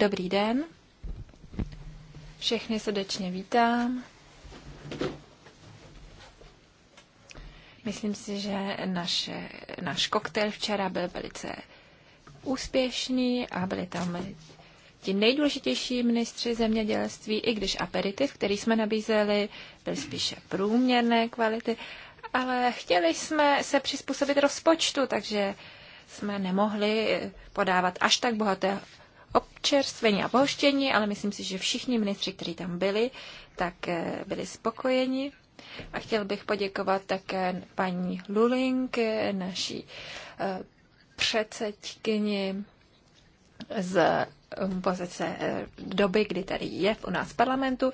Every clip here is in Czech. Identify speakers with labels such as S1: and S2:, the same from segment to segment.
S1: Dobrý den. Všechny srdečně vítám. Myslím si, že naše, náš koktejl včera byl velice úspěšný a byli tam ti nejdůležitější ministři zemědělství, i když aperitiv, který jsme nabízeli, byl spíše průměrné kvality, ale chtěli jsme se přizpůsobit rozpočtu, takže jsme nemohli eh, podávat až tak bohaté občerstvení a pohoštění, ale myslím si, že všichni ministři, kteří tam byli, tak eh, byli spokojeni. A chtěl bych poděkovat také paní Lulink, eh, naší předsedkyni z pozice eh, doby, kdy tady je u nás v parlamentu.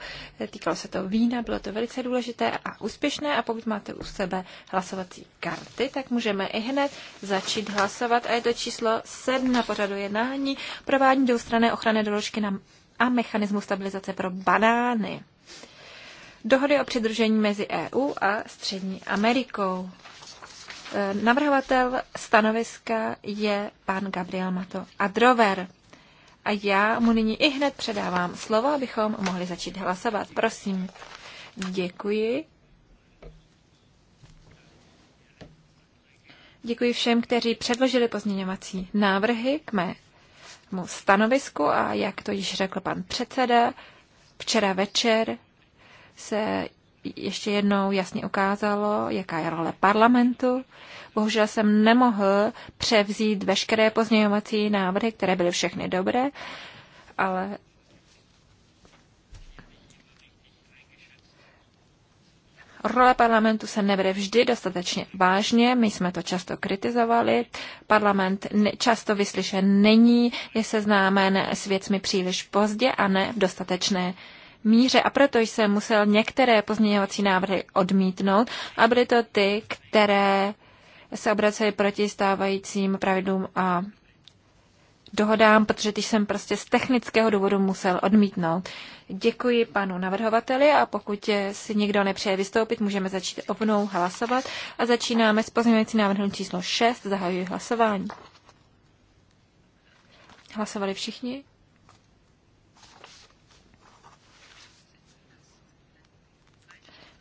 S1: Týkalo se to vína, bylo to velice důležité a úspěšné a pokud máte u sebe hlasovací karty, tak můžeme i hned začít hlasovat a je to číslo 7 na pořadu jednání provádění dvoustranné ochranné doložky na, a mechanismu stabilizace pro banány. Dohody o přidružení mezi EU a Střední Amerikou. Eh, navrhovatel stanoviska je pan Gabriel Mato Drover A já mu nyní i hned předávám slovo, abychom mohli začít hlasovat. Prosím. Děkuji. Děkuji všem, kteří předložili pozměňovací návrhy k mému stanovisku a jak to již řekl pan předseda, včera večer se ještě jednou jasně ukázalo, jaká je role parlamentu. Bohužel jsem nemohl převzít veškeré pozměňovací návrhy, které byly všechny dobré, ale Role parlamentu se nebere vždy dostatečně vážně, my jsme to často kritizovali. Parlament často vyslyšen není, je seznámen s věcmi příliš pozdě a ne v dostatečné míře a proto jsem musel některé pozměňovací návrhy odmítnout a byly to ty, které se obracely proti stávajícím pravidlům a dohodám, protože ty jsem prostě z technického důvodu musel odmítnout. Děkuji panu navrhovateli a pokud si někdo nepřeje vystoupit, můžeme začít obnou hlasovat a začínáme s pozměňující návrhem číslo 6. Zahajuji hlasování. Hlasovali všichni?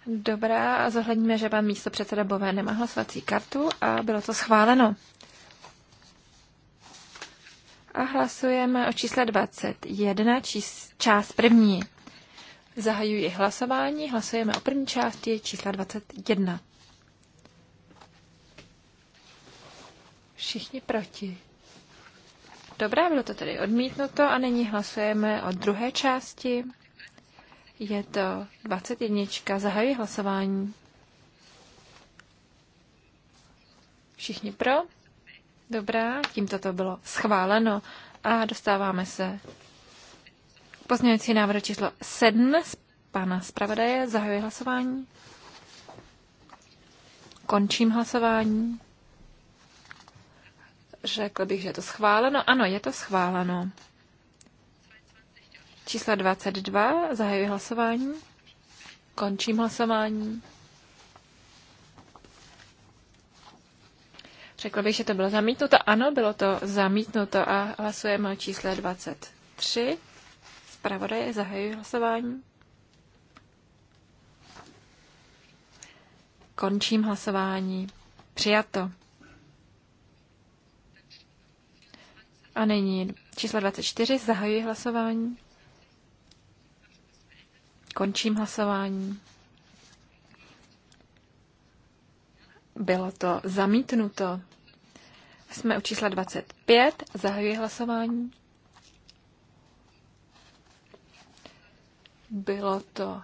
S1: Dobrá, a zohledníme, že pan místo předseda Bové nemá hlasovací kartu a bylo to schváleno. A hlasujeme o čísle 21, čís, část první. Zahajuji hlasování, hlasujeme o první části čísla 21. Všichni proti. Dobrá, bylo to tedy odmítnuto a nyní hlasujeme o druhé části. Je to 21. Zahajuji hlasování. Všichni pro? Dobrá, tímto to bylo schváleno a dostáváme se k pozměňující návrh číslo 7 z pana zpravodaje. Zahajuji hlasování. Končím hlasování. Řekl bych, že je to schváleno. Ano, je to schváleno. Čísla 22. Zahajuji hlasování. Končím hlasování. Řekla bych, že to bylo zamítnuto. Ano, bylo to zamítnuto a hlasujeme o čísle 23. Zpravodaj, zahajuji hlasování. Končím hlasování. Přijato. A nyní čísla 24. Zahajuji hlasování. Končím hlasování. Bylo to zamítnuto. Jsme u čísla 25. Zahajuji hlasování. Bylo to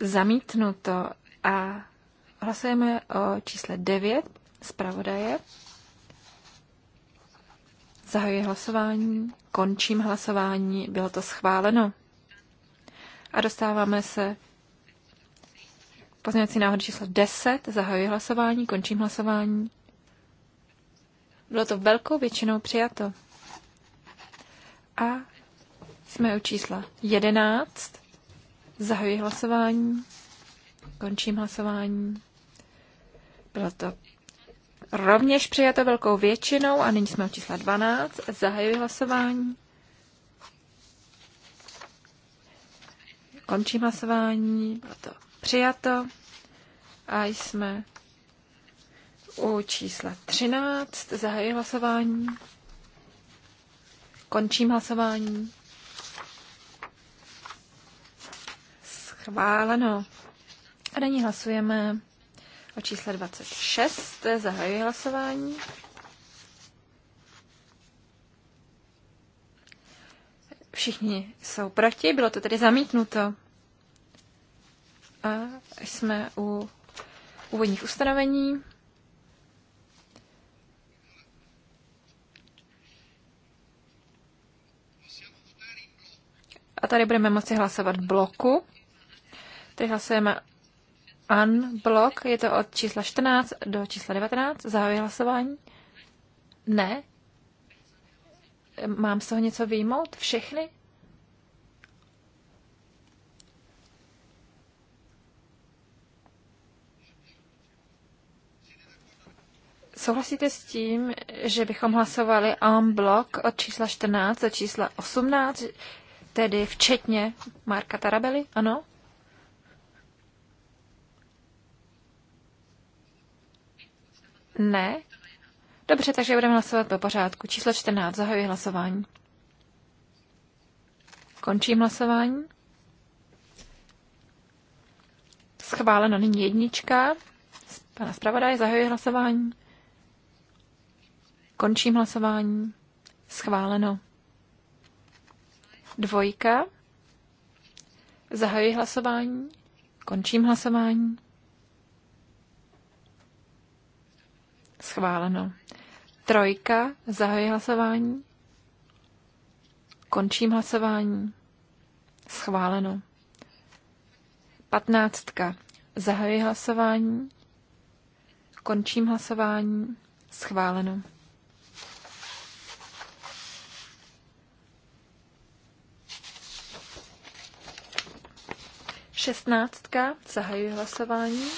S1: zamítnuto a hlasujeme o čísle 9 zpravodaje. Zahajuji hlasování, končím hlasování, bylo to schváleno. A dostáváme se pozměňovací návrh číslo 10. Zahajuji hlasování, končím hlasování. Bylo to velkou většinou přijato. A jsme u čísla 11. Zahajuji hlasování, končím hlasování. Bylo to rovněž přijato velkou většinou a nyní jsme u čísla 12. Zahajuji hlasování, Končím hlasování, bylo to přijato. A jsme u čísla 13. Zahajuji hlasování. Končím hlasování. Schváleno. A nyní hlasujeme o čísle 26. Zahajuji hlasování. Všichni jsou proti, bylo to tedy zamítnuto. A jsme u úvodních ustanovení. A tady budeme moci hlasovat bloku. Tady hlasujeme an blok. je to od čísla 14 do čísla 19, zahajuji hlasování. Ne, mám z toho něco vyjmout? Všechny? Souhlasíte s tím, že bychom hlasovali en bloc od čísla 14 do čísla 18, tedy včetně Marka Tarabely? Ano? Ne? Dobře, takže budeme hlasovat po pořádku. Číslo 14. Zahajuji hlasování. Končím hlasování. Schváleno nyní jednička. Pana zpravodaje, zahajuji hlasování. Končím hlasování. Schváleno. Dvojka. Zahajuji hlasování. Končím hlasování. Schváleno. Trojka. Zahajuji hlasování. Končím hlasování. Schváleno. Patnáctka. Zahajuji hlasování. Končím hlasování. Schváleno. Šestnáctka. Zahajuji hlasování.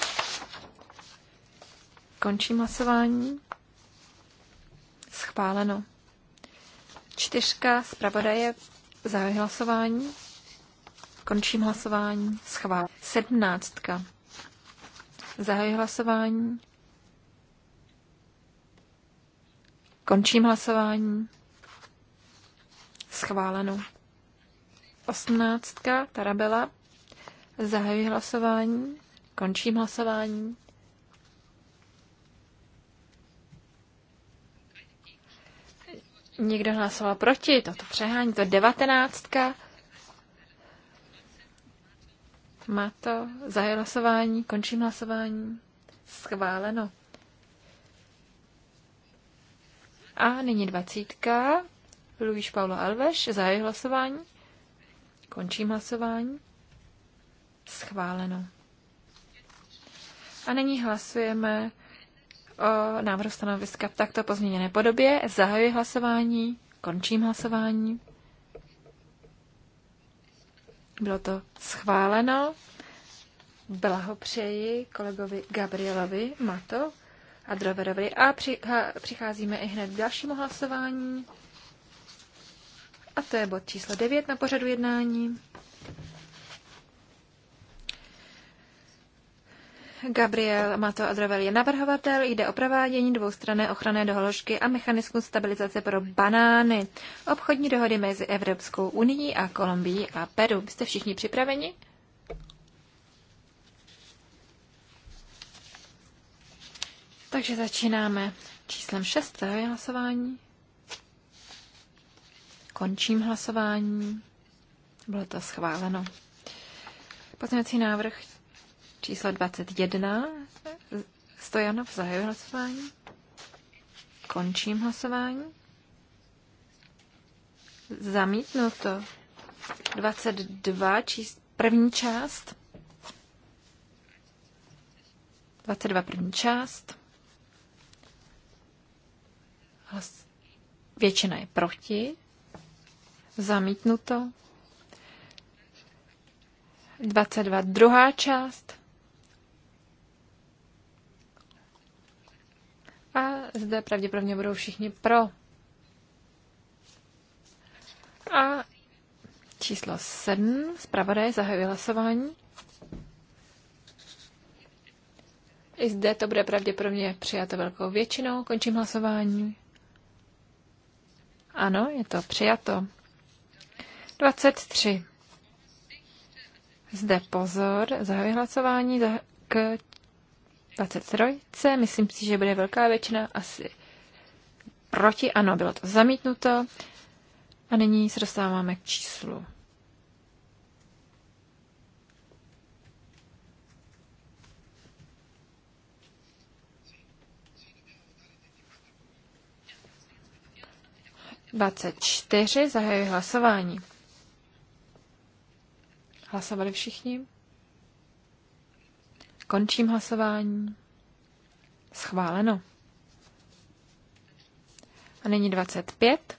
S1: Končím hlasování. Schváleno. Čtyřka zpravodaje za hlasování. Končím hlasování. Schvál. Sedmnáctka. Zahaj hlasování. Končím hlasování. Schváleno. Osmnáctka. Tarabela. Zahaj hlasování. Končím hlasování. Někdo hlasoval proti, toto přehání, to devatenáctka. Má to zahájí hlasování, končím hlasování. Schváleno. A nyní dvacítka. Luíš Paulo Alves, jeho hlasování. Končím hlasování. Schváleno. A nyní hlasujeme o návrhu stanoviska v takto pozměněné podobě. Zahajuji hlasování, končím hlasování. Bylo to schváleno. přeji kolegovi Gabrielovi Mato a Droverovi. A přicházíme i hned k dalšímu hlasování. A to je bod číslo 9 na pořadu jednání. Gabriel Mato Adrovel je navrhovatel, jde o provádění dvoustranné ochranné dohložky a mechanismu stabilizace pro banány. Obchodní dohody mezi Evropskou unii a Kolumbií a Peru. Jste všichni připraveni? Takže začínáme číslem 6. hlasování. Končím hlasování. Bylo to schváleno. Pozměňovací návrh číslo 21. Stojanov zahajuje hlasování. Končím hlasování. Zamítnuto. 22, číst, první část. 22 první část. Hlas... Většina je proti. Zamítnuto. 22 druhá část. A zde pravděpodobně budou všichni pro. A číslo 7, zpravodaj zahajuje hlasování. I zde to bude pravděpodobně přijato velkou většinou. Končím hlasování. Ano, je to přijato. 23. Zde pozor, zahajuje hlasování k 23. Myslím si, že bude velká většina asi proti. Ano, bylo to zamítnuto. A nyní se dostáváme k číslu. Dvacet čtyři, zahajuji hlasování. Hlasovali všichni? Končím hlasování. Schváleno. A nyní 25.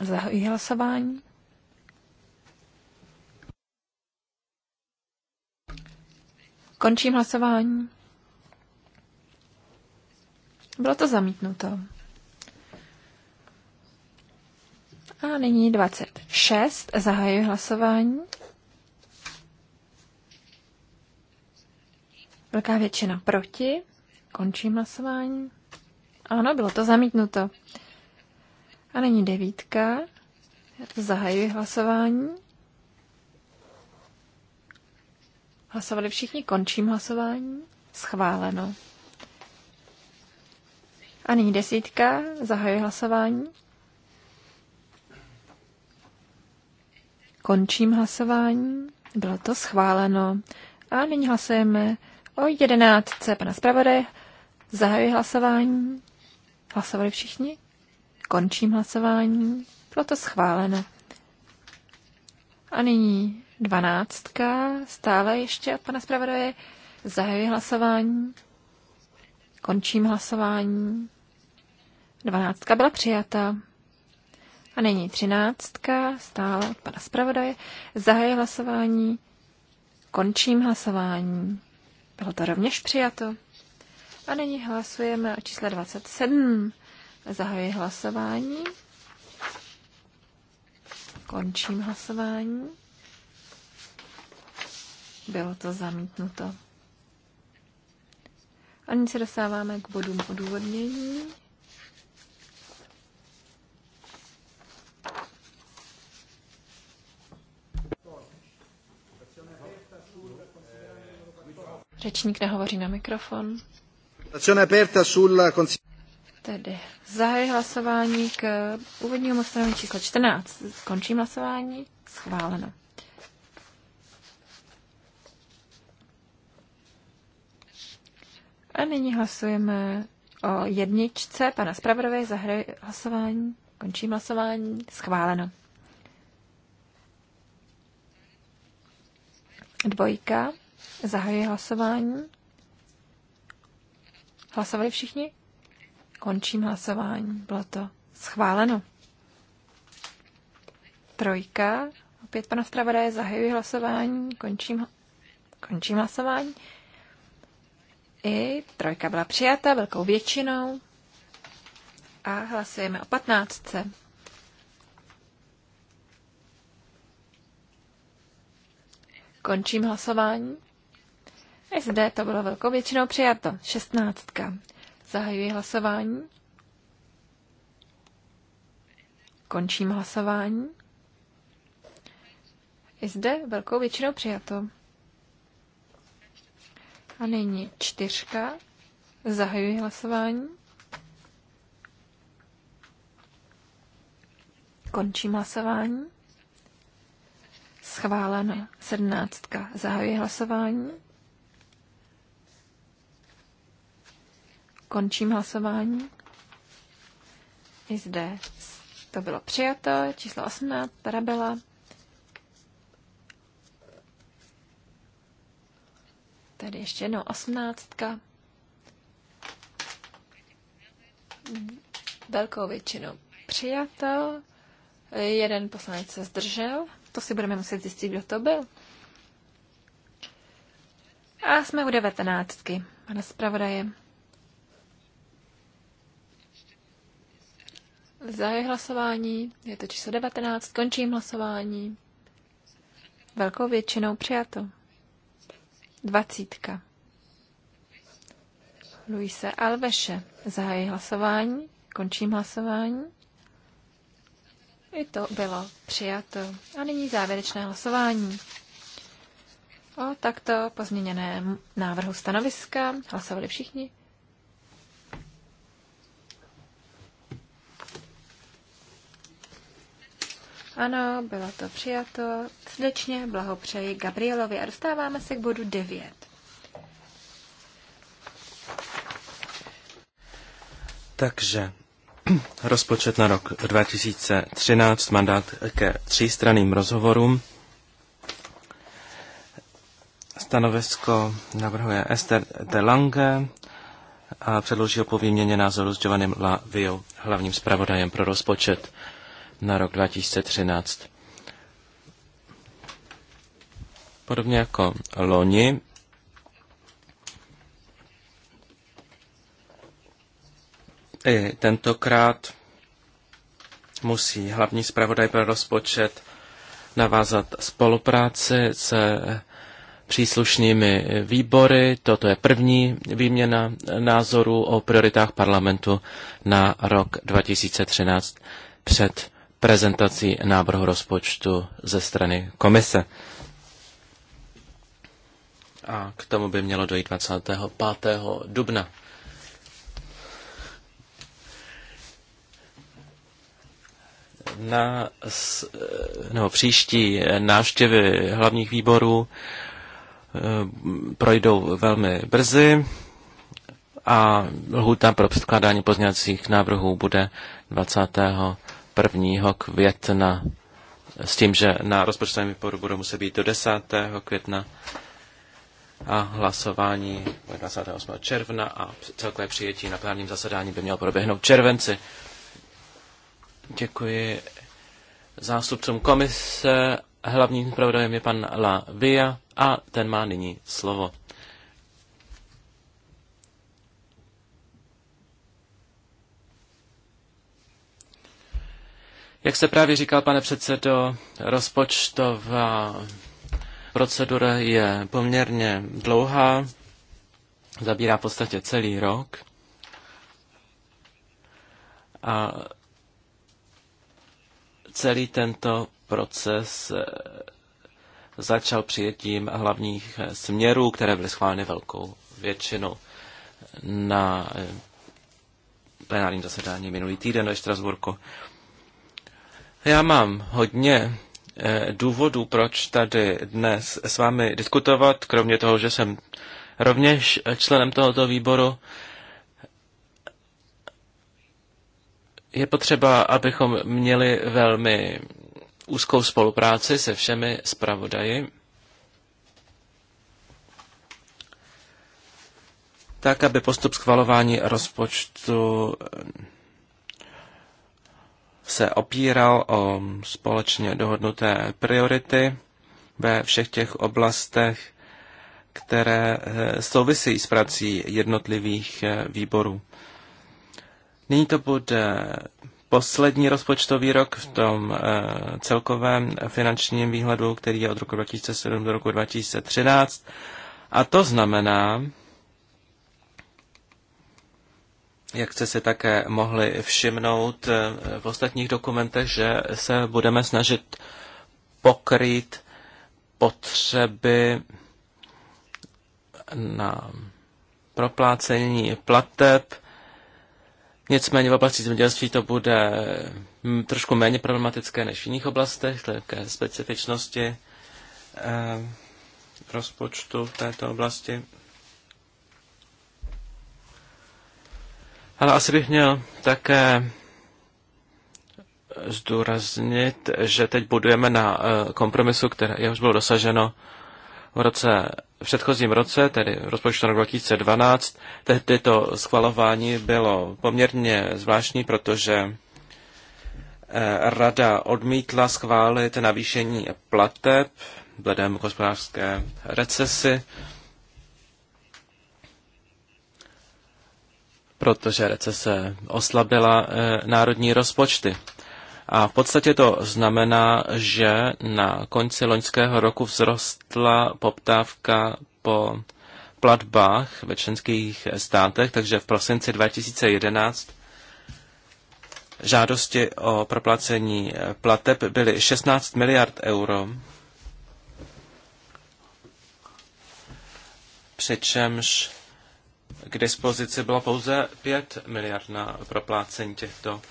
S1: Zahojí hlasování. Končím hlasování. Bylo to zamítnuto. A nyní 26. Zahajuji hlasování. Velká většina proti. Končím hlasování. Ano, bylo to zamítnuto. A není devítka. Já to zahajuji hlasování. Hlasovali všichni, končím hlasování. Schváleno. A nyní desítka, zahajuji hlasování. Končím hlasování. Bylo to schváleno. A nyní hlasujeme O jedenáctce pana zpravodaje zahajuji hlasování. Hlasovali všichni? Končím hlasování. Bylo to schváleno. A nyní dvanáctka, stále ještě od pana zpravodaje. Zahajuji hlasování. Končím hlasování. Dvanáctka byla přijata. A nyní třináctka, stále od pana zpravodaje. Zahajuji hlasování. Končím hlasování. Bylo to rovněž přijato. A nyní hlasujeme o čísle 27. Zahajuji hlasování. Končím hlasování. Bylo to zamítnuto. A nyní se dostáváme k bodům odůvodnění. Řečník nehovoří na mikrofon. Tedy zahájí hlasování k úvodnímu ustanovení číslo 14. Skončím hlasování. Schváleno. A nyní hlasujeme o jedničce pana Spravodové. Zahraj hlasování. Končím hlasování. Schváleno. Dvojka. Zahajuji hlasování. Hlasovali všichni? Končím hlasování. Bylo to schváleno. Trojka. Opět pana zpravodaje zahajuji hlasování. Končím, končím hlasování. I trojka byla přijata velkou většinou. A hlasujeme o patnáctce. Končím hlasování. SD to bylo velkou většinou přijato. Šestnáctka. Zahajuji hlasování. Končím hlasování. I zde velkou většinou přijato. A nyní čtyřka. Zahajuji hlasování. Končím hlasování. Schváleno. Sedmnáctka. Zahajuji hlasování. Končím hlasování. I zde to bylo přijato. Číslo 18, Tarabela. Tady ještě jednou osmnáctka. Velkou většinu přijato. Jeden poslanec se zdržel. To si budeme muset zjistit, kdo to byl. A jsme u devatenáctky, pane zpravodaje. Zahaj hlasování, je to číslo 19, končím hlasování. Velkou většinou přijato. Dvacítka. Luise Alveše. zahaj hlasování, končím hlasování. I to bylo přijato. A nyní závěrečné hlasování. O takto pozměněném návrhu stanoviska hlasovali všichni. Ano, bylo to přijato. Srdečně blahopřeji Gabrielovi a dostáváme se k bodu 9.
S2: Takže rozpočet na rok 2013, mandát ke třístranným rozhovorům. Stanovisko navrhuje Esther de Lange a předloží ho po výměně názoru s Giovannim Laviou, hlavním zpravodajem pro rozpočet na rok 2013. Podobně jako loni, i tentokrát musí hlavní zpravodaj pro rozpočet navázat spolupráci s příslušnými výbory. Toto je první výměna názorů o prioritách parlamentu na rok 2013 před prezentací návrhu rozpočtu ze strany komise. A k tomu by mělo dojít 25. dubna. Na no, příští návštěvy hlavních výborů eh, projdou velmi brzy a lhůta pro předkládání pozněcích návrhů bude 20. 1. května s tím, že na rozpočtovém výboru budou muset být do 10. května a hlasování 28. června a celkové přijetí na plánním zasedání by mělo proběhnout červenci. Děkuji zástupcům komise. Hlavním zpravodajem je pan La Via a ten má nyní slovo. Jak se právě říkal, pane předsedo, rozpočtová procedura je poměrně dlouhá, zabírá v podstatě celý rok. A celý tento proces eh, začal přijetím hlavních eh, směrů, které byly schváleny velkou většinou na eh, plenárním zasedání minulý týden ve Štrasburku. Já mám hodně eh, důvodů, proč tady dnes s vámi diskutovat, kromě toho, že jsem rovněž členem tohoto výboru. Je potřeba, abychom měli velmi úzkou spolupráci se všemi zpravodaji, tak aby postup schvalování rozpočtu se opíral o společně dohodnuté priority ve všech těch oblastech, které eh, souvisejí s prací jednotlivých eh, výborů. Nyní to bude poslední rozpočtový rok v tom eh, celkovém finančním výhledu, který je od roku 2007 do roku 2013. A to znamená, jak jste si také mohli všimnout eh, v ostatních dokumentech, že se budeme snažit pokrýt potřeby na proplácení plateb. Nicméně v oblasti zemědělství to bude hm, trošku méně problematické než v jiných oblastech, ke specifičnosti eh, rozpočtu v této oblasti. Ale asi bych měl také zdůraznit, že teď budujeme na eh, kompromisu, které jehož bylo dosaženo v roce v předchozím roce, tedy rozpočtu roku 2012. Tehdy to schvalování bylo poměrně zvláštní, protože eh, Rada odmítla schválit navýšení plateb vzhledem k hospodářské recesi protože recese oslabila eh, národní rozpočty. A v podstatě to znamená, že na konci loňského roku vzrostla poptávka po platbách ve členských státech, takže v prosinci 2011 žádosti o proplacení eh, plateb byly 16 miliard euro, přičemž k dispozici bylo pouze 5 miliard na proplácení těchto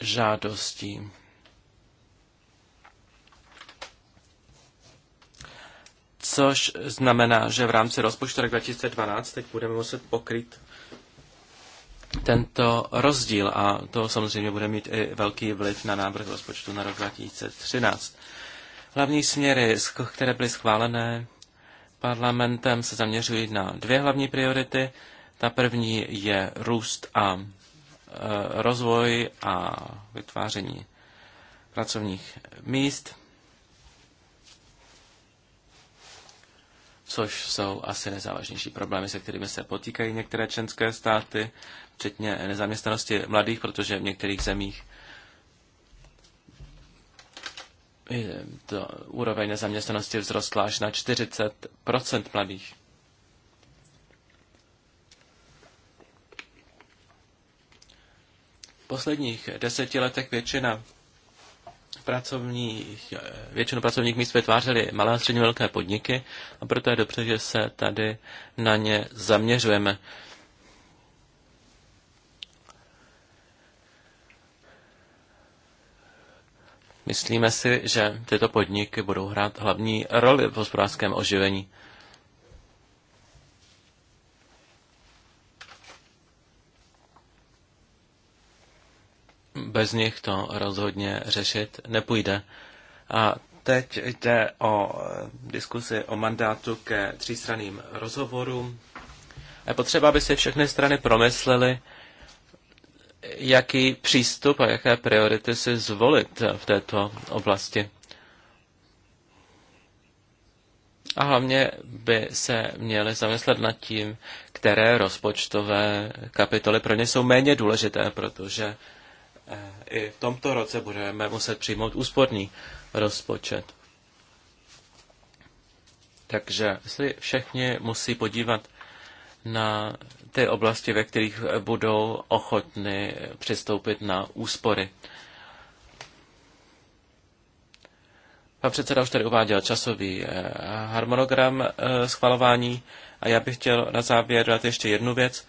S2: žádostí. Což znamená, že v rámci rozpočtu 2012 teď budeme muset pokrýt tento rozdíl a to samozřejmě bude mít i velký vliv na návrh rozpočtu na rok 2013. Hlavní směry, které byly schválené parlamentem se zaměřují na dvě hlavní priority. Ta první je růst a e, rozvoj a vytváření pracovních míst, což jsou asi nejzávažnější problémy, se kterými se potýkají některé členské státy, včetně nezaměstnanosti mladých, protože v některých zemích to úroveň nezaměstnanosti vzrostla až na 40 mladých. V posledních deseti letech většina pracovních, většinu pracovních míst vytvářely malé a středně velké podniky a proto je dobře, že se tady na ně zaměřujeme. Myslíme si, že tyto podniky budou hrát hlavní roli v hospodářském oživení. Bez nich to rozhodně řešit nepůjde. A teď jde o eh, diskusi o mandátu ke třístranným rozhovorům. Je potřeba, aby si všechny strany promyslely, jaký přístup a jaké priority si zvolit v této oblasti. A hlavně by se měli zamyslet nad tím, které rozpočtové kapitoly pro ně jsou méně důležité, protože eh, i v tomto roce budeme muset přijmout úsporný rozpočet. Takže si všichni musí podívat na ty oblasti, ve kterých budou ochotny přistoupit na úspory. Pan předseda už tady uváděl časový eh, harmonogram eh, schvalování a já bych chtěl na závěr dát ještě jednu věc.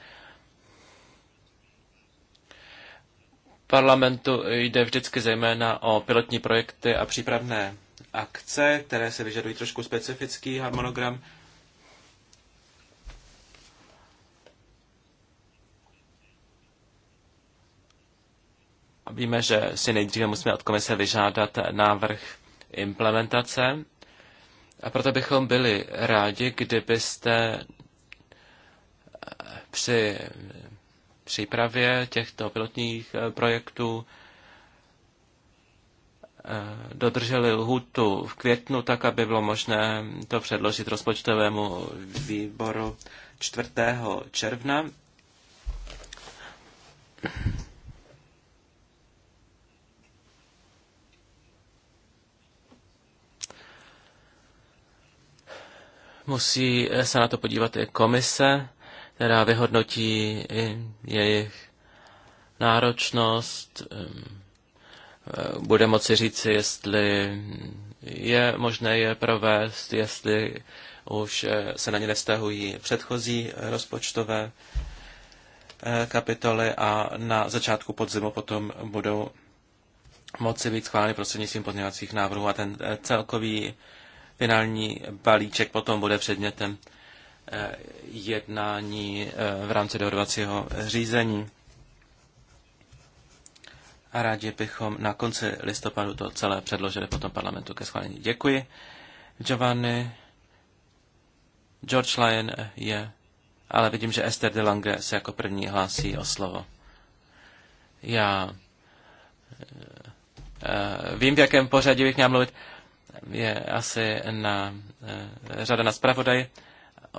S2: Parlamentu jde vždycky zejména o pilotní projekty a přípravné akce, které se vyžadují trošku specifický harmonogram. Víme, že si nejdříve musíme od komise vyžádat návrh implementace a proto bychom byli rádi, kdybyste eh, při přípravě těchto pilotních eh, projektů eh, dodrželi lhutu v květnu, tak aby bylo možné to předložit rozpočtovému výboru 4. června. Musí eh, se na to podívat i komise, která vyhodnotí eh, jejich náročnost, eh, bude moci říci, jestli je možné je provést, jestli už se na ně nestahují předchozí rozpočtové kapitoly a na začátku podzimu potom budou moci být schváleny prostřednictvím pozměňovacích návrhů a ten celkový Finální balíček potom bude předmětem eh, jednání eh, v rámci dohodovacího řízení. A rádi bychom na konci listopadu to celé předložili potom parlamentu ke schválení. Děkuji. Giovanni, George Lyon je, ale vidím, že Esther de Lange se jako první hlásí o slovo. Já eh, vím, v jakém pořadí bych měl mluvit je asi na eh, řada na zpravodaj.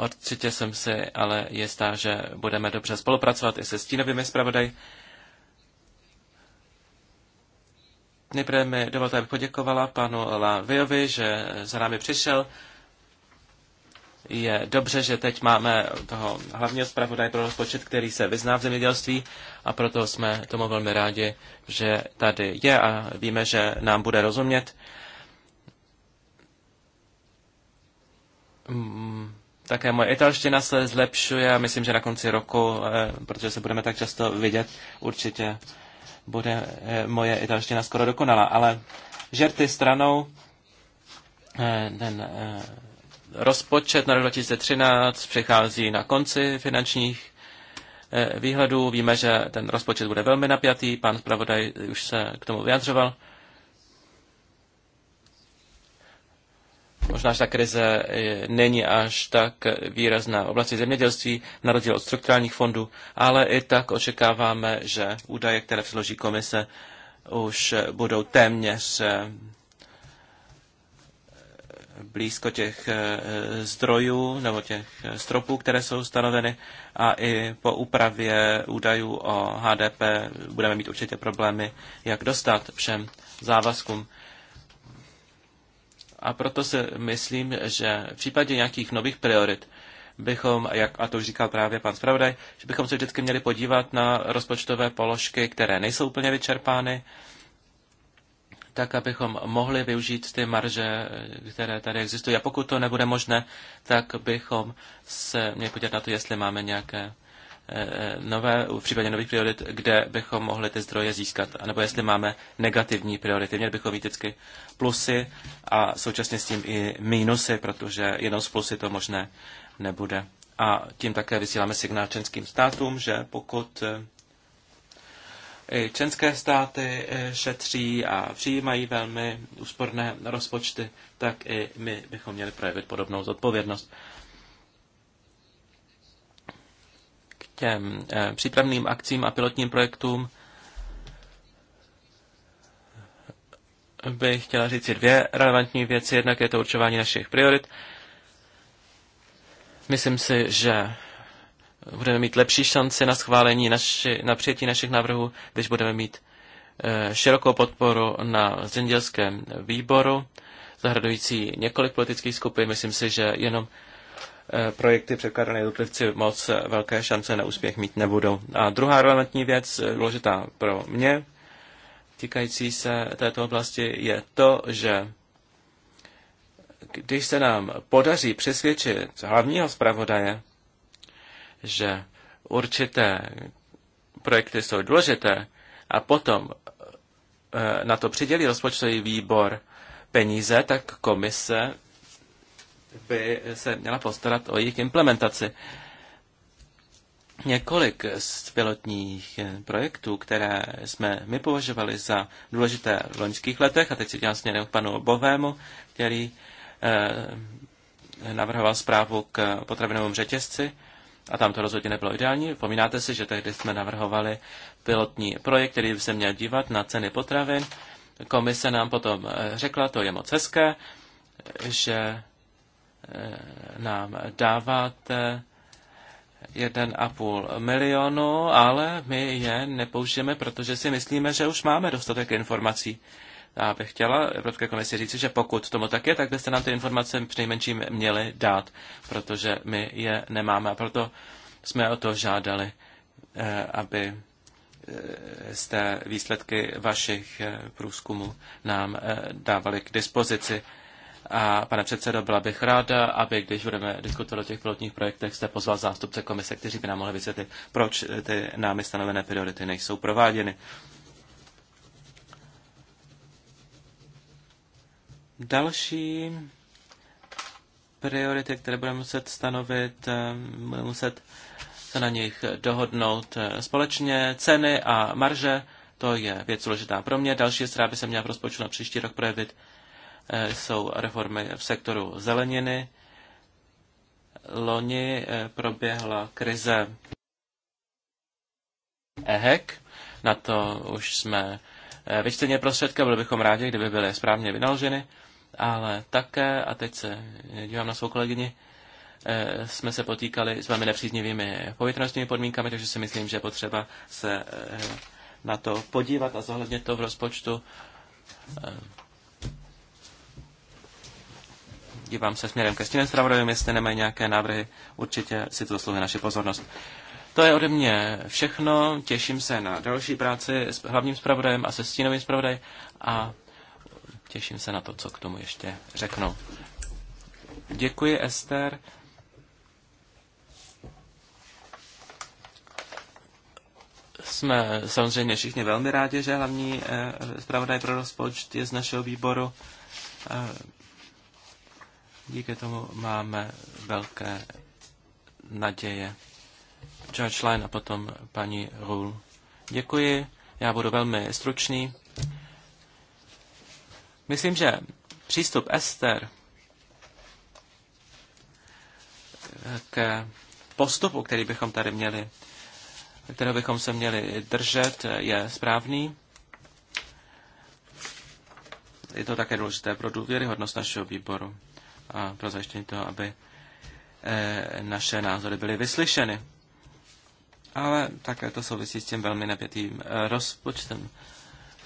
S2: Určitě jsem si ale jistá, že budeme dobře spolupracovat i se stínovými zpravodaj. Nejprve mi dovolte, abych poděkovala panu Laviovi, že za námi přišel. Je dobře, že teď máme toho hlavního zpravodaj pro rozpočet, který se vyzná v zemědělství a proto jsme tomu velmi rádi, že tady je a víme, že nám bude rozumět Mm, také moje italština se zlepšuje a myslím, že na konci roku, eh, protože se budeme tak často vidět, určitě bude eh, moje italština skoro dokonala. Ale žerty stranou, eh, ten rozpočet na rok 2013 přichází na konci finančních výhledů. Víme, že ten rozpočet bude velmi napjatý, pan zpravodaj už se k tomu vyjadřoval. Možná, že ta krize eh, není až tak výrazná v oblasti zemědělství, na rozdíl od strukturálních fondů, ale i tak očekáváme, že údaje, které předloží komise, už budou téměř eh, blízko těch eh, zdrojů nebo těch stropů, které jsou stanoveny a i po úpravě údajů o HDP budeme mít určitě problémy, jak dostat všem závazkům. A proto si myslím, že v případě nějakých nových priorit bychom, jak a to už říkal právě pan zpravodaj, že bychom se vždycky měli podívat na rozpočtové položky, které nejsou úplně vyčerpány, tak abychom mohli využít ty marže, které tady existují. A pokud to nebude možné, tak bychom se měli podívat na to, jestli máme nějaké Eh, nové, v případě nových priorit, kde bychom mohli ty zdroje získat, nebo jestli máme negativní priority. Měli bychom mít vždycky plusy a současně s tím i mínusy, protože jenom z plusy to možné nebude. A tím také vysíláme signál členským státům, že pokud eh, i členské státy eh, šetří a přijímají velmi úsporné rozpočty, tak i my bychom měli projevit podobnou zodpovědnost. těm eh, přípravným akcím a pilotním projektům bych chtěla říct dvě relevantní věci. Jednak je to určování našich priorit. Myslím si, že budeme mít lepší šanci na schválení, naši, na přijetí našich návrhů, když budeme mít eh, širokou podporu na zemědělském výboru, zahradující několik politických skupin. Myslím si, že jenom Eh, projekty překladané jednotlivci moc velké šance na úspěch mít nebudou. A druhá relevantní věc, eh, důležitá pro mě, týkající se této oblasti, je to, že když se nám podaří přesvědčit hlavního zpravodaje, že určité projekty jsou důležité a potom eh, na to přidělí rozpočtový výbor peníze, tak komise by se měla postarat o jejich implementaci. Několik z pilotních projektů, které jsme my považovali za důležité v loňských letech, a teď si dělám směrem k panu Bovému, který eh, navrhoval zprávu k potravinovému řetězci, a tam to rozhodně nebylo ideální. Pomínáte si, že tehdy jsme navrhovali pilotní projekt, který by se měl dívat na ceny potravin. Komise nám potom eh, řekla, to je moc hezké, že Eh, nám dáváte 1,5 milionu, ale my je nepoužijeme, protože si myslíme, že už máme dostatek informací. Já bych chtěla Evropské komisi říci, že pokud tomu tak je, tak byste nám ty informace přinejmenším měli dát, protože my je nemáme a proto jsme o to žádali, eh, aby z eh, té výsledky vašich průzkumů nám dávali k dispozici. A pane předsedo, byla bych ráda, aby když budeme diskutovat o těch pilotních projektech, jste pozval zástupce komise, kteří by nám mohli vysvětlit, proč ty námi stanovené priority nejsou prováděny. Další priority, které budeme muset stanovit, eh, budeme muset se na nich dohodnout eh, společně. Ceny a marže, to je věc důležitá pro mě. Další, která by se měla v rozpočtu na příští rok projevit, Eh, jsou reformy v sektoru zeleniny. Loni eh, proběhla krize EHEC, na to už jsme eh, vyčteně prostředka, byli bychom rádi, kdyby byly správně vynaloženy, ale také, a teď se dívám na svou kolegyni, jsme se potýkali s velmi nepříznivými povětrnostními podmínkami, takže si myslím, že je potřeba se na to podívat a zohlednit to v rozpočtu. dívám se směrem ke stínem zpravodajům, jestli nemají nějaké návrhy, určitě si to zaslouží naši pozornost. To je ode mě všechno, těším se na další práci s hlavním zpravodajem a se stínovým zpravodajem a těším se na to, co k tomu ještě řeknou. Děkuji, Ester. Jsme samozřejmě všichni velmi rádi, že hlavní eh, zpravodaj pro rozpočt je z našeho výboru. Eh, Díky tomu máme velké naděje. George Line a potom paní Rule. Děkuji, já budu velmi stručný. Myslím, že přístup Ester k postupu, který bychom tady měli, kterého bychom se měli držet, je správný. Je to také důležité pro důvěryhodnost našeho výboru a pro zajištění toho, aby eh, naše názory byly vyslyšeny. Ale také to souvisí s tím velmi napětým eh, rozpočtem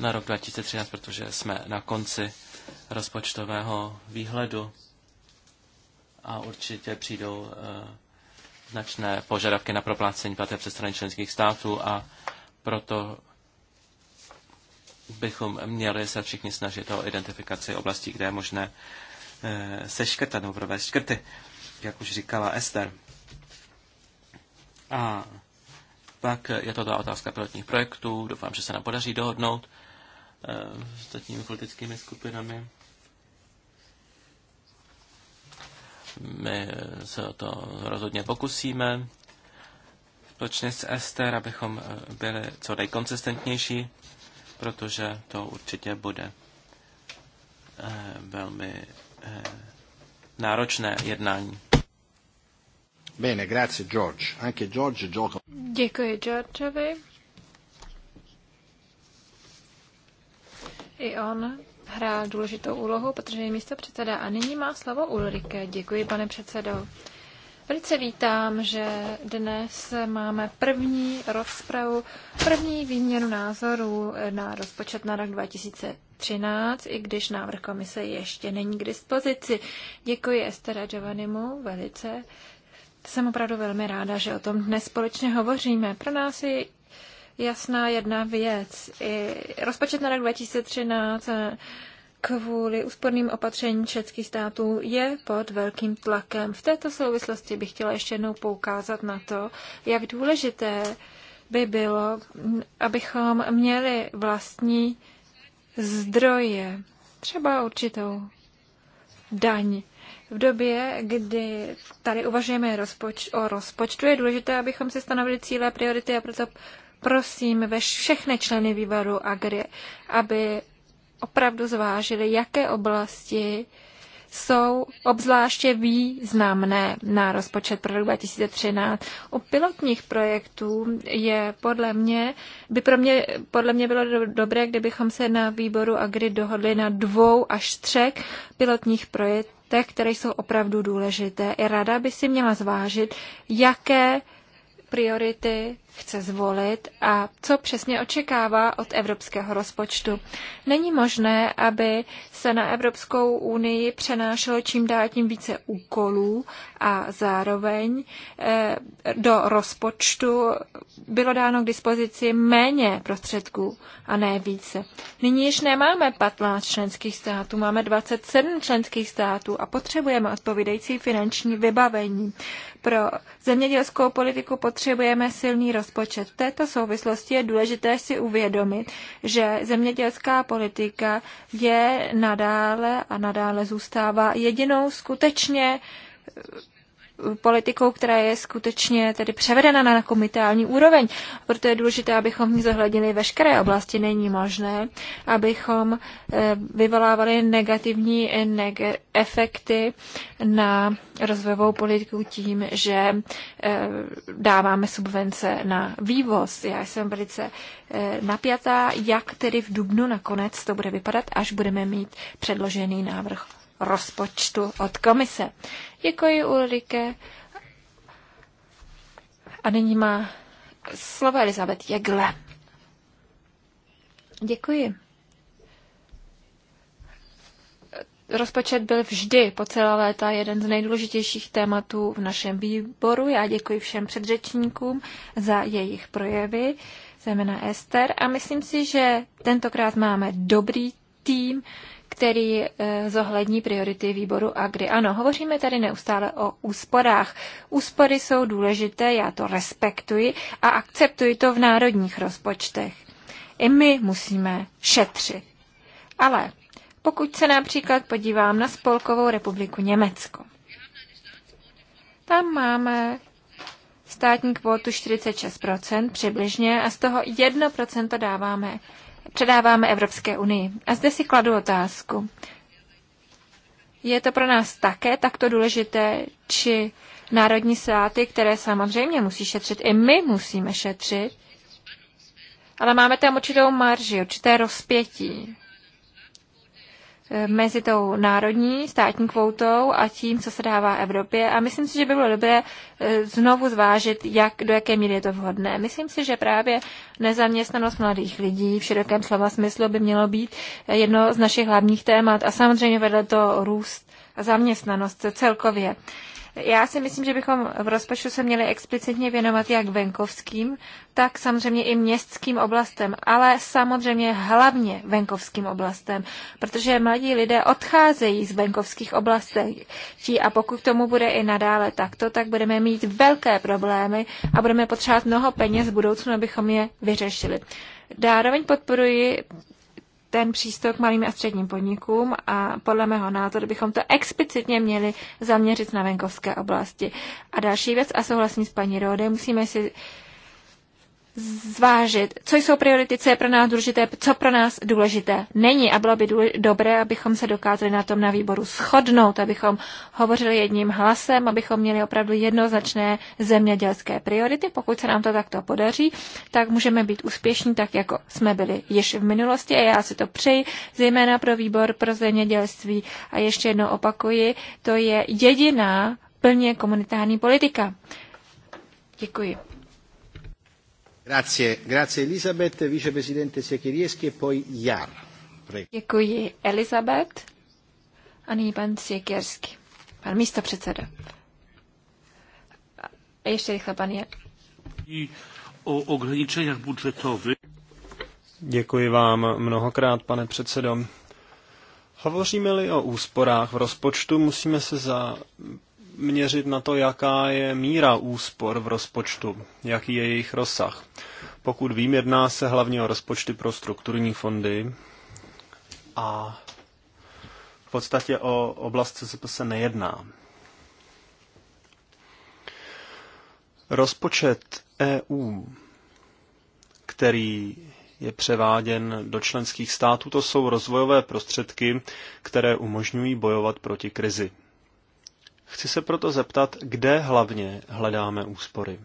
S2: na rok 2013, protože jsme na konci rozpočtového výhledu a určitě přijdou eh, značné požadavky na proplácení platé ze strany členských států a proto bychom měli se všichni snažit o identifikaci oblastí, kde je možné Eh, seškrtat nebo provést škrty, jak už říkala Esther, A pak je to ta otázka pilotních projektů. Doufám, že se nám podaří dohodnout eh, s ostatními politickými skupinami. My se o to rozhodně pokusíme společně s Ester, abychom eh, byli co nejkonsistentnější, protože to určitě bude velmi Eh, náročné jednání.
S1: Bene, grazie George. Anche George gioca. Děkuji Georgeovi. I on hrál důležitou úlohu, protože je místo předseda a nyní má slovo Ulrike. Děkuji, pane předsedo. Velice vítám, že dnes máme první rozpravu, první výměnu názorů na rozpočet na rok 2000. 13, i když návrh komise ještě není k dispozici. Děkuji Estera Giovannimu velice. Jsem opravdu velmi ráda, že o tom dnes společně hovoříme. Pro nás je jasná jedna věc. I rozpočet na rok 2013 kvůli úsporným opatřením českých států je pod velkým tlakem. V této souvislosti bych chtěla ještě jednou poukázat na to, jak důležité by bylo, abychom měli vlastní zdroje, třeba určitou daň. V době, kdy tady uvažujeme rozpoč- o rozpočtu, je důležité, abychom si stanovili cíle, a priority a proto prosím ve všechny členy výboru AGRI, aby opravdu zvážili, jaké oblasti jsou obzvláště významné na rozpočet pro rok 2013. U pilotních projektů je podle mě, by pro mě, podle mě bylo dobré, kdybychom se na výboru Agri dohodli na dvou až třech pilotních projektech, které jsou opravdu důležité. I rada by si měla zvážit, jaké priority chce zvolit a co přesně očekává od evropského rozpočtu. Není možné, aby se na Evropskou unii přenášelo čím dál tím více úkolů a zároveň eh, do rozpočtu bylo dáno k dispozici méně prostředků a ne více. Nyní již nemáme 15 členských států, máme 27 členských států a potřebujeme odpovídající finanční vybavení. Pro zemědělskou politiku potřebujeme silný rozpočet rozpočet. V této souvislosti je důležité si uvědomit, že zemědělská politika je nadále a nadále zůstává jedinou skutečně politikou, která je skutečně tedy převedena na komitální úroveň. Proto je důležité, abychom v ní zohlednili veškeré oblasti. Není možné, abychom eh, vyvolávali negativní eh, neg- efekty na rozvojovou politiku tím, že eh, dáváme subvence na vývoz. Já jsem velice napjatá, jak tedy v Dubnu nakonec to bude vypadat, až budeme mít předložený návrh rozpočtu od komise. Děkuji Ulrike. A nyní má slovo Elizabeth Jegle. Děkuji. Rozpočet byl vždy po celá léta jeden z nejdůležitějších tématů v našem výboru. Já děkuji všem předřečníkům za jejich projevy, zejména Ester. A myslím si, že tentokrát máme dobrý tým, který eh, zohlední priority výboru A kdy Ano, hovoříme tady neustále o úsporách. Úspory jsou důležité, já to respektuji a akceptuji to v národních rozpočtech. I my musíme šetřit. Ale pokud se například podívám na Spolkovou republiku Německo, tam máme státní kvotu 46% přibližně a z toho 1% dáváme předáváme Evropské unii. A zde si kladu otázku. Je to pro nás také takto důležité, či národní státy, které samozřejmě musí šetřit, i my musíme šetřit, ale máme tam určitou marži, určité rozpětí mezi tou národní státní kvoutou a tím, co se dává Evropě. A myslím si, že by bylo dobré e, znovu zvážit, jak, do jaké míry je to vhodné. Myslím si, že právě nezaměstnanost mladých lidí v širokém slova smyslu by mělo být e, jedno z našich hlavních témat a samozřejmě vedle to růst a zaměstnanost celkově. Já si myslím, že bychom v rozpočtu se měli explicitně věnovat jak venkovským, tak samozřejmě i městským oblastem, ale samozřejmě hlavně venkovským oblastem, protože mladí lidé odcházejí z venkovských oblastí a pokud tomu bude i nadále takto, tak budeme mít velké problémy a budeme potřebovat mnoho peněz v budoucnu, abychom je vyřešili. Dároveň podporuji ten přístup k malým a středním podnikům a podle mého názoru bychom to explicitně měli zaměřit na venkovské oblasti. A další věc, a souhlasím s paní Rode, musíme si zvážit, co jsou priority, co je pro nás důležité, co pro nás důležité není. A bylo by dobré, abychom se dokázali na tom na výboru shodnout, abychom hovořili jedním hlasem, abychom měli opravdu jednoznačné zemědělské priority. Pokud se nám to takto podaří, tak můžeme být úspěšní, tak jako jsme byli již v minulosti. A já si to přeji, zejména pro výbor pro zemědělství. A ještě jednou opakuji, to je jediná plně komunitární politika. Děkuji.
S2: Grazie, grazie Elisabeth, viceprezidente Siekiriesky e poi Jar.
S1: Děkuji Elizabeth a nyní pan Siekierský, pan místo předseda. A ještě rychle pan Jar.
S3: O ograničeniach budžetových. Děkuji vám mnohokrát, pane předsedo. Hovoříme-li o úsporách v rozpočtu, musíme se za měřit na to, jaká je míra úspor v rozpočtu, jaký je jejich rozsah. Pokud vím, jedná se hlavně o rozpočty pro strukturní fondy a v podstatě o oblast CCP se nejedná. Rozpočet EU, který je převáděn do členských států, to jsou rozvojové prostředky, které umožňují bojovat proti krizi. Chci se proto zeptat, kde hlavně hledáme úspory.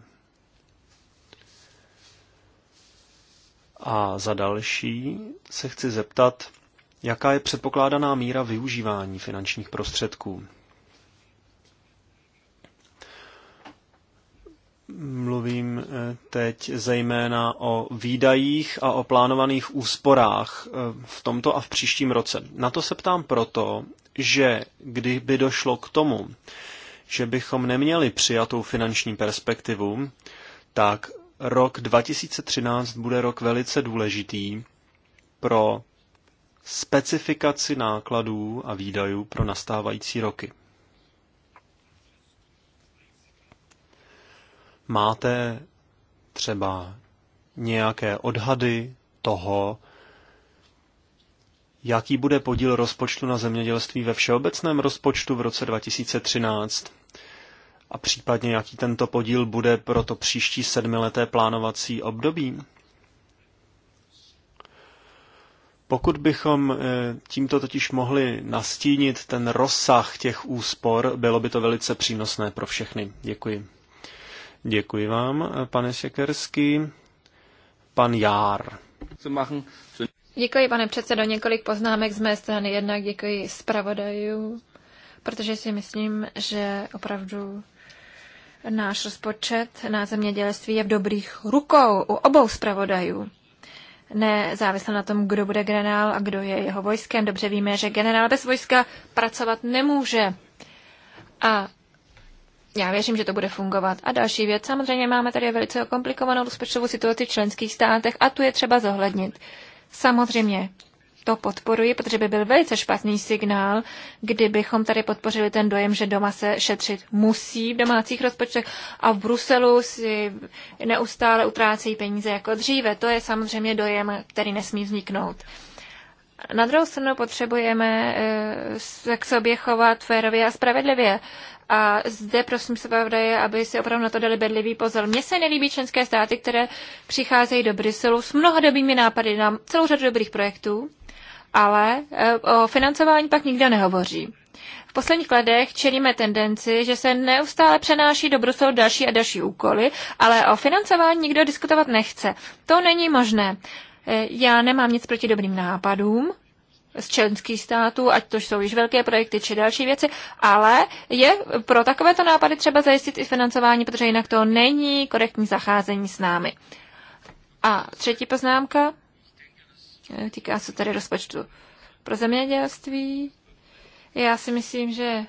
S3: A za další se chci zeptat, jaká je předpokládaná míra využívání finančních prostředků. Mluvím eh, teď zejména o výdajích a o plánovaných úsporách eh, v tomto a v příštím roce. Na to se ptám proto, že kdyby došlo k tomu, že bychom neměli přijatou finanční perspektivu, tak rok 2013 bude rok velice důležitý pro specifikaci nákladů a výdajů pro nastávající roky. Máte třeba nějaké odhady toho, jaký bude podíl rozpočtu na zemědělství ve všeobecném rozpočtu v roce 2013 a případně jaký tento podíl bude pro to příští sedmileté plánovací období. Pokud bychom eh, tímto totiž mohli nastínit ten rozsah těch úspor, bylo by to velice přínosné pro všechny. Děkuji. Děkuji vám, eh, pane Šekerský. Pan Jár.
S1: Děkuji, pane předsedo, několik poznámek z mé strany. Jednak děkuji zpravodajům, protože si myslím, že opravdu náš rozpočet na zemědělství je v dobrých rukou u obou zpravodajů. Nezávisle na tom, kdo bude generál a kdo je jeho vojskem. Dobře víme, že generál bez vojska pracovat nemůže. A já věřím, že to bude fungovat. A další věc, samozřejmě máme tady velice komplikovanou rozpočtovou situaci v členských státech a tu je třeba zohlednit. Samozřejmě to podporuji, protože by byl velice špatný signál, kdybychom tady podpořili ten dojem, že doma se šetřit musí v domácích rozpočtech a v Bruselu si neustále utrácejí peníze jako dříve. To je samozřejmě dojem, který nesmí vzniknout. Na druhou stranu potřebujeme eh, se k sobě chovat férově a spravedlivě. A zde prosím se pravdaje, aby si opravdu na to dali bedlivý pozor. Mně se nelíbí členské státy, které přicházejí do Bruselu s mnoha dobrými nápady na celou řadu dobrých projektů, ale eh, o financování pak nikdo nehovoří. V posledních letech čelíme tendenci, že se neustále přenáší do Bruselu další a další úkoly, ale o financování nikdo diskutovat nechce. To není možné. E, já nemám nic proti dobrým nápadům, z členských států, ať to jsou již velké projekty či další věci, ale je pro takovéto nápady třeba zajistit i financování, protože jinak to není korektní zacházení s námi. A třetí poznámka e, týká se tady rozpočtu pro zemědělství. Já si myslím, že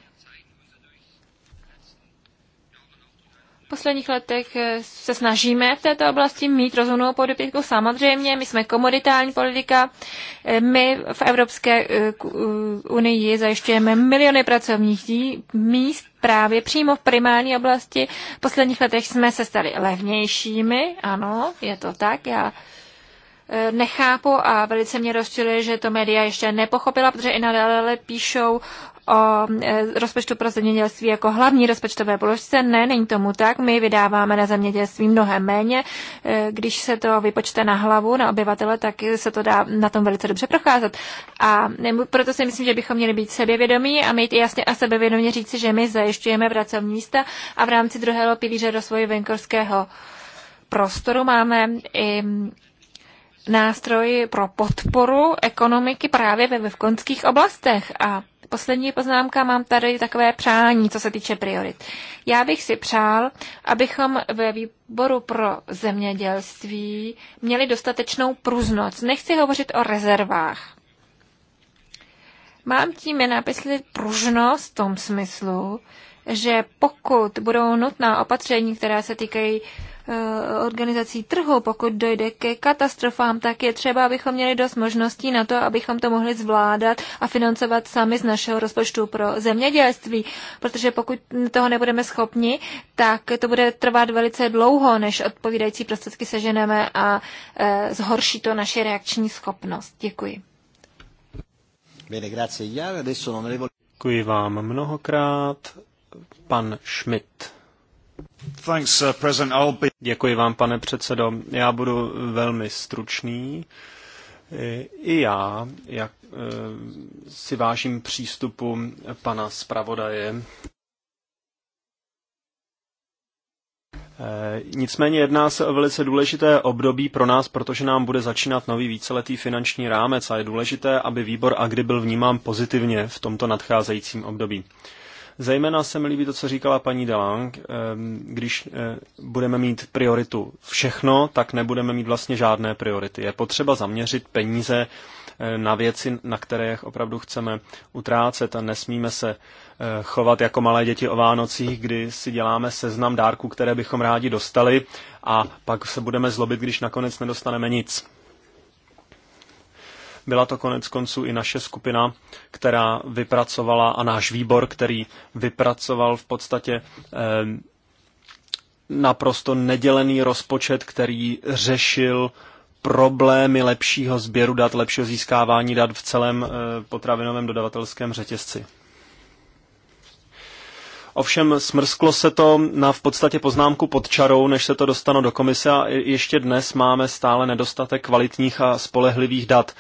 S1: posledních letech eh, se snažíme v této oblasti mít rozumnou politiku. Samozřejmě, my jsme komoditální politika. Eh, my v Evropské eh, unii zajišťujeme miliony pracovních dí, míst právě přímo v primární oblasti. V posledních letech jsme se stali levnějšími, ano, je to tak. Já nechápu a velice mě rozčiluje, že to média ještě nepochopila, protože i nadále píšou o e, rozpočtu pro zemědělství jako hlavní rozpočtové položce. Ne, není tomu tak. My vydáváme na zemědělství mnohem méně. E, když se to vypočte na hlavu, na obyvatele, tak se to dá na tom velice dobře procházet. A proto si myslím, že bychom měli být sebevědomí a mít jasně a sebevědomě říci, že my zajišťujeme pracovní místa a v rámci druhého pilíře rozvoje venkovského prostoru máme i nástroj pro podporu ekonomiky právě ve vevkonských oblastech a poslední poznámka, mám tady takové přání, co se týče priorit. Já bych si přál, abychom ve výboru pro zemědělství měli dostatečnou průznoc. Nechci hovořit o rezervách. Mám tím je napislit pružnost v tom smyslu, že pokud budou nutná opatření, která se týkají Eh, organizací trhu, pokud dojde ke katastrofám, tak je třeba, abychom měli dost možností na to, abychom to mohli zvládat a financovat sami z našeho rozpočtu pro zemědělství. Protože pokud toho nebudeme schopni, tak to bude trvat velice dlouho, než odpovídající prostředky seženeme a e, zhorší to naše reakční schopnost. Děkuji.
S3: Děkuji vám mnohokrát. Pan Schmidt. Uh, Děkuji vám, pane předsedo. Já budu velmi stručný. I já jak, eh, si vážím přístupu pana zpravodaje. Eh, nicméně jedná se o velice důležité období pro nás, protože nám bude začínat nový víceletý finanční rámec a je důležité, aby výbor Agri byl vnímán pozitivně v tomto nadcházejícím období. Zejména se mi líbí to, co říkala paní Delang. Eh, když eh, budeme mít prioritu všechno, tak nebudeme mít vlastně žádné priority. Je potřeba zaměřit peníze eh, na věci, na které opravdu chceme utrácet a nesmíme se chovat jako malé děti o Vánocích, kdy si děláme seznam dárků, které bychom rádi dostali a pak se budeme zlobit, když nakonec nedostaneme nic. Byla to konec konců i naše skupina, která vypracovala a náš výbor, který vypracoval v podstatě eh, naprosto nedělený rozpočet, který řešil problémy lepšího sběru dat, lepšího získávání dat v celém eh, potravinovém dodavatelském řetězci. Ovšem smrsklo se to na v podstatě poznámku pod čarou, než se to dostalo do komise a ještě dnes máme stále nedostatek kvalitních a spolehlivých dat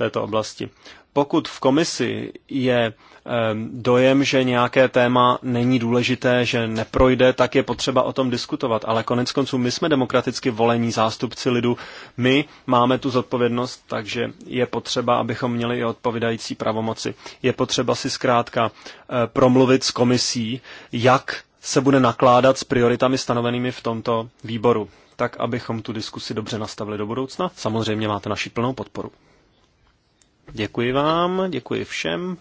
S3: této oblasti. Pokud v komisi je eh, dojem, že nějaké téma není důležité, že neprojde, tak je potřeba o tom diskutovat. Ale konec konců my jsme demokraticky volení zástupci lidu, my máme tu zodpovědnost, takže je potřeba, abychom měli i odpovídající pravomoci. Je potřeba si zkrátka eh, promluvit s komisí, jak se bude nakládat s prioritami stanovenými v tomto výboru, tak abychom tu diskusi dobře nastavili do budoucna. Samozřejmě máte naši plnou podporu. Děkuji vám, děkuji všem.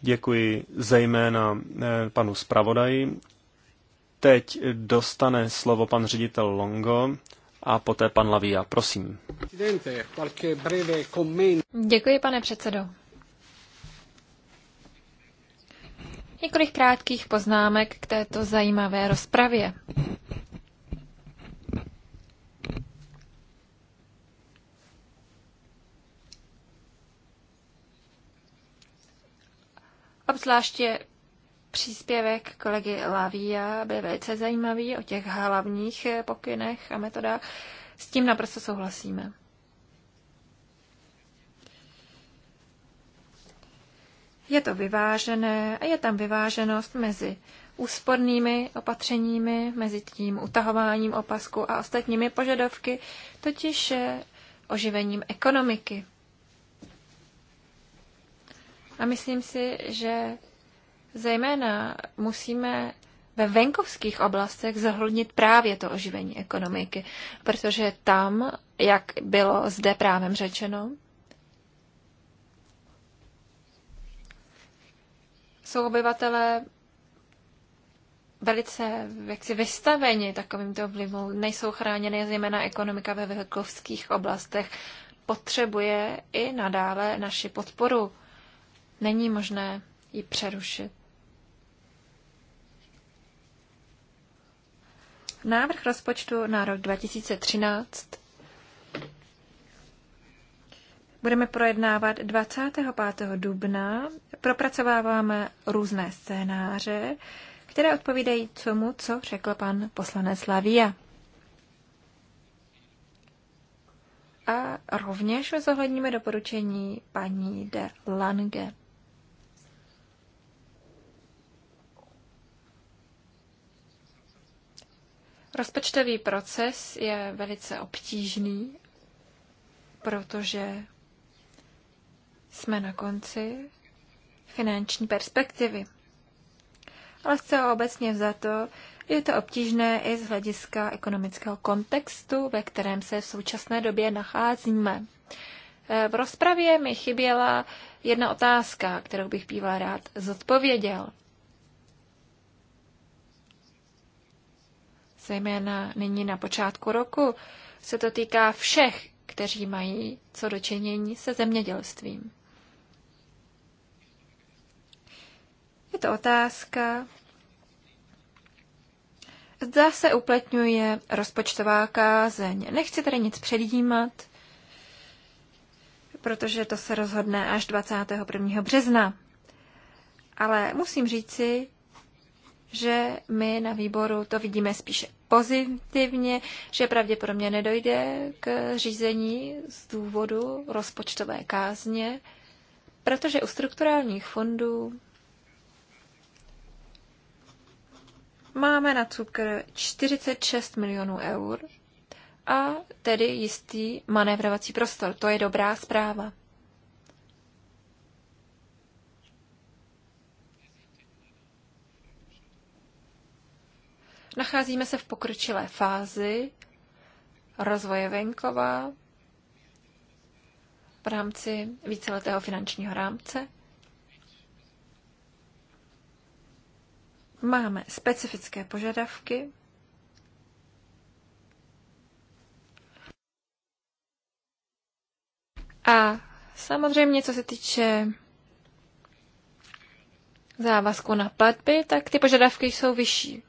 S3: Děkuji zejména eh, panu zpravodaji. Teď dostane slovo pan ředitel Longo a poté pan Lavia. Prosím.
S1: Děkuji, pane předsedo. Několik krátkých poznámek k této zajímavé rozpravě. Obzvláště příspěvek kolegy Lavia byl velice zajímavý o těch hlavních eh, pokynech a metodách. S tím naprosto souhlasíme. Je to vyvážené a je tam vyváženost mezi úspornými opatřeními, mezi tím utahováním opasku a ostatními požadavky, totiž eh, oživením ekonomiky. A myslím si, že zejména musíme ve venkovských oblastech zahlodnit právě to oživení ekonomiky, protože tam, jak bylo zde právem řečeno, jsou obyvatelé velice jaksi vystaveni takovýmto vlivům, nejsou chráněny, zejména ekonomika ve venkovských oblastech potřebuje i nadále naši podporu. Není možné ji přerušit. Návrh rozpočtu na rok 2013 budeme projednávat 25. dubna. Propracováváme různé scénáře, které odpovídají tomu, co řekl pan poslanec Lavia. A rovněž zohledníme doporučení paní de Lange. Rozpočtový proces je velice obtížný, protože jsme na konci finanční perspektivy. Ale zcela obecně vzato je to obtížné i z hlediska ekonomického kontextu, ve kterém se v současné době nacházíme. E, v rozpravě mi chyběla jedna otázka, kterou bych býval rád zodpověděl. zejména nyní na počátku roku, se to týká všech, kteří mají co dočinění se zemědělstvím. Je to otázka, zda se uplatňuje rozpočtová kázeň. Nechci tady nic předjímat, protože to se rozhodne až 21. března. Ale musím říci, že my na výboru to vidíme spíše pozitivně, že pravděpodobně nedojde k řízení z důvodu rozpočtové kázně, protože u strukturálních fondů máme na cukr 46 milionů eur a tedy jistý manévrovací prostor. To je dobrá zpráva. Nacházíme se v pokročilé fázi rozvoje venkova v rámci víceletého finančního rámce. Máme specifické požadavky, A samozřejmě, co se týče závazku na platby, tak ty požadavky jsou vyšší.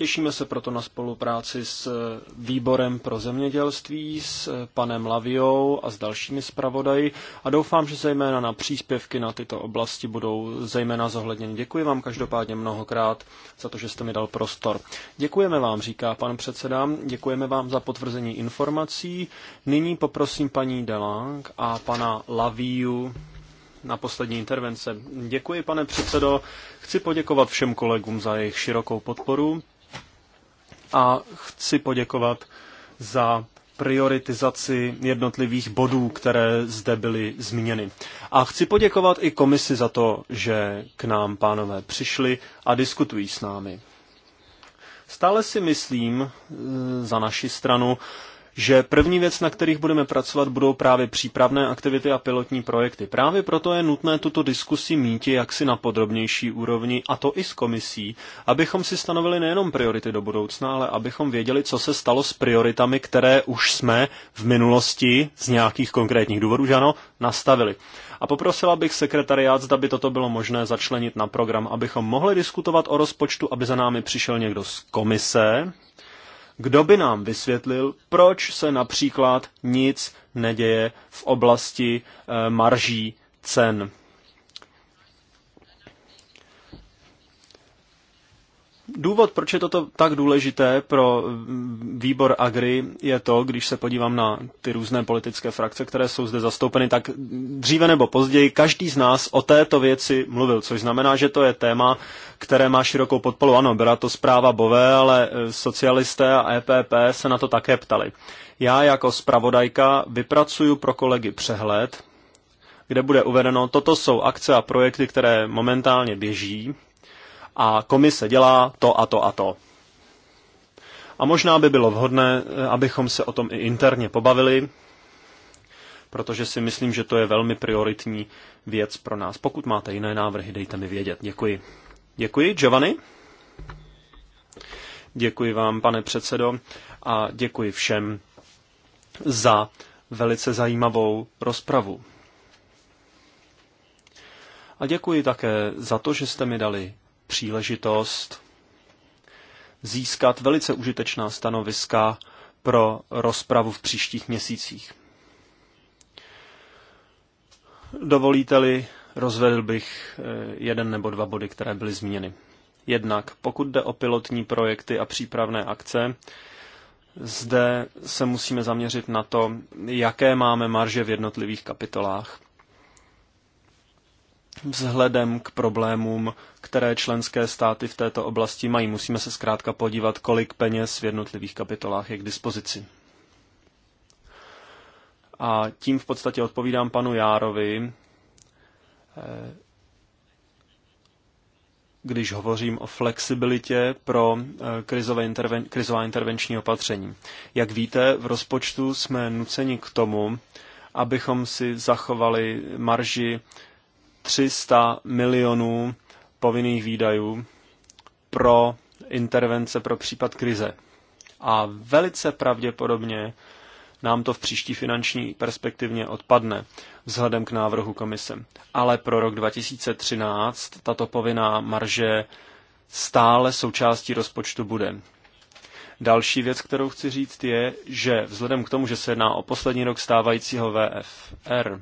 S3: Těšíme se proto na spolupráci s eh, výborem pro zemědělství, s eh, panem Laviou a s dalšími zpravodaji a doufám, že zejména na příspěvky na tyto oblasti budou zejména zohledněny. Děkuji vám každopádně mnohokrát za to, že jste mi dal prostor. Děkujeme vám, říká pan předseda, děkujeme vám za potvrzení informací. Nyní poprosím paní Delang a pana Laviu na poslední intervence. Děkuji, pane předsedo. Chci poděkovat všem kolegům za jejich širokou podporu a chci poděkovat za prioritizaci jednotlivých bodů, které zde byly zmíněny. A chci poděkovat i komisi za to, že k nám pánové přišli a diskutují s námi. Stále si myslím e, za naši stranu, že první věc, na kterých budeme pracovat, budou právě přípravné aktivity a pilotní projekty. Právě proto je nutné tuto diskusi mít jaksi na podrobnější úrovni, a to i s komisí, abychom si stanovili nejenom priority do budoucna, ale abychom věděli, co se stalo s prioritami, které už jsme v minulosti z nějakých konkrétních důvodů, že ano, nastavili. A poprosila bych sekretariát, zda by toto bylo možné začlenit na program, abychom mohli diskutovat o rozpočtu, aby za námi přišel někdo z komise, kdo by nám vysvětlil, proč se například nic neděje v oblasti eh, marží cen? Důvod, proč je toto tak důležité pro výbor Agri, je to, když se podívám na ty různé politické frakce, které jsou zde zastoupeny, tak dříve nebo později každý z nás o této věci mluvil, což znamená, že to je téma, které má širokou podporu. Ano, byla to zpráva Bové, ale e, socialisté a EPP se na to také ptali. Já jako zpravodajka vypracuju pro kolegy přehled, kde bude uvedeno, toto jsou akce a projekty, které momentálně běží, a komise dělá to a to a to. A možná by bylo vhodné, eh, abychom se o tom i interně pobavili, protože si myslím, že to je velmi prioritní věc pro nás. Pokud máte jiné návrhy, dejte mi vědět. Děkuji. Děkuji, Giovanni. Děkuji vám, pane předsedo, a děkuji všem za velice zajímavou rozpravu. A děkuji také za to, že jste mi dali příležitost získat velice užitečná stanoviska pro rozpravu v příštích měsících. Dovolíte-li, rozvedl bych eh, jeden nebo dva body, které byly zmíněny. Jednak, pokud jde o pilotní projekty a přípravné akce, zde se musíme zaměřit na to, jaké máme marže v jednotlivých kapitolách vzhledem k problémům, které členské státy v této oblasti mají. Musíme se zkrátka podívat, kolik peněz v jednotlivých kapitolách je k dispozici. A tím v podstatě odpovídám panu Járovi, eh, když hovořím o flexibilitě pro eh, krizové interven, krizová intervenční opatření. Jak víte, v rozpočtu jsme nuceni k tomu, abychom si zachovali marži 300 milionů povinných výdajů pro intervence pro případ krize. A velice pravděpodobně nám to v příští finanční perspektivně odpadne vzhledem k návrhu komise. Ale pro rok 2013 tato povinná marže stále součástí rozpočtu bude. Další věc, kterou chci říct, je, že vzhledem k tomu, že se jedná o poslední rok stávajícího VFR,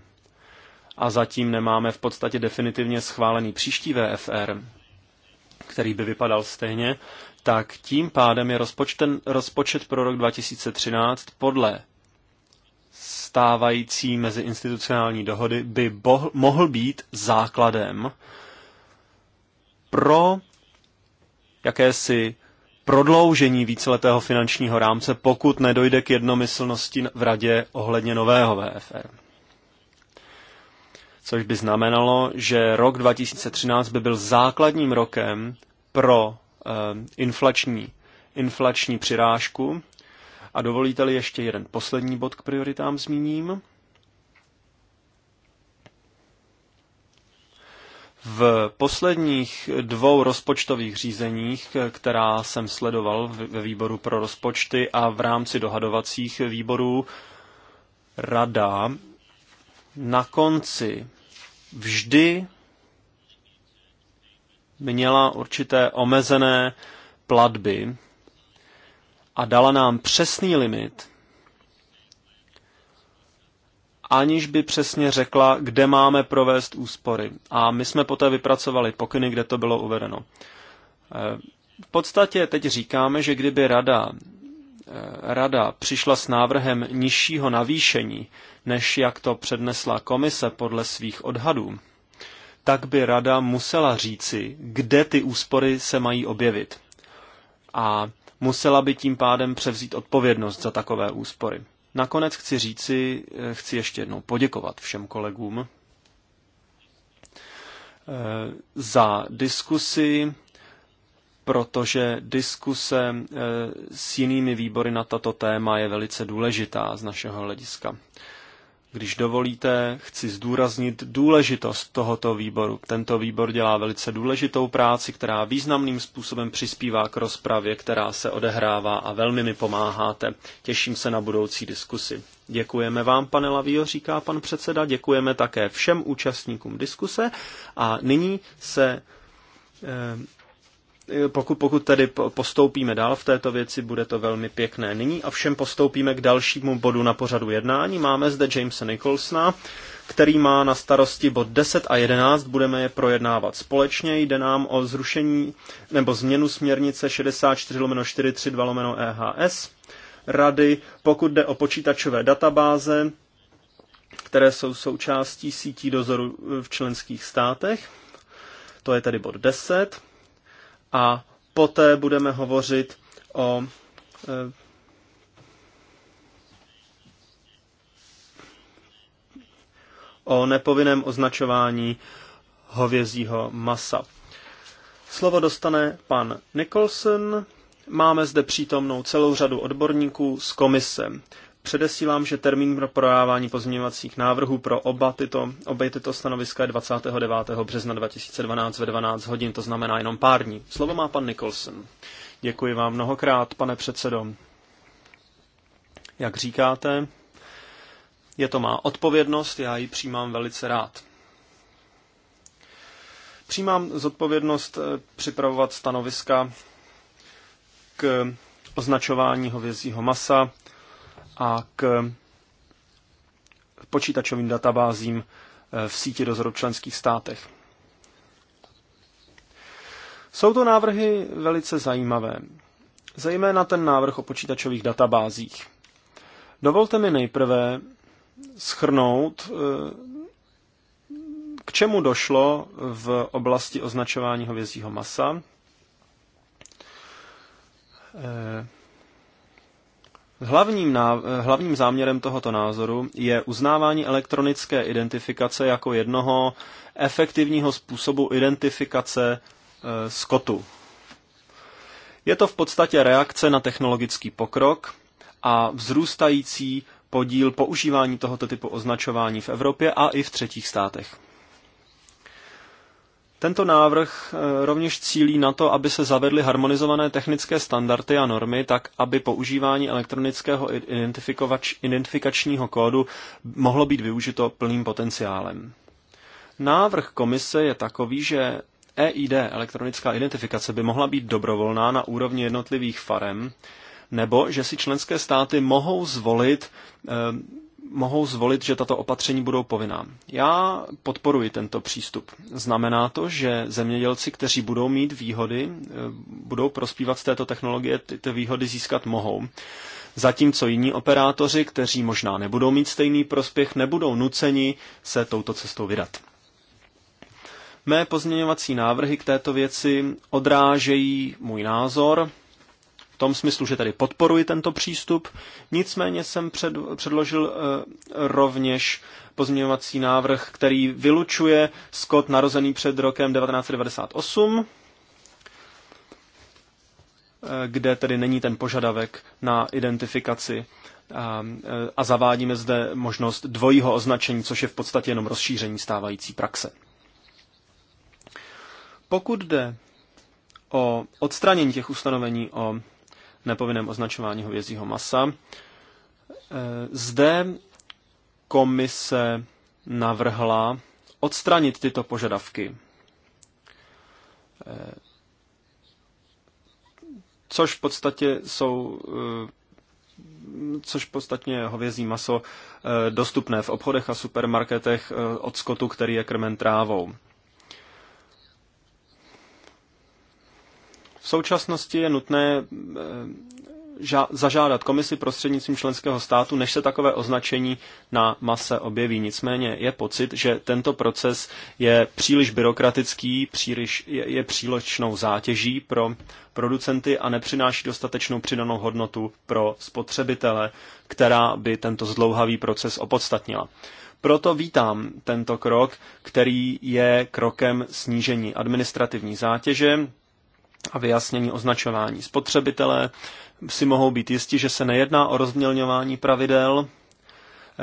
S3: a zatím nemáme v podstatě definitivně schválený příští VFR, který by vypadal stejně, tak tím pádem je rozpočten, rozpočet pro rok 2013 podle stávající meziinstitucionální dohody by bohl, mohl být základem pro jakési prodloužení víceletého finančního rámce, pokud nedojde k jednomyslnosti v radě ohledně nového VFR což by znamenalo, že rok 2013 by byl základním rokem pro eh, inflační, inflační přirážku. A dovolíte-li ještě jeden poslední bod k prioritám zmíním. V posledních dvou rozpočtových řízeních, která jsem sledoval ve výboru pro rozpočty a v rámci dohadovacích výborů, rada na konci vždy měla určité omezené platby a dala nám přesný limit, aniž by přesně řekla, kde máme provést úspory. A my jsme poté vypracovali pokyny, kde to bylo uvedeno. Eh, v podstatě teď říkáme, že kdyby rada Eh, rada přišla s návrhem nižšího navýšení, než jak to přednesla komise podle svých odhadů, tak by rada musela říci, kde ty úspory se mají objevit. A musela by tím pádem převzít odpovědnost za takové úspory. Nakonec chci říci, eh, chci ještě jednou poděkovat všem kolegům eh, za diskusi, protože diskuse eh, s jinými výbory na tato téma je velice důležitá z našeho hlediska. Když dovolíte, chci zdůraznit důležitost tohoto výboru. Tento výbor dělá velice důležitou práci, která významným způsobem přispívá k rozpravě, která se odehrává a velmi mi pomáháte. Těším se na budoucí diskusi. Děkujeme vám, pane Lavio, říká pan předseda, děkujeme také všem účastníkům diskuse a nyní se eh, pokud, pokud tedy postoupíme dál v této věci, bude to velmi pěkné. Nyní a všem postoupíme k dalšímu bodu na pořadu jednání. Máme zde Jamesa Nicholsona, který má na starosti bod 10 a 11, budeme je projednávat společně. Jde nám o zrušení nebo změnu směrnice 64 432 EHS rady, pokud jde o počítačové databáze, které jsou součástí sítí dozoru v členských státech. To je tedy bod 10 a poté budeme hovořit o eh, o nepovinném označování hovězího masa. Slovo dostane pan Nicholson. Máme zde přítomnou celou řadu odborníků z komise. Předesílám, že termín pro projávání pozměňovacích návrhů pro oba tyto, obě tyto stanoviska je 29. března 2012 ve 12 hodin, to znamená jenom pár dní. Slovo má pan Nicholson. Děkuji vám mnohokrát, pane předsedo. Jak říkáte, je to má odpovědnost, já ji přijímám velice rád. Přijímám zodpovědnost eh, připravovat stanoviska k označování hovězího masa, a k počítačovým databázím eh, v síti dozoru v členských státech. Jsou to návrhy velice zajímavé, zejména ten návrh o počítačových databázích. Dovolte mi nejprve schrnout, eh, k čemu došlo v oblasti označování hovězího masa, eh, Hlavním, ná, hlavním záměrem tohoto názoru je uznávání elektronické identifikace jako jednoho efektivního způsobu identifikace e, skotu. Je to v podstatě reakce na technologický pokrok a vzrůstající podíl používání tohoto typu označování v Evropě a i v třetích státech. Tento návrh eh, rovněž cílí na to, aby se zavedly harmonizované technické standardy a normy, tak aby používání elektronického identifikačního kódu mohlo být využito plným potenciálem. Návrh komise je takový, že EID, elektronická identifikace, by mohla být dobrovolná na úrovni jednotlivých farem, nebo že si členské státy mohou zvolit eh, mohou zvolit, že tato opatření budou povinná. Já podporuji tento přístup. Znamená to, že zemědělci, kteří budou mít výhody, eh, budou prospívat z této technologie, tyto výhody získat mohou. Zatímco jiní operátoři, kteří možná nebudou mít stejný prospěch, nebudou nuceni se touto cestou vydat. Mé pozměňovací návrhy k této věci odrážejí můj názor, tom smyslu, že tady podporuji tento přístup. Nicméně jsem před, předložil eh, rovněž pozměňovací návrh, který vylučuje Scott narozený před rokem 1998 eh, kde tedy není ten požadavek na identifikaci a, eh, a zavádíme zde možnost dvojího označení, což je v podstatě jenom rozšíření stávající praxe. Pokud jde o odstranění těch ustanovení o nepovinném označování hovězího masa. E, zde komise navrhla odstranit tyto požadavky. E, což v podstatě jsou e, což v podstatně hovězí maso dostupné v obchodech a supermarketech od skotu, který je krmen trávou. V současnosti je nutné eh, zažádat komisi prostřednictvím členského státu, než se takové označení na mase objeví. Nicméně je pocit, že tento proces je příliš byrokratický, příliš, je, je přílišnou zátěží pro producenty a nepřináší dostatečnou přidanou hodnotu pro spotřebitele, která by tento zdlouhavý proces opodstatnila. Proto vítám tento krok, který je krokem snížení administrativní zátěže, a vyjasnění označování. Spotřebitelé si mohou být jisti, že se nejedná o rozmělňování pravidel,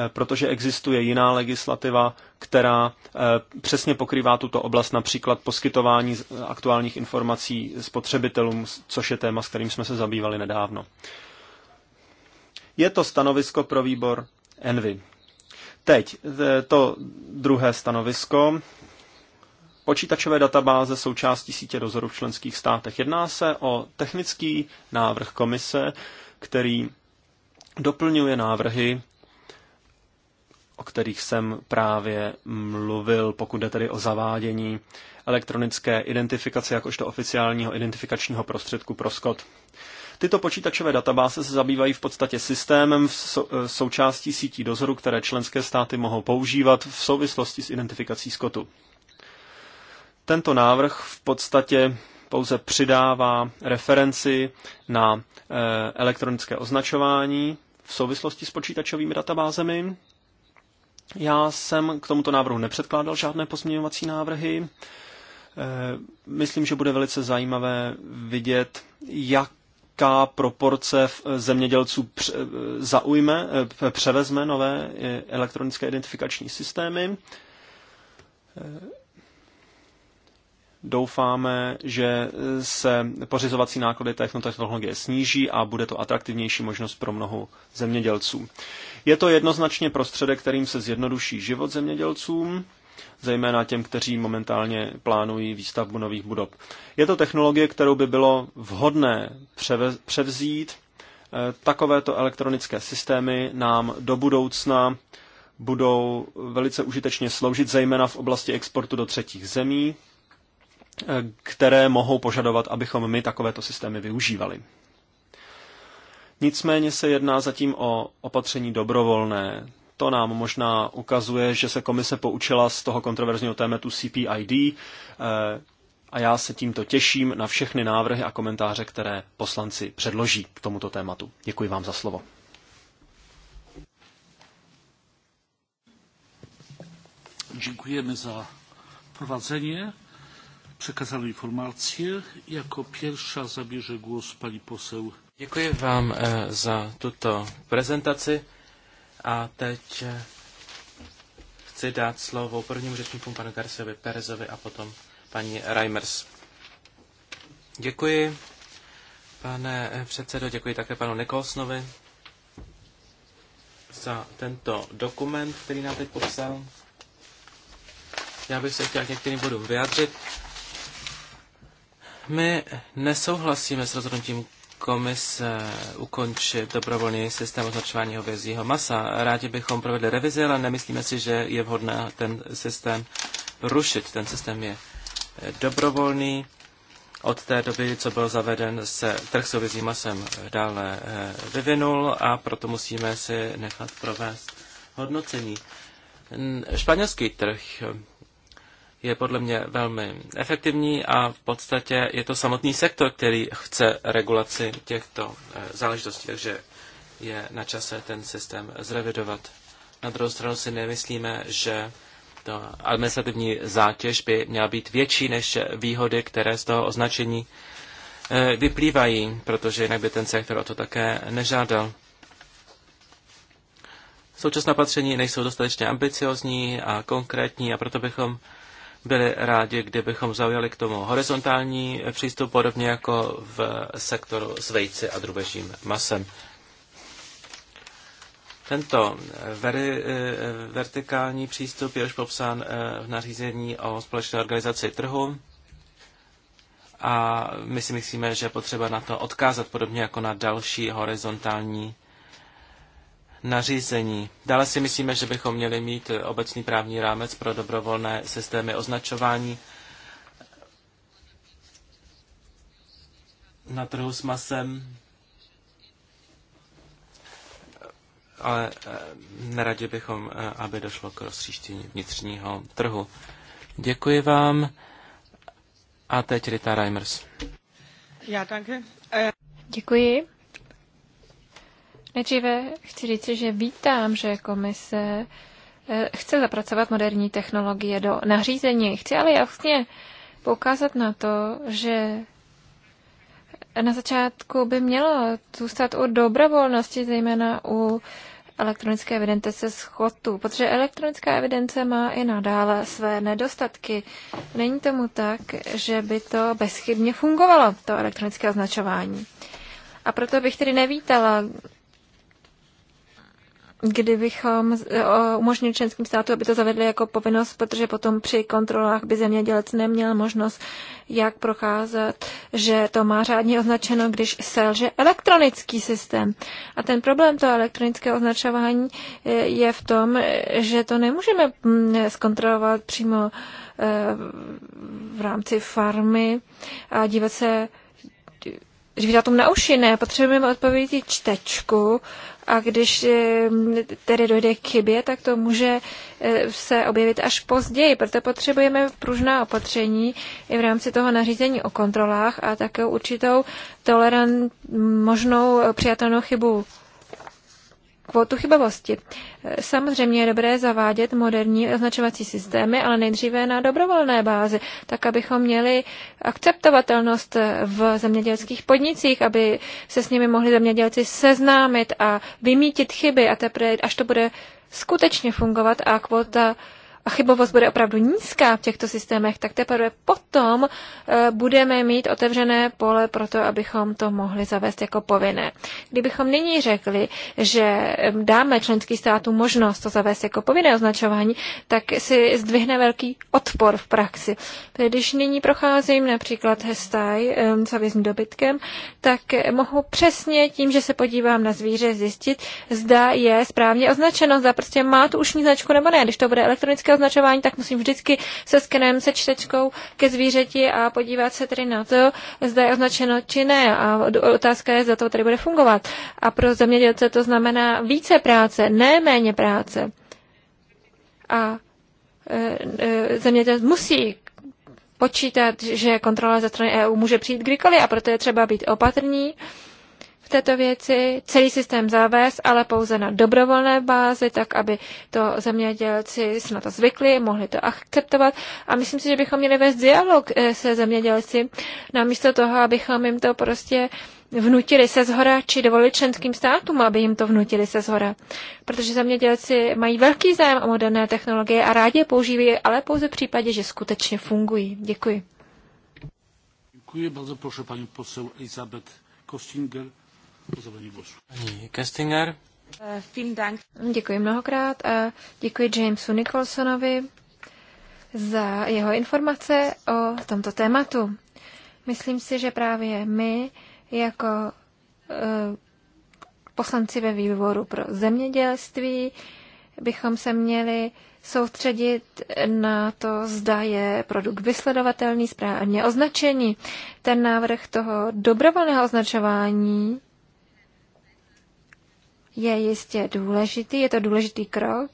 S3: eh, protože existuje jiná legislativa, která eh, přesně pokrývá tuto oblast, například poskytování eh, aktuálních informací spotřebitelům, což je téma, s kterým jsme se zabývali nedávno. Je to stanovisko pro výbor Envy. Teď to druhé stanovisko počítačové databáze součástí sítě dozoru v členských státech. Jedná se o technický návrh komise, který doplňuje návrhy, o kterých jsem právě mluvil, pokud jde tedy o zavádění elektronické identifikace jakožto oficiálního identifikačního prostředku pro Skot. Tyto počítačové databáze se zabývají v podstatě systémem v eh, součástí sítí dozoru, které členské státy mohou používat v souvislosti s identifikací skotu. Tento návrh v podstatě pouze přidává referenci na eh, elektronické označování v souvislosti s počítačovými databázemi. Já jsem k tomuto návrhu nepředkládal žádné pozměňovací návrhy. Eh, myslím, že bude velice zajímavé vidět, jak jaká proporce eh, zemědělců zaujme, převezme nové elektronické identifikační systémy. Doufáme, že eh, se pořizovací náklady této technologie sníží a bude to atraktivnější možnost pro mnoho zemědělců. Je to jednoznačně prostředek, kterým se zjednoduší život zemědělcům, zejména těm, kteří momentálně plánují výstavbu nových budov. Je to technologie, kterou by bylo vhodné převzít. Eh, takovéto elektronické systémy nám do budoucna budou velice užitečně sloužit, zejména v oblasti exportu do třetích zemí, které mohou požadovat, abychom my takovéto systémy využívali. Nicméně se jedná zatím o opatření dobrovolné. To nám možná ukazuje, že se komise poučila z toho kontroverzního tématu CPID eh, a já se tímto těším na všechny návrhy a komentáře, které poslanci předloží k tomuto tématu. Děkuji vám za slovo.
S2: Děkujeme za prowadzenie przekazano informację. Jako pierwsza zabierze głos pani poseł. Děkuji vám e, za tuto prezentaci a teď e, chci dát slovo prvnímu řečníku panu Garciowi Perezowi, a potom paní Reimers. Děkuji, pane e, předsedo, děkuji také panu Nikolsnovi za tento dokument, který nám teď popsal. Já bych se chtěl k některým bodům vyjádřit. My nesouhlasíme s rozhodnutím komise ukončit dobrovolný systém označování hovězího masa. Rádi bychom provedli revizi, ale nemyslíme si, že je vhodné ten systém rušit. Ten systém je eh, dobrovolný. Od té doby, co byl zaveden, se trh s hovězím masem eh, dále eh, vyvinul a proto musíme si nechat provést hodnocení. Španělský trh je podle mě velmi efektivní a v podstatě je to samotný sektor, který chce regulaci těchto eh, záležitostí, takže je na čase ten systém zrevidovat. Na druhou stranu si nemyslíme, že to administrativní zátěž by měla být větší než výhody, které z toho označení eh, vyplývají, protože jinak by ten sektor o to také nežádal. Současná patření nejsou dostatečně ambiciozní a konkrétní a proto bychom byli rádi, kdybychom zaujali k tomu horizontální přístup, podobně jako v sektoru s vejci a drubežím masem. Tento veri, eh, vertikální přístup je už popsán eh, v nařízení o společné organizaci trhu a my si myslíme, že je potřeba na to odkázat, podobně jako na další horizontální nařízení. Dále si myslíme, že bychom měli mít obecný právní rámec pro dobrovolné systémy označování na trhu s masem, ale eh, neradě bychom, eh, aby došlo k rozstříštění vnitřního trhu. Děkuji vám. A teď Rita Reimers.
S1: Já také. Děkuji. Nejdříve chci říct, že vítám, že komise eh, chce zapracovat moderní technologie do nařízení. Chci ale jasně poukázat na to, že na začátku by mělo zůstat u dobrovolnosti, zejména u elektronické evidence se schotu, protože elektronická evidence má i nadále své nedostatky. Není tomu tak, že by to bezchybně fungovalo, to elektronické označování. A proto bych tedy nevítala kdybychom eh, umožnili členským státům, aby to zavedli jako povinnost, protože potom při kontrolách by zemědělec neměl možnost, jak procházet, že to má řádně označeno, když selže elektronický systém. A ten problém toho elektronického označování eh, je v tom, že to nemůžeme mm, zkontrolovat přímo eh, v rámci farmy a dívat se když na uši, ne, potřebujeme odpovědět čtečku a když tedy dojde k chybě, tak to může e, se objevit až později, proto potřebujeme pružná opatření i v rámci toho nařízení o kontrolách a také určitou tolerant, možnou e, přijatelnou chybu kvotu chybovosti. Samozřejmě je dobré zavádět moderní označovací systémy, ale nejdříve na dobrovolné bázi, tak abychom měli akceptovatelnost v zemědělských podnicích, aby se s nimi mohli zemědělci seznámit a vymítit chyby a teprve, až to bude skutečně fungovat a kvota a chybovost bude opravdu nízká v těchto systémech, tak teprve potom eh, budeme mít otevřené pole pro to, abychom to mohli zavést jako povinné. Kdybychom nyní řekli, že dáme členský státu možnost to zavést jako povinné označování, tak si zdvihne velký odpor v praxi. Když nyní procházím například hestaj s avězním dobytkem, tak mohu přesně tím, že se podívám na zvíře, zjistit, zda je správně označeno, zda prostě má tu ušní značku nebo ne. Když to bude elektronické označování, tak musím vždycky se skenem, se čtečkou ke zvířeti a podívat se tedy na to, zda je označeno či ne. A otázka je, zda to tady bude fungovat. A pro zemědělce to znamená více práce, ne méně práce. A e, e, zemědělec musí počítat, že kontrola ze strany EU může přijít kdykoliv a proto je třeba být opatrný v této věci, celý systém zavést, ale pouze na dobrovolné bázi, tak aby to zemědělci na to zvykli, mohli to akceptovat. A myslím si, že bychom měli vést dialog eh, se zemědělci, namísto toho, abychom jim to prostě vnutili se zhora, či dovolili členským státům, aby jim to vnutili se zhora. Protože zemědělci mají velký zájem o moderné technologie a rádi je používají, ale pouze v případě, že skutečně fungují. Děkuji.
S2: Děkuji, bardzo proszę paní poseł Elizabeth Kostinger. Kastinger,
S1: Kestinger. Děkuji mnohokrát a děkuji Jamesu Nicholsonovi za jeho informace o tomto tématu. Myslím si, že právě my jako eh, poslanci ve výboru pro zemědělství bychom se měli soustředit na to, zda je produkt vysledovatelný, správně označený. Ten návrh toho dobrovolného označování je jistě důležitý, je to důležitý krok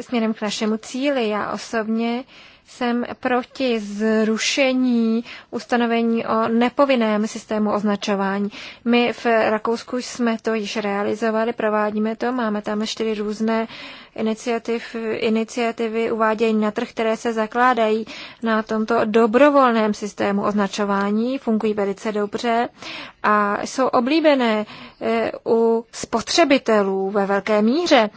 S1: směrem k našemu cíli. Já osobně jsem proti zrušení ustanovení o nepovinném systému označování. My v Rakousku jsme to již realizovali, provádíme to, máme tam čtyři různé iniciativ, iniciativy uvádění na trh, které se zakládají na tomto dobrovolném systému označování, fungují velice dobře a jsou oblíbené eh, u spotřebitelů ve velké míře.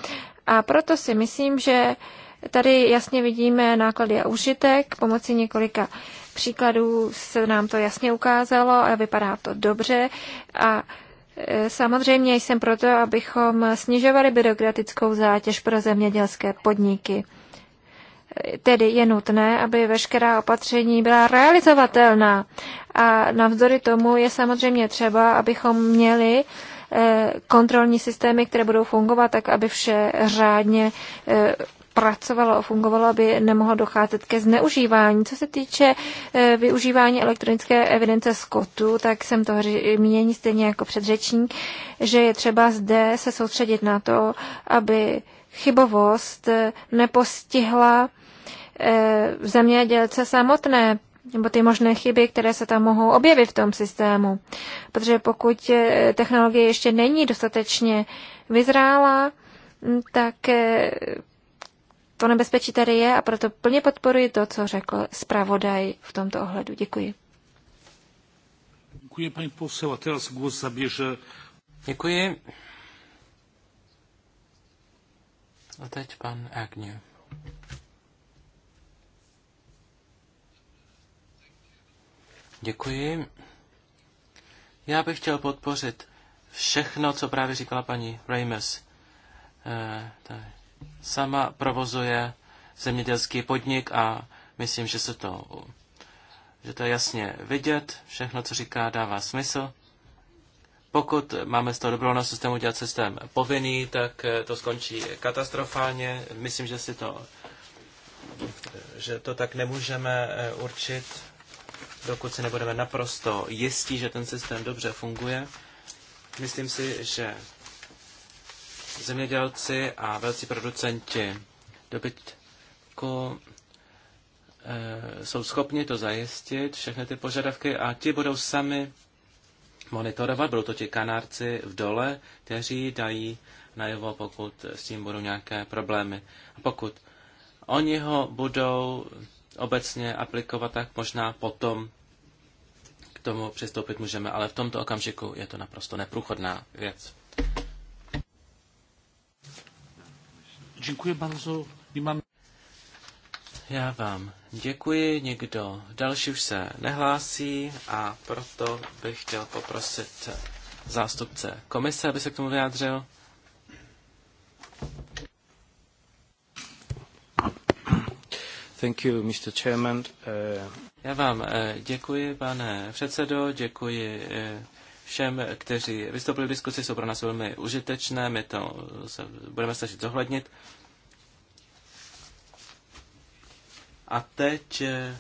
S1: A proto si myslím, že Tady jasně vidíme náklady a užitek. Pomocí několika příkladů se nám to jasně ukázalo a vypadá to dobře. A e, Samozřejmě jsem proto, abychom snižovali byrokratickou zátěž pro zemědělské podniky. E, tedy je nutné, aby veškerá opatření byla realizovatelná. A navzdory tomu je samozřejmě třeba, abychom měli e, kontrolní systémy, které budou fungovat tak, aby vše řádně pracovalo a fungovalo, aby nemohlo docházet ke zneužívání. Co se týče eh, využívání elektronické evidence skotu, tak jsem to mění stejně jako předřečník, že je třeba zde se soustředit na to, aby chybovost eh, nepostihla eh, zemědělce samotné, nebo ty možné chyby, které se tam mohou objevit v tom systému. Protože pokud technologie ještě není dostatečně vyzrála, mm, tak to nebezpečí tady je a proto plně podporuji to, co řekl zpravodaj v tomto ohledu. Děkuji.
S2: Děkuji, paní posel. A teraz głos zabierze... Děkuji. A teď pan Agnew. Děkuji. Já bych chtěl podpořit všechno, co právě říkala paní Reimers. Eh, tady sama provozuje zemědělský podnik a myslím, že se to, že to je jasně vidět, všechno, co říká, dává smysl. Pokud máme z toho dobrovolného systému dělat systém povinný, tak eh, to skončí katastrofálně. Myslím, že si to, eh, že to tak nemůžeme eh, určit, dokud si nebudeme naprosto jistí, že ten systém dobře funguje. Myslím si, že zemědělci a velcí producenti dobytku e, jsou schopni to zajistit, všechny ty požadavky, a ti budou sami monitorovat, budou to ti kanárci v dole, kteří dají najevo, pokud s tím budou nějaké problémy. A pokud oni ho budou obecně aplikovat, tak možná potom k tomu přistoupit můžeme, ale v tomto okamžiku je to naprosto neprůchodná věc. Děkuji bardzo. Mám... Já vám děkuji. Někdo další už se nehlásí a proto bych chtěl poprosit zástupce komise, aby se k tomu vyjádřil. Thank you, Mr. Chairman. Uh, Já vám eh, děkuji, pane předsedo, děkuji eh, všem, kteří vystoupili v diskusi, jsou pro nás velmi užitečné, my to se budeme snažit zohlednit. A teď eh,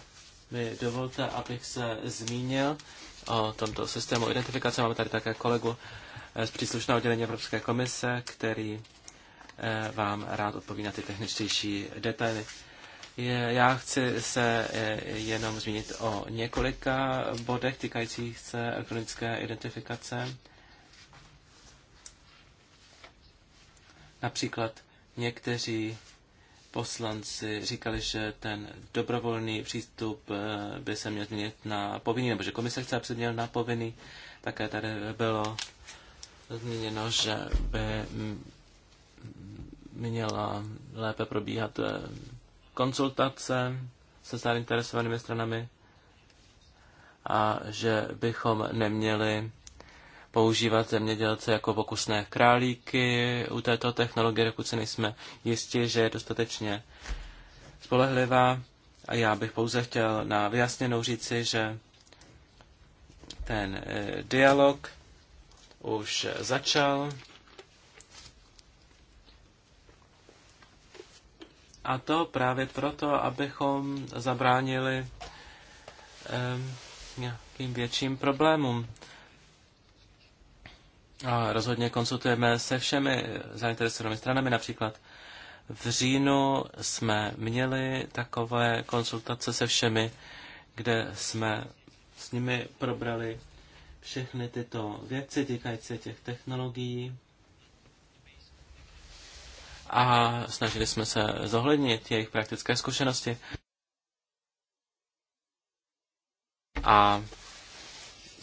S2: mi dovolte, abych se zmínil o tomto systému identifikace. Máme tady také kolegu eh, z příslušného oddělení Evropské komise, který eh, vám rád odpoví na ty techničtější detaily. Já chci se jenom zmínit o několika bodech týkajících se elektronické identifikace. Například někteří poslanci říkali, že ten dobrovolný přístup eh, by se měl změnit na povinný, nebo že komise chce, aby se měl na povinný. Také tady bylo zmíněno, že by mm, měla lépe probíhat eh, konsultace se zainteresovanými stranami a že bychom neměli používat zemědělce jako pokusné králíky u této technologie, dokud se nejsme jistí, že je dostatečně spolehlivá. A já bych pouze chtěl na vyjasněnou říci, že ten eh, dialog už začal. A to právě proto, abychom zabránili eh, nějakým větším problémům. A rozhodně konsultujeme se všemi zainteresovanými stranami. Například v říjnu jsme měli takové konsultace se všemi, kde jsme s nimi probrali všechny tyto věci týkající těch technologií a snažili jsme se zohlednit jejich praktické zkušenosti. A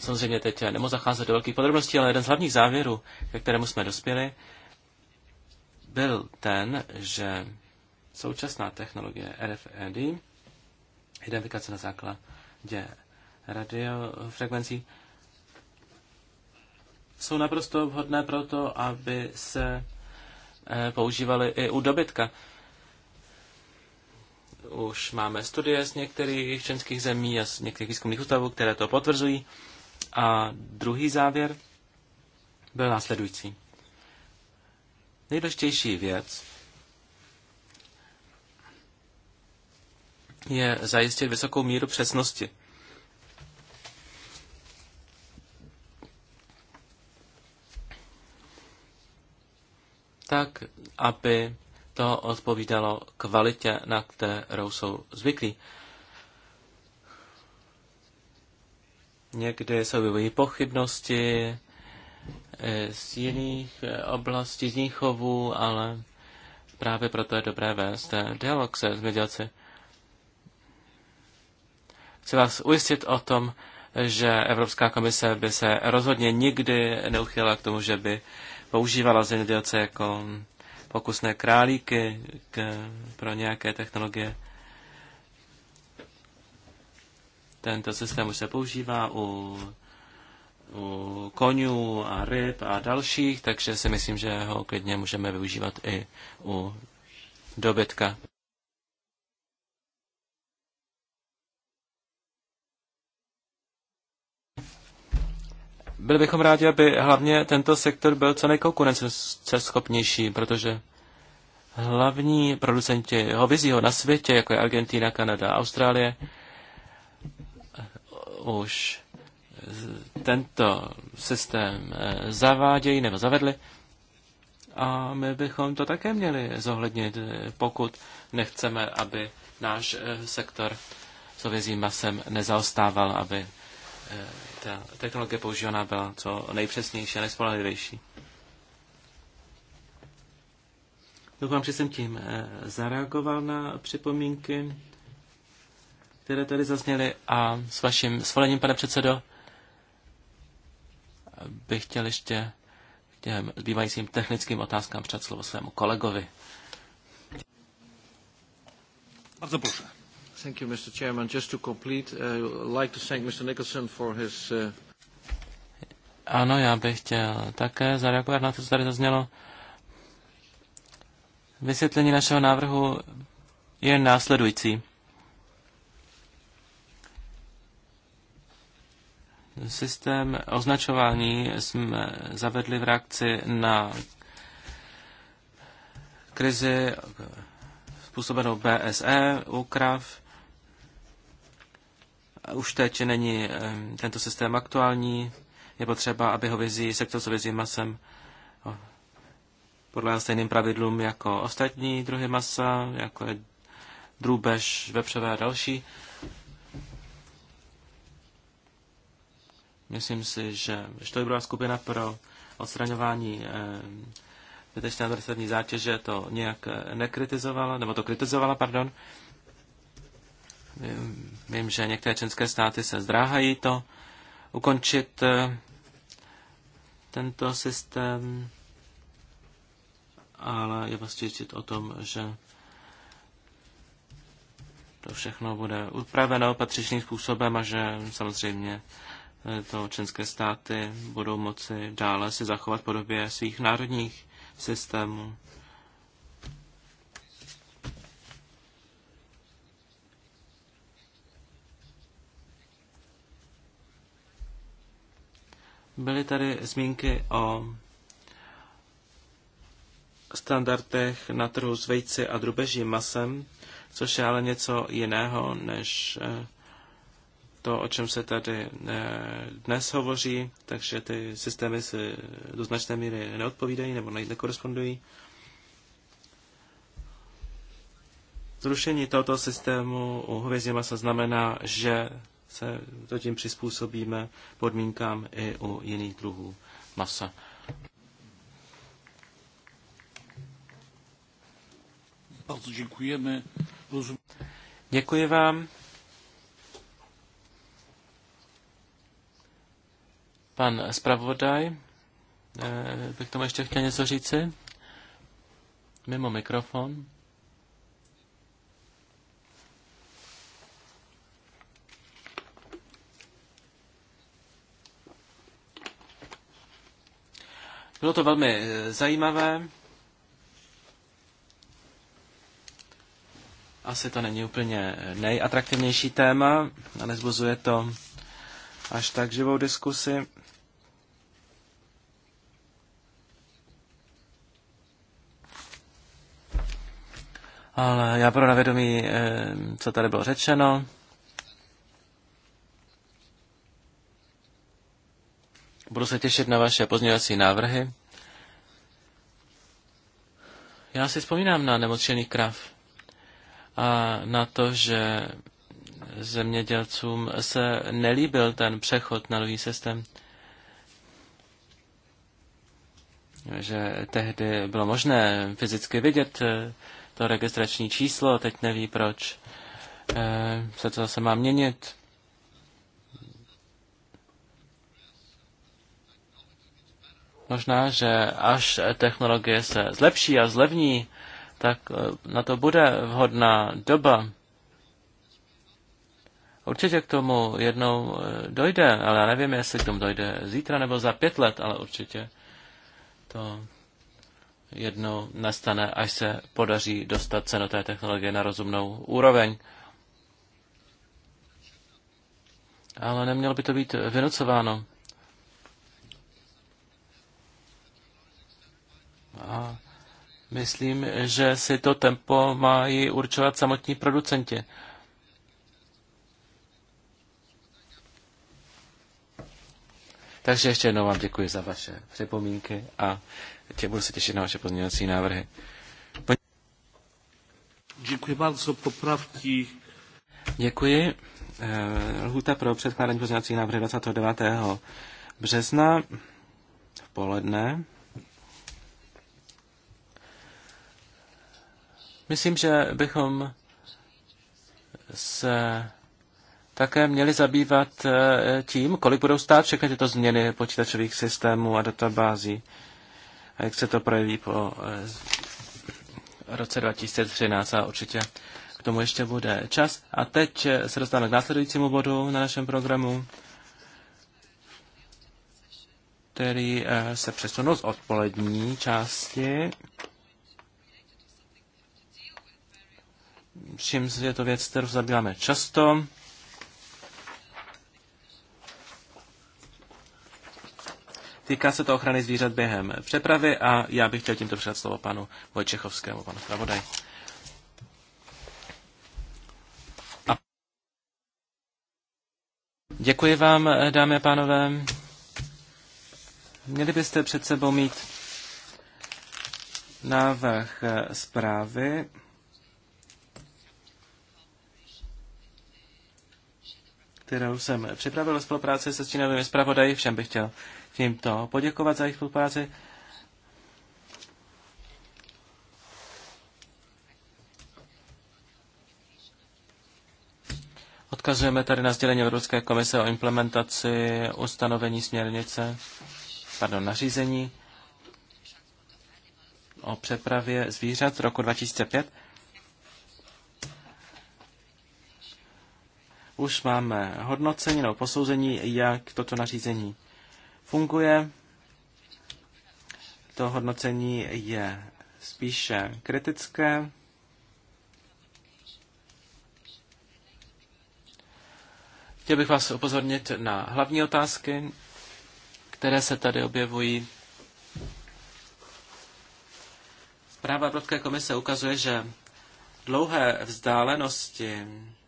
S2: Samozřejmě teď nemohu zacházet do velkých podrobností, ale jeden z hlavních závěrů, ke kterému jsme dospěli, byl ten, že současná technologie RFID, e identifikace na základě radiofrekvencí, jsou naprosto vhodné pro to, aby se eh, používaly i u dobytka. Už máme studie z některých členských zemí a z některých výzkumných ústavů, které to potvrzují. A druhý závěr byl následující. Nejdůležitější věc je zajistit vysokou míru přesnosti. Tak, aby to odpovídalo kvalitě, na kterou jsou zvyklí. Někdy se objevují pochybnosti eh, z jiných eh, oblastí, z jiných chovů, ale právě proto je dobré vést eh, dialog se zemědělci. Chci vás ujistit o tom, že Evropská komise by se rozhodně nikdy neuchyla k tomu, že by používala zemědělce jako pokusné králíky k, pro nějaké technologie. Tento systém už se používá u, u konňů a ryb a dalších, takže si myslím, že ho klidně můžeme využívat i u dobytka. Byli bychom rádi, aby hlavně tento sektor byl co nejkonkurenceschopnější, protože hlavní producenti hovězího na světě, jako je Argentina, Kanada, Austrálie, už tento systém eh, zavádějí nebo zavedli. A my bychom to také měli zohlednit, eh, pokud nechceme, aby náš eh, sektor s ovězím masem nezaostával, aby ta technologie používaná byla co nejpřesnější a nejspolehlivější. Doufám, že jsem tím zareagoval na připomínky které tady zazněly a s vaším svolením, pane předsedo, bych chtěl ještě k těm zbývajícím technickým otázkám před slovo svému kolegovi. Bardzo proszę. Thank you, Mr. Chairman. Just to complete, I uh, would like to thank Mr. Nicholson for his... Uh... Ano, já bych chtěl také zareagovat na to, co tady zaznělo. Vysvětlení našeho návrhu je následující. Systém označování jsme zavedli v reakci na krizi způsobenou BSE, krav. Už teď není eh, tento systém aktuální. Je potřeba, aby ho vizí sektor s vizí masem podle stejným pravidlům jako ostatní druhy masa, jako je drůbež, vepřové a další Myslím si, že Štojbrová skupina pro odstraňování eh, zbytečné administrativní zátěže to nějak eh, nekritizovala, nebo to kritizovala, pardon. Vím, vím že některé členské státy se zdráhají to ukončit eh, tento systém, ale je vlastně prostě čit o tom, že to všechno bude upraveno patřičným způsobem a že samozřejmě to členské státy budou moci dále se zachovat podobě svých národních systémů. Byly tady zmínky o standardech na trhu s vejci a drubežím masem, což je ale něco jiného než eh, to, o čem se tady eh, dnes hovoří, takže ty systémy se do značné míry neodpovídají nebo nekorespondují. Zrušení tohoto systému u hovězí masa znamená, že se to tím přizpůsobíme podmínkám i u jiných druhů masa. Bardzo Děkuji vám. Pan zpravodaj, eh, bych tomu ještě chtěl něco říci? Mimo mikrofon. Bylo to velmi eh, zajímavé. Asi to není úplně eh, nejatraktivnější téma a nezbuzuje to až tak živou diskusi. ale já pro na vědomí, eh, co tady bylo řečeno. Budu se těšit na vaše pozměňovací návrhy. Já si vzpomínám na nemocněný krav a na to, že zemědělcům se nelíbil ten přechod na nový systém. Že tehdy bylo možné fyzicky vidět eh, to registrační číslo, teď neví, proč eh, se to zase má měnit. Možná, že až technologie se zlepší a zlevní, tak eh, na to bude vhodná doba. Určitě k tomu jednou eh, dojde, ale já nevím, jestli k tomu dojde zítra nebo za pět let, ale určitě to jednou nastane, až se podaří dostat cenu té technologie na rozumnou úroveň. Ale nemělo by to být vynucováno. A myslím, že si to tempo mají určovat samotní producenti. Takže ještě jednou vám děkuji za vaše připomínky a tě budu se těšit na vaše pozměňovací návrhy. Děkuji bardzo, popravky. Děkuji. Eh, Lhuta pro předkládání pozměňovacích návrhů 29. března v poledne. Myslím, že bychom se také měli zabývat eh, tím, kolik budou stát všechny tyto změny počítačových systémů a databází a jak se to projeví po eh, roce 2013 a určitě k tomu ještě bude čas. A teď eh, se dostaneme k následujícímu bodu na našem programu, který eh, se přesunul z odpolední části. Vším je to věc, kterou zabýváme často. Týká se to ochrany zvířat během přepravy a já bych chtěl tímto předat slovo panu Vojčechovskému, panu Pravodaj. A... Děkuji vám, dámy a pánové. Měli byste před sebou mít návrh eh, zprávy. kterou jsem připravil ve spolupráci se stínovými zpravodaji. Všem bych chtěl tímto poděkovat za jejich spolupráci. Odkazujeme tady na sdělení Evropské komise o implementaci ustanovení směrnice, pardon, nařízení o přepravě zvířat z roku 2005. Už máme hodnocení nebo posouzení, jak toto nařízení funguje. To hodnocení je spíše kritické. Chtěl bych vás upozornit na hlavní otázky, které se tady objevují. Zpráva Evropské komise ukazuje, že dlouhé vzdálenosti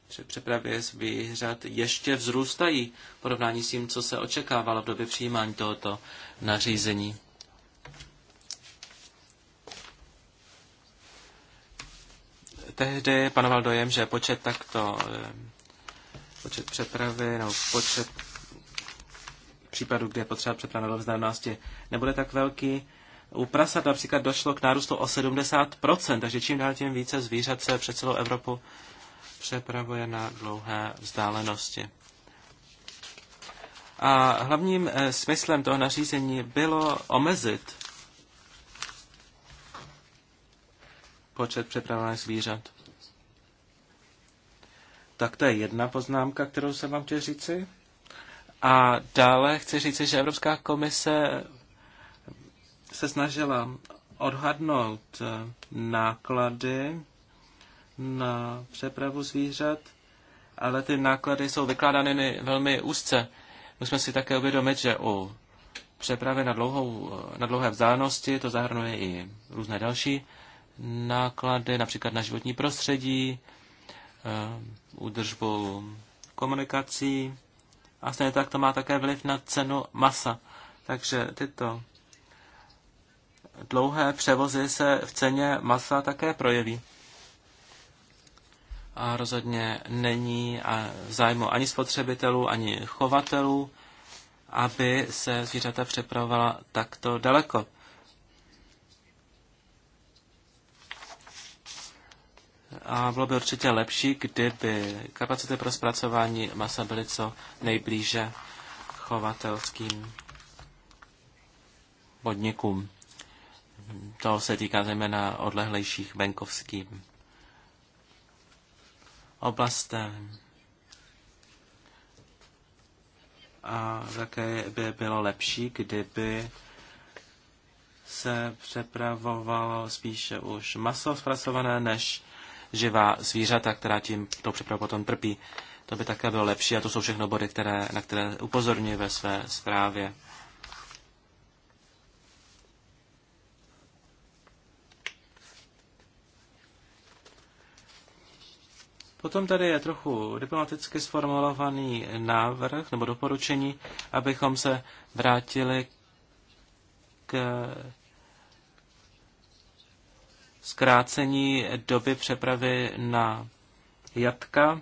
S2: při přepravě zvířat ještě vzrůstají v porovnání s tím, co se očekávalo v době přijímání tohoto nařízení. Tehdy panoval dojem, že počet takto, eh, počet přepravy nebo počet případů, kde je potřeba přeprava do vzdálenosti, nebude tak velký. U prasat například došlo k nárůstu o 70%, takže čím dál tím více zvířat se před celou Evropu přepravuje na dlouhé vzdálenosti. A hlavním eh, smyslem toho nařízení bylo omezit počet přepravovaných zvířat. Tak to je jedna poznámka, kterou jsem vám chtěl říci. A dále chci říci, že Evropská komise se snažila odhadnout eh, náklady na přepravu zvířat, ale ty náklady jsou vykládány velmi úzce. Musíme si také uvědomit, že u přepravy na, dlouhou, na dlouhé vzdálenosti to zahrnuje i různé další náklady, například na životní prostředí, eh, údržbu komunikací a stejně tak to má také vliv na cenu masa. Takže tyto dlouhé převozy se v ceně masa také projeví a rozhodně není a zájmu ani spotřebitelů, ani chovatelů, aby se zvířata přepravovala takto daleko. A bylo by určitě lepší, kdyby kapacity pro zpracování masa byly co nejblíže chovatelským podnikům. To se týká zejména odlehlejších venkovským oblastem. A také by bylo lepší, kdyby se přepravovalo spíše už maso zpracované než živá zvířata, která tím tou přepravou potom trpí. To by také bylo lepší a to jsou všechno body, které, na které upozorňuji ve své zprávě. Potom tady je trochu diplomaticky sformulovaný návrh nebo doporučení, abychom se vrátili k zkrácení doby přepravy na jatka.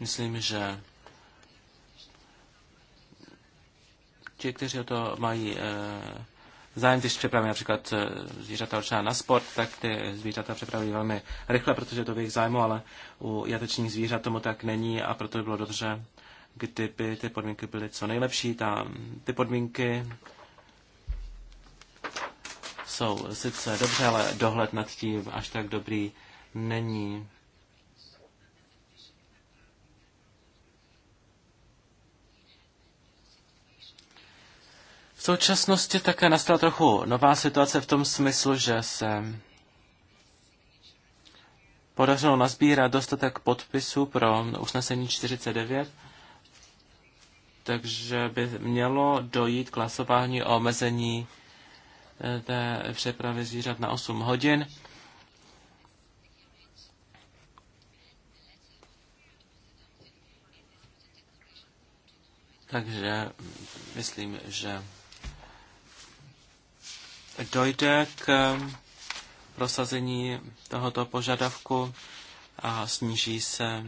S2: Myslím, že ti, kteří o to mají eh, zájem, když přepraví například eh, zvířata určená na sport, tak ty zvířata přepraví velmi rychle, protože to v jejich zájmu, ale u jatečních zvířat tomu tak není a proto by bylo dobře, kdyby ty podmínky byly co nejlepší. Ta, ty podmínky jsou sice dobře, ale dohled nad tím až tak dobrý není. současnosti také nastala trochu nová situace v tom smyslu, že se podařilo nazbírat dostatek podpisů pro usnesení 49, takže by mělo dojít k hlasování o omezení eh, té přepravy zvířat na 8 hodin. Takže mm, myslím, že dojde k eh, prosazení tohoto požadavku a sníží se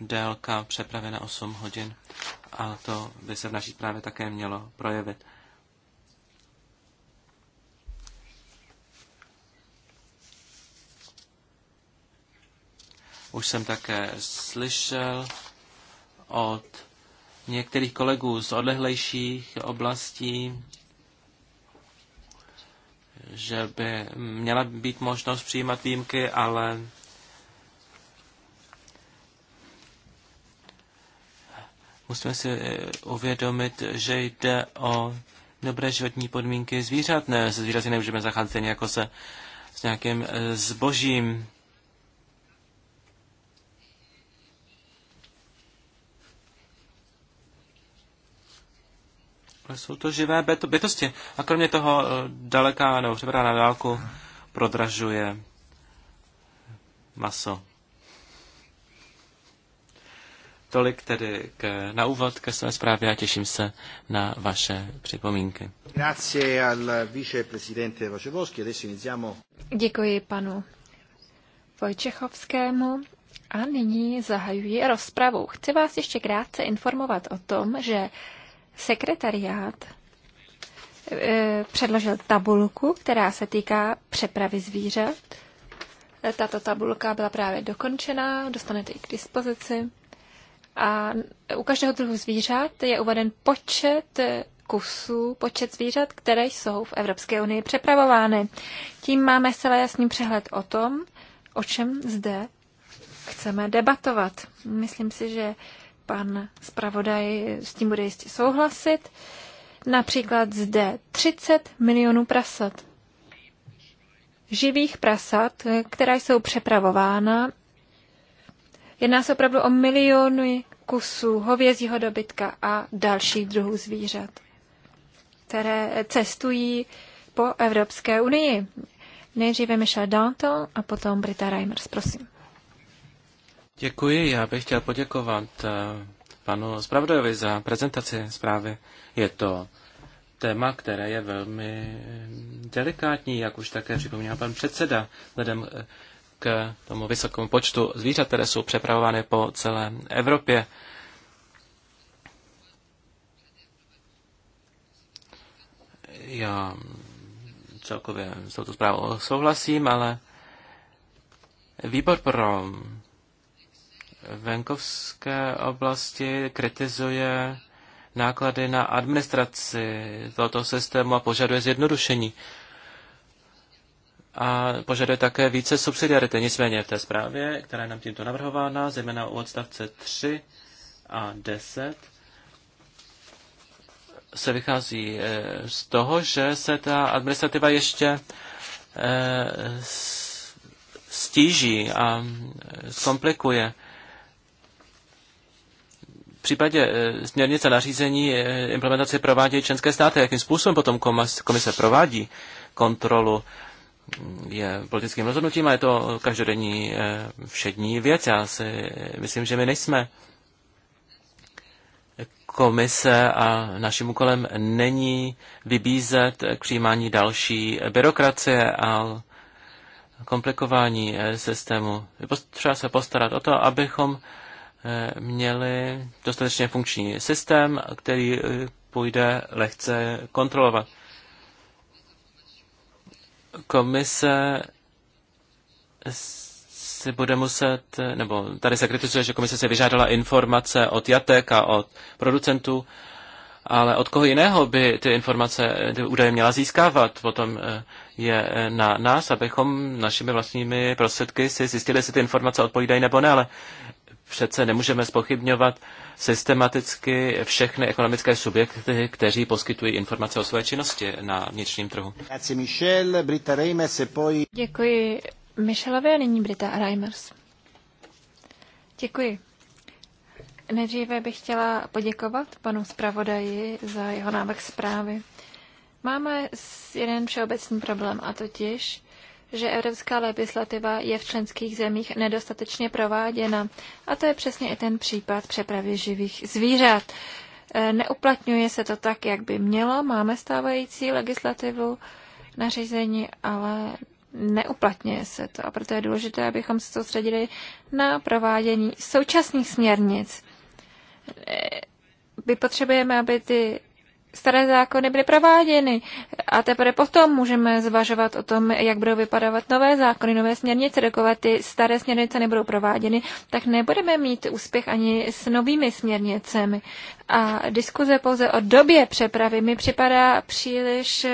S2: délka přepravy na 8 hodin. A to by se v naší právě také mělo projevit. Už jsem také slyšel od některých kolegů z odlehlejších oblastí, že by měla být možnost přijímat výjimky, ale musíme si eh, uvědomit, že jde o dobré životní podmínky zvířat. Ne, se zvířaty nemůžeme zacházet jako se s nějakým eh, zbožím. ale jsou to živé bytosti. A kromě toho eh, daleká nebo přebrá na dálku prodražuje maso. Tolik tedy k, na úvod ke své zprávě a těším se na vaše připomínky.
S1: Děkuji panu Vojčechovskému a nyní zahajuji rozpravu. Chci vás ještě krátce informovat o tom, že Sekretariát eh, předložil tabulku, která se týká přepravy zvířat. Eh, tato tabulka byla právě dokončená, dostanete ji k dispozici. A u každého druhu zvířat je uveden počet eh, kusů, počet zvířat, které jsou v Evropské unii přepravovány. Tím máme celé jasný přehled o tom, o čem zde chceme debatovat. Myslím si, že Pan zpravodaj s tím bude jistě souhlasit. Například zde 30 milionů prasat. Živých prasat, která jsou přepravována. Jedná se opravdu o miliony kusů hovězího dobytka a dalších druhů zvířat, které cestují po Evropské unii. Nejdříve Michel Danton a potom Brita Reimers, prosím.
S2: Děkuji, já bych chtěl poděkovat eh, panu Spravdovi za prezentaci zprávy. Je to téma, které je velmi mm, delikátní, jak už také připomněl pan předseda, vzhledem eh, k tomu vysokému počtu zvířat, které jsou přepravovány po celé Evropě. Já celkově s touto zprávou souhlasím, ale výbor pro venkovské oblasti kritizuje náklady na administraci tohoto systému a požaduje zjednodušení. A požaduje také více subsidiarity. Nicméně v té zprávě, která je nám tímto navrhována, zejména u odstavce 3 a 10, se vychází eh, z toho, že se ta administrativa ještě eh, stíží a eh, zkomplikuje v případě eh, směrnice nařízení eh, implementace provádějí členské státy. Jakým způsobem potom komise provádí kontrolu mm, je politickým rozhodnutím a je to každodenní eh, všední věc. Já si myslím, že my nejsme komise a naším úkolem není vybízet k přijímání další byrokracie a komplikování systému. Je potřeba se postarat o to, abychom Eh, měli dostatečně funkční systém, který eh, půjde lehce kontrolovat. Komise si bude muset, eh, nebo tady se kritizuje, že komise se vyžádala informace od jatek a od producentů, ale od koho jiného by ty informace, ty údaje měla získávat? Potom je na nás, abychom našimi vlastními prostředky si zjistili, jestli ty informace odpovídají nebo ne, ale přece nemůžeme spochybňovat systematicky všechny ekonomické subjekty, kteří poskytují informace o své činnosti na vnitřním trhu.
S1: E Děkuji Michelovi a nyní Brita Reimers. Děkuji. Nejdříve bych chtěla poděkovat panu zpravodaji za jeho návrh zprávy. Máme jeden všeobecný problém a totiž že evropská legislativa je v členských zemích nedostatečně prováděna. A to je přesně i ten případ přepravy živých zvířat. E, neuplatňuje se to tak, jak by mělo. Máme stávající legislativu, nařízení, ale neuplatňuje se to. A proto je důležité, abychom se soustředili na provádění současných směrnic. E, my potřebujeme, aby ty staré zákony byly prováděny. A teprve potom můžeme zvažovat o tom, jak budou vypadávat nové zákony, nové směrnice. Dokud ty staré směrnice nebudou prováděny, tak nebudeme mít úspěch ani s novými směrnicemi. A diskuze pouze o době přepravy mi připadá příliš uh,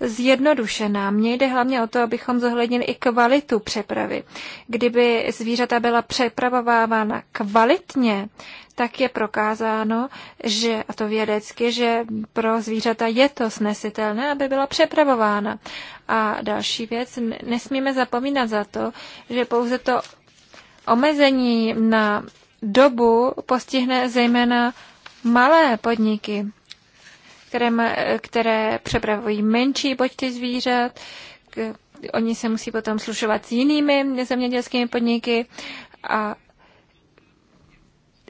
S1: zjednodušená. Mně jde hlavně o to, abychom zohlednili i kvalitu přepravy. Kdyby zvířata byla přepravovávána kvalitně, tak je prokázáno, že, a to vědecky, že pro zvířata je to snesitelné, aby byla přepravována. A další věc, nesmíme zapomínat za to, že pouze to omezení na dobu postihne zejména malé podniky které, které přepravují menší počty zvířat. Oni se musí potom slušovat s jinými zemědělskými podniky a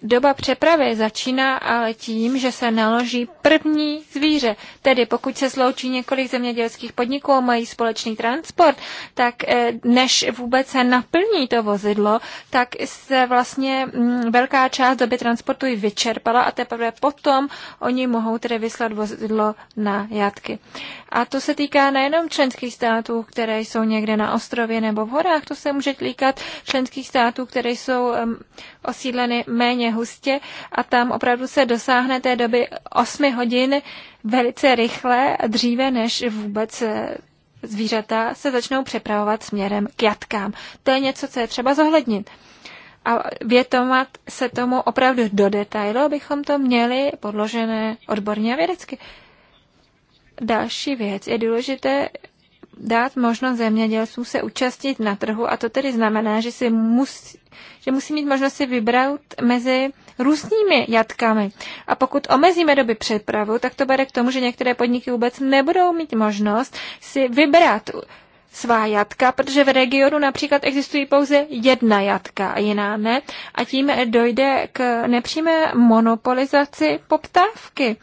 S1: Doba přepravy začíná ale tím, že se naloží první zvíře. Tedy pokud se sloučí několik zemědělských podniků a mají společný transport, tak eh, než vůbec se naplní to vozidlo, tak se vlastně mm, velká část doby transportu ji vyčerpala a teprve potom oni mohou tedy vyslat vozidlo na jatky. A to se týká nejenom členských států, které jsou někde na ostrově nebo v horách, to se může týkat členských států, které jsou osídleny méně hustě a tam opravdu se dosáhne té doby 8 hodin velice rychle, dříve než vůbec eh, zvířata se začnou přepravovat směrem k jatkám. To je něco, co je třeba zohlednit. A větomat se tomu opravdu do detailu, abychom to měli podložené odborně a vědecky. Další věc je důležité dát možnost zemědělců se účastnit na trhu a to tedy znamená, že, si musí, že musí mít možnost si vybrat mezi různými jatkami. A pokud omezíme doby přepravu, tak to bude k tomu, že některé podniky vůbec nebudou mít možnost si vybrat svá jatka, protože v regionu například existují pouze jedna jatka a jiná ne. A tím dojde k nepřímé monopolizaci poptávky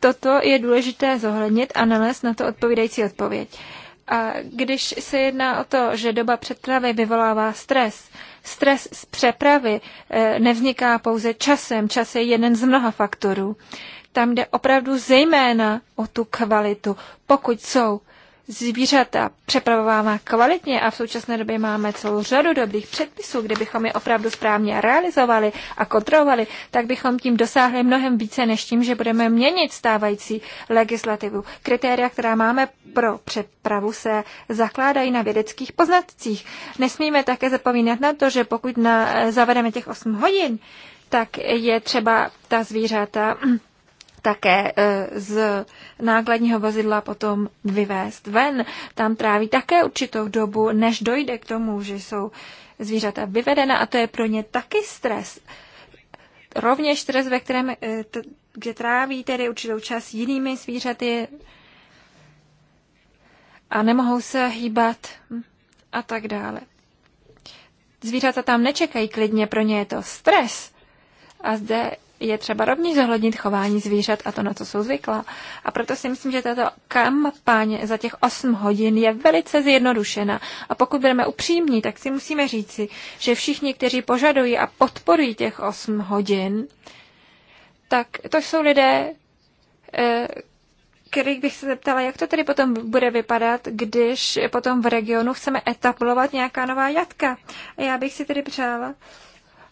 S1: toto je důležité zohlednit a nalézt na to odpovídající odpověď. A když se jedná o to, že doba přepravy vyvolává stres, stres z přepravy eh, nevzniká pouze časem, čas je jeden z mnoha faktorů. Tam jde opravdu zejména o tu kvalitu. Pokud jsou zvířata přepravováme kvalitně a v současné době máme celou řadu dobrých předpisů, kdybychom je opravdu správně realizovali a kontrolovali, tak bychom tím dosáhli mnohem více než tím, že budeme měnit stávající legislativu. Kritéria, která máme pro přepravu, se zakládají na vědeckých poznatcích. Nesmíme také zapomínat na to, že pokud na, zavedeme těch 8 hodin, tak je třeba ta zvířata také eh, z nákladního vozidla potom vyvést ven. Tam tráví také určitou dobu, než dojde k tomu, že jsou zvířata vyvedena a to je pro ně taky stres. Rovněž stres, ve kterém, eh, kde tráví tedy určitou čas jinými zvířaty a nemohou se hýbat hm, a tak dále. Zvířata tam nečekají klidně, pro ně je to stres. A zde je třeba rovněž zohlednit chování zvířat a to, na co jsou zvyklá. A proto si myslím, že tato kampaň za těch 8 hodin je velice zjednodušena. A pokud budeme upřímní, tak si musíme říci, že všichni, kteří požadují a podporují těch 8 hodin, tak to jsou lidé, eh, kterých bych se zeptala, jak to tedy potom bude vypadat, když potom v regionu chceme etablovat nějaká nová jatka. A já bych si tedy přála,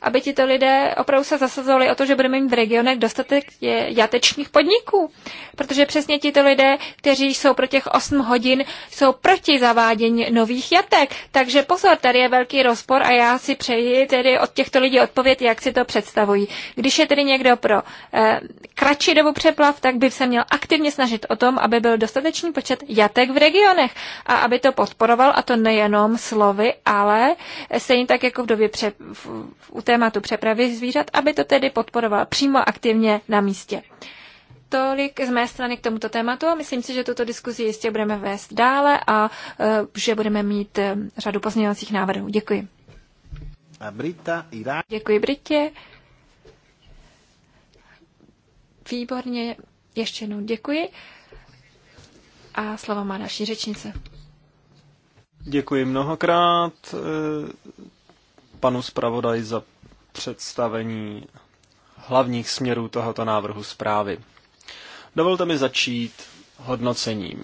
S1: aby to lidé opravdu se zasazovali o to, že budeme mít v regionech dostatek jatečních podniků. Protože přesně to lidé, kteří jsou pro těch 8 hodin, jsou proti zavádění nových jatek. Takže pozor, tady je velký rozpor a já si přeji tedy od těchto lidí odpověď, jak si to představují. Když je tedy někdo pro eh, kratší dobu přeplav, tak by se měl aktivně snažit o tom, aby byl dostatečný počet jatek v regionech a aby to podporoval, a to nejenom slovy, ale stejně tak jako v době pře- v, v, tématu přepravy zvířat, aby to tedy podporoval přímo aktivně na místě. Tolik z mé strany k tomuto tématu a myslím si, že tuto diskuzi jistě budeme vést dále a e, že budeme mít e, řadu pozměňovacích návrhů. Děkuji. A Brita, Děkuji Britě. Výborně, ještě jednou děkuji. A slovo má naší řečnice.
S3: Děkuji mnohokrát e, panu zpravodaj za představení hlavních směrů tohoto návrhu zprávy. Dovolte mi začít hodnocením.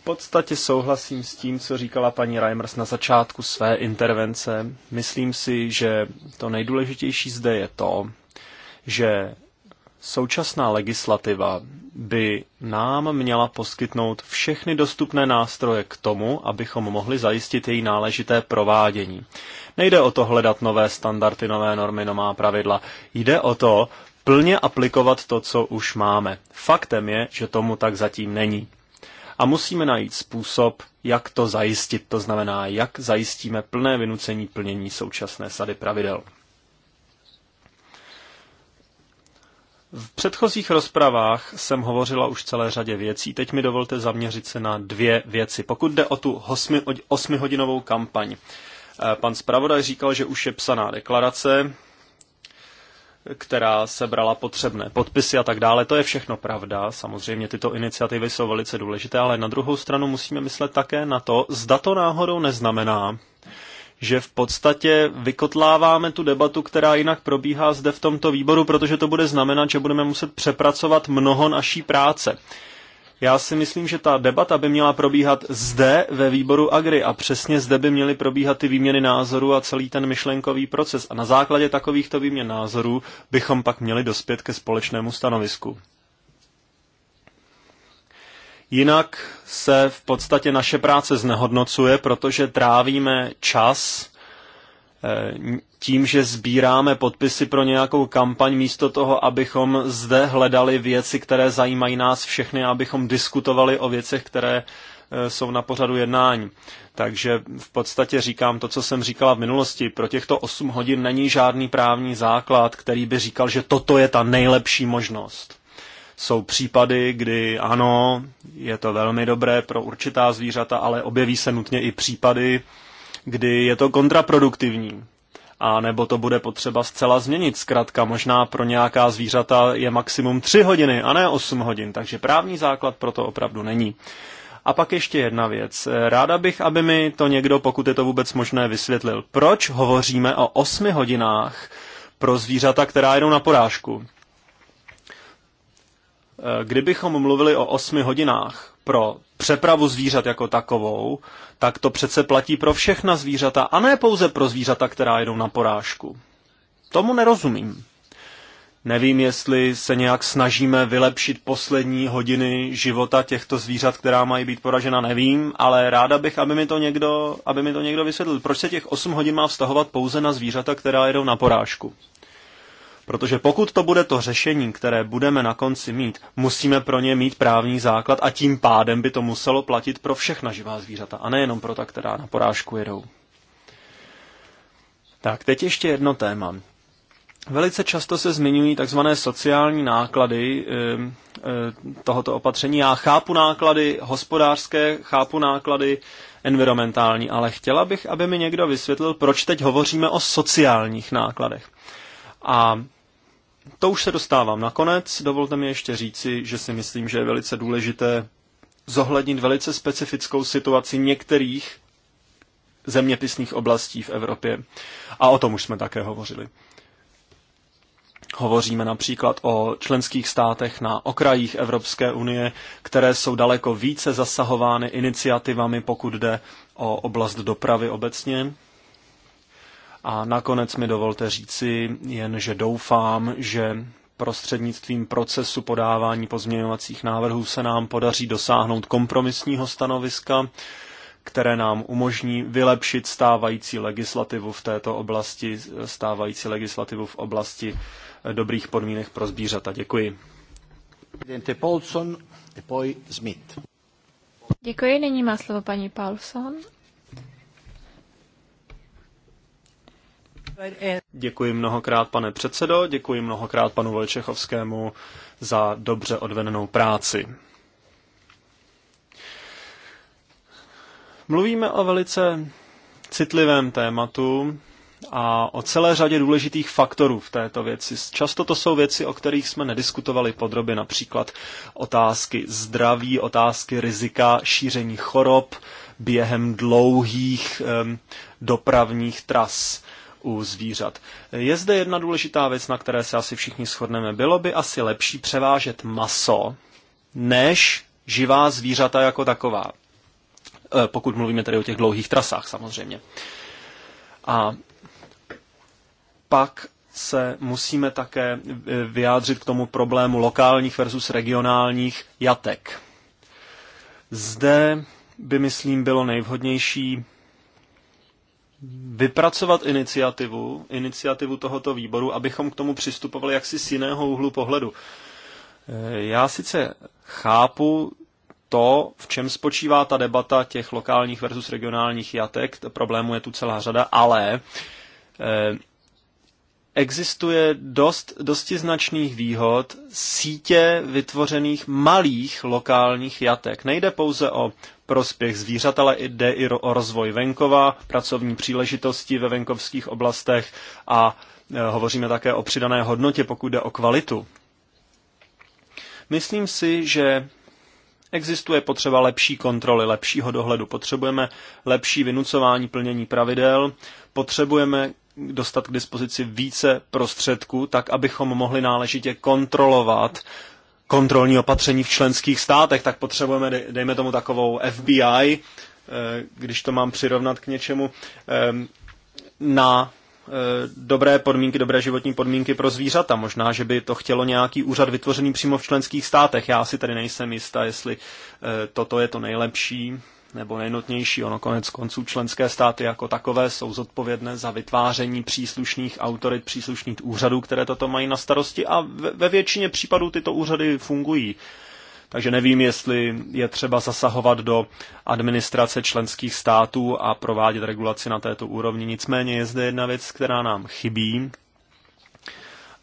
S3: V podstatě souhlasím s tím, co říkala paní Reimers na začátku své intervence. Myslím si, že to nejdůležitější zde je to, že současná legislativa by nám měla poskytnout všechny dostupné nástroje k tomu, abychom mohli zajistit její náležité provádění. Nejde o to hledat nové standardy, nové normy, nová pravidla. Jde o to plně aplikovat to, co už máme. Faktem je, že tomu tak zatím není. A musíme najít způsob, jak to zajistit, to znamená, jak zajistíme plné vynucení plnění současné sady pravidel. V předchozích rozpravách jsem hovořila už celé řadě věcí, teď mi dovolte zaměřit se na dvě věci. Pokud jde o tu osmihodinovou kampaň, Eh, pan zpravodaj říkal, že už je psaná deklarace, která sebrala potřebné podpisy a tak dále. To je všechno pravda. Samozřejmě tyto iniciativy jsou velice důležité, ale na druhou stranu musíme myslet také na to, zda to náhodou neznamená, že v podstatě vykotláváme tu debatu, která jinak probíhá zde v tomto výboru, protože to bude znamenat, že budeme muset přepracovat mnoho naší práce. Já si myslím, že ta debata by měla probíhat zde ve výboru Agri a přesně zde by měly probíhat ty výměny názorů a celý ten myšlenkový proces. A na základě takovýchto výměn názorů bychom pak měli dospět ke společnému stanovisku. Jinak se v podstatě naše práce znehodnocuje, protože trávíme čas tím, že sbíráme podpisy pro nějakou kampaň, místo toho, abychom zde hledali věci, které zajímají nás všechny, abychom diskutovali o věcech, které e, jsou na pořadu jednání. Takže v podstatě říkám to, co jsem říkala v minulosti. Pro těchto 8 hodin není žádný právní základ, který by říkal, že toto je ta nejlepší možnost. Jsou případy, kdy ano, je to velmi dobré pro určitá zvířata, ale objeví se nutně i případy, kdy je to kontraproduktivní. A nebo to bude potřeba zcela změnit. Zkrátka, možná pro nějaká zvířata je maximum 3 hodiny a ne 8 hodin, takže právní základ pro to opravdu není. A pak ještě jedna věc. Ráda bych, aby mi to někdo, pokud je to vůbec možné, vysvětlil. Proč hovoříme o 8 hodinách pro zvířata, která jdou na porážku? Kdybychom mluvili o 8 hodinách, pro přepravu zvířat jako takovou, tak to přece platí pro všechna zvířata a ne pouze pro zvířata, která jdou na porážku. Tomu nerozumím. Nevím, jestli se nějak snažíme vylepšit poslední hodiny života těchto zvířat, která mají být poražena, nevím, ale ráda bych, aby mi to někdo, aby mi to někdo vysvětlil. Proč se těch 8 hodin má vztahovat pouze na zvířata, která jedou na porážku? Protože pokud to bude to řešení, které budeme na konci mít, musíme pro ně mít právní základ a tím pádem by to muselo platit pro všechna živá zvířata a nejenom pro ta, která na porážku jedou. Tak, teď ještě jedno téma. Velice často se zmiňují takzvané sociální náklady eh, eh, tohoto opatření. Já chápu náklady hospodářské, chápu náklady environmentální, ale chtěla bych, aby mi někdo vysvětlil, proč teď hovoříme o sociálních nákladech. A to už se dostávám na konec. Dovolte mi ještě říci, že si myslím, že je velice důležité zohlednit velice specifickou situaci některých zeměpisných oblastí v Evropě. A o tom už jsme také hovořili. Hovoříme například o členských státech na okrajích Evropské unie, které jsou daleko více zasahovány iniciativami, pokud jde o oblast dopravy obecně, a nakonec mi dovolte říci jen, že doufám, že prostřednictvím procesu podávání pozměňovacích návrhů se nám podaří dosáhnout kompromisního stanoviska, které nám umožní vylepšit stávající legislativu v této oblasti, stávající legislativu v oblasti dobrých podmínek pro zvířata. Děkuji.
S1: E Děkuji, nyní má slovo paní Paulson
S3: Děkuji mnohokrát, pane předsedo, děkuji mnohokrát panu Vojčechovskému za dobře odvedenou práci. Mluvíme o velice citlivém tématu a o celé řadě důležitých faktorů v této věci. Často to jsou věci, o kterých jsme nediskutovali podrobně, například otázky zdraví, otázky rizika šíření chorob během dlouhých eh, dopravních tras u zvířat. Je zde jedna důležitá věc, na které se asi všichni shodneme. Bylo by asi lepší převážet maso, než živá zvířata jako taková. E, pokud mluvíme tedy o těch dlouhých trasách samozřejmě. A pak se musíme také e, vyjádřit k tomu problému lokálních versus regionálních jatek. Zde by, myslím, bylo nejvhodnější vypracovat iniciativu, iniciativu tohoto výboru, abychom k tomu přistupovali jaksi z jiného úhlu pohledu. Eh, já sice chápu to, v čem spočívá ta debata těch lokálních versus regionálních jatek, problémů je tu celá řada, ale eh, existuje dost, dosti značných výhod sítě vytvořených malých lokálních jatek. Nejde pouze o prospěch zvířat, ale jde i o rozvoj venkova, pracovní příležitosti ve venkovských oblastech a e, hovoříme také o přidané hodnotě, pokud jde o kvalitu. Myslím si, že existuje potřeba lepší kontroly, lepšího dohledu, potřebujeme lepší vynucování plnění pravidel, potřebujeme dostat k dispozici více prostředků, tak abychom mohli náležitě kontrolovat kontrolní opatření v členských státech, tak potřebujeme, dejme tomu, takovou FBI, eh, když to mám přirovnat k něčemu, eh, na eh, dobré podmínky, dobré životní podmínky pro zvířata. Možná, že by to chtělo nějaký úřad vytvořený přímo v členských státech. Já si tady nejsem jistá, jestli toto je to nejlepší nebo nejnutnější, ono konec konců členské státy jako takové jsou zodpovědné za vytváření příslušných autorit, příslušných úřadů, které toto mají na starosti a ve většině případů tyto úřady fungují. Takže nevím, jestli je třeba zasahovat do administrace členských států a provádět regulaci na této úrovni. Nicméně je zde jedna věc, která nám chybí,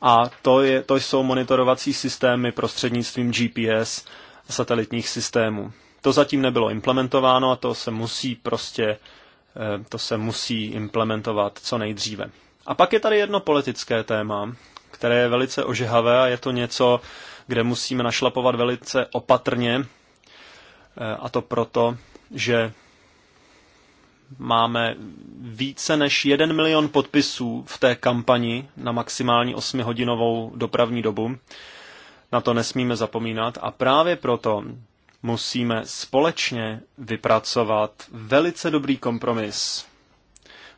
S3: a to, je, to jsou monitorovací systémy prostřednictvím GPS satelitních systémů. To zatím nebylo implementováno a to se musí prostě, eh, to se musí implementovat co nejdříve. A pak je tady jedno politické téma, které je velice ožehavé a je to něco, kde musíme našlapovat velice opatrně eh, a to proto, že máme více než jeden milion podpisů v té kampani na maximální 8-hodinovou dopravní dobu. Na to nesmíme zapomínat a právě proto musíme společně vypracovat velice dobrý kompromis.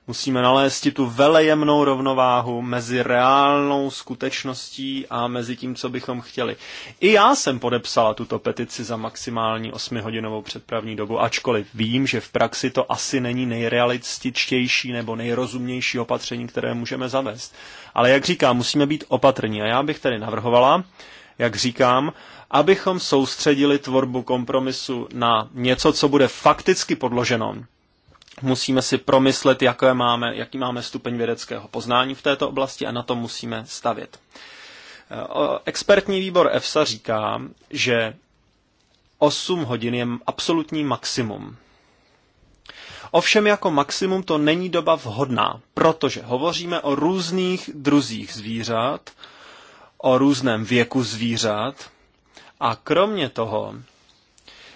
S3: Musíme nalézt tu velejemnou rovnováhu mezi reálnou skutečností a mezi tím, co bychom chtěli. I já jsem podepsala tuto petici za maximální 8-hodinovou předpravní dobu, ačkoliv vím, že v praxi to asi není nejrealističtější nebo nejrozumnější opatření, které můžeme zavést. Ale jak říkám, musíme být opatrní a já bych tedy navrhovala, jak říkám, abychom soustředili tvorbu kompromisu na něco, co bude fakticky podloženo. Musíme si promyslet, jaké máme, jaký máme stupeň vědeckého poznání v této oblasti a na to musíme stavět. Eh, expertní výbor EFSA říká, že 8 hodin je absolutní maximum. Ovšem jako maximum to není doba vhodná, protože hovoříme o různých druzích zvířat, o různém věku zvířat a kromě toho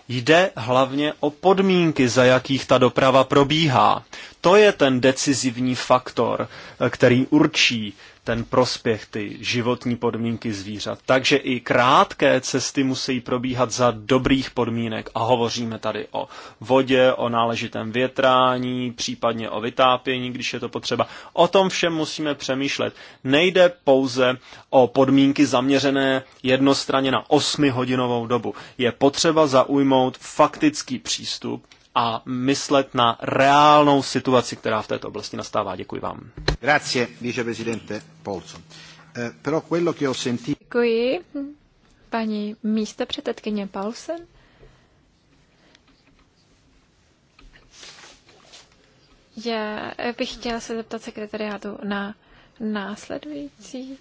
S3: jde hlavně o podmínky, za jakých ta doprava probíhá. To je ten decizivní faktor, eh, který určí, ten prospěch, ty životní podmínky zvířat. Takže i krátké cesty musí probíhat za dobrých podmínek a hovoříme tady o vodě, o náležitém větrání, případně o vytápění, když je to potřeba. O tom všem musíme přemýšlet. Nejde pouze o podmínky zaměřené jednostranně na 8-hodinovou dobu. Je potřeba zaujmout faktický přístup, a myslet na reálnou situaci, která v této oblasti nastává. Děkuji vám.
S1: Grazie, viceprezidente Polson. Eh, però quello che ho sentito... Děkuji, paní místa předsedkyně Paulsen. Já bych chtěla se zeptat sekretariátu na následující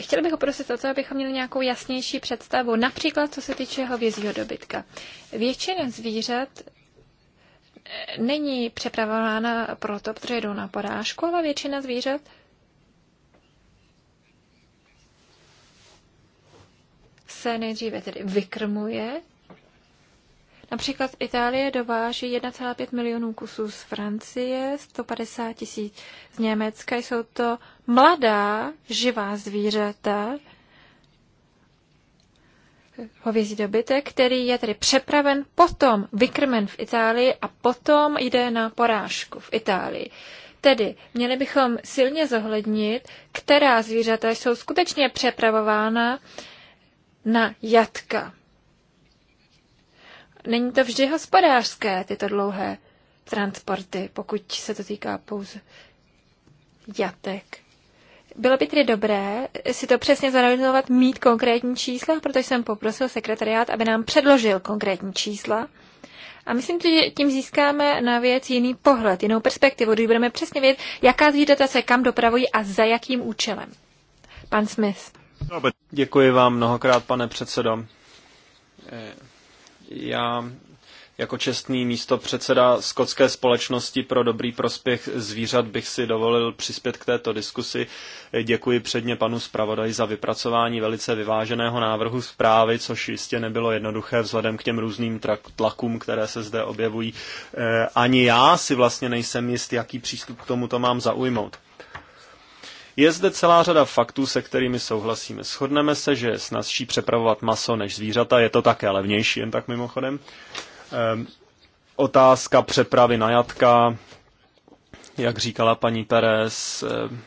S1: chtěli bych poprosit o to, abychom měli nějakou jasnější představu, například co se týče hovězího dobytka. Většina zvířat eh, není přepravována proto, protože jdou na porážku, ale většina zvířat se nejdříve tedy vykrmuje Například Itálie dováží 1,5 milionů kusů z Francie, 150 tisíc z Německa. Jsou to mladá živá zvířata, hovězí dobytek, který je tedy přepraven, potom vykrmen v Itálii a potom jde na porážku v Itálii. Tedy měli bychom silně zohlednit, která zvířata jsou skutečně přepravována na jatka není to vždy hospodářské, tyto dlouhé transporty, pokud se to týká pouze jatek. Bylo by tedy dobré si to přesně zanalizovat, mít konkrétní čísla, protože jsem poprosil sekretariát, aby nám předložil konkrétní čísla. A myslím, že tím získáme na věc jiný pohled, jinou perspektivu, když budeme přesně vědět, jaká zvířata se kam dopravují a za jakým účelem. Pan Smith. Děkuji
S3: vám mnohokrát, pane předsedo. Já jako čestný místo předseda Skotské společnosti pro dobrý prospěch zvířat bych si dovolil přispět k této diskusi. Děkuji předně panu zpravodaji za vypracování velice vyváženého návrhu zprávy, což jistě nebylo jednoduché vzhledem k těm různým tlakům, které se zde objevují. Eh, ani já si vlastně nejsem jist, jaký přístup k tomuto mám zaujmout. Je zde celá řada faktů, se kterými souhlasíme. Shodneme se, že je snazší přepravovat maso než zvířata, je to také levnější, jen tak mimochodem. Ehm, otázka přepravy na jatka, jak říkala paní Perez, ehm,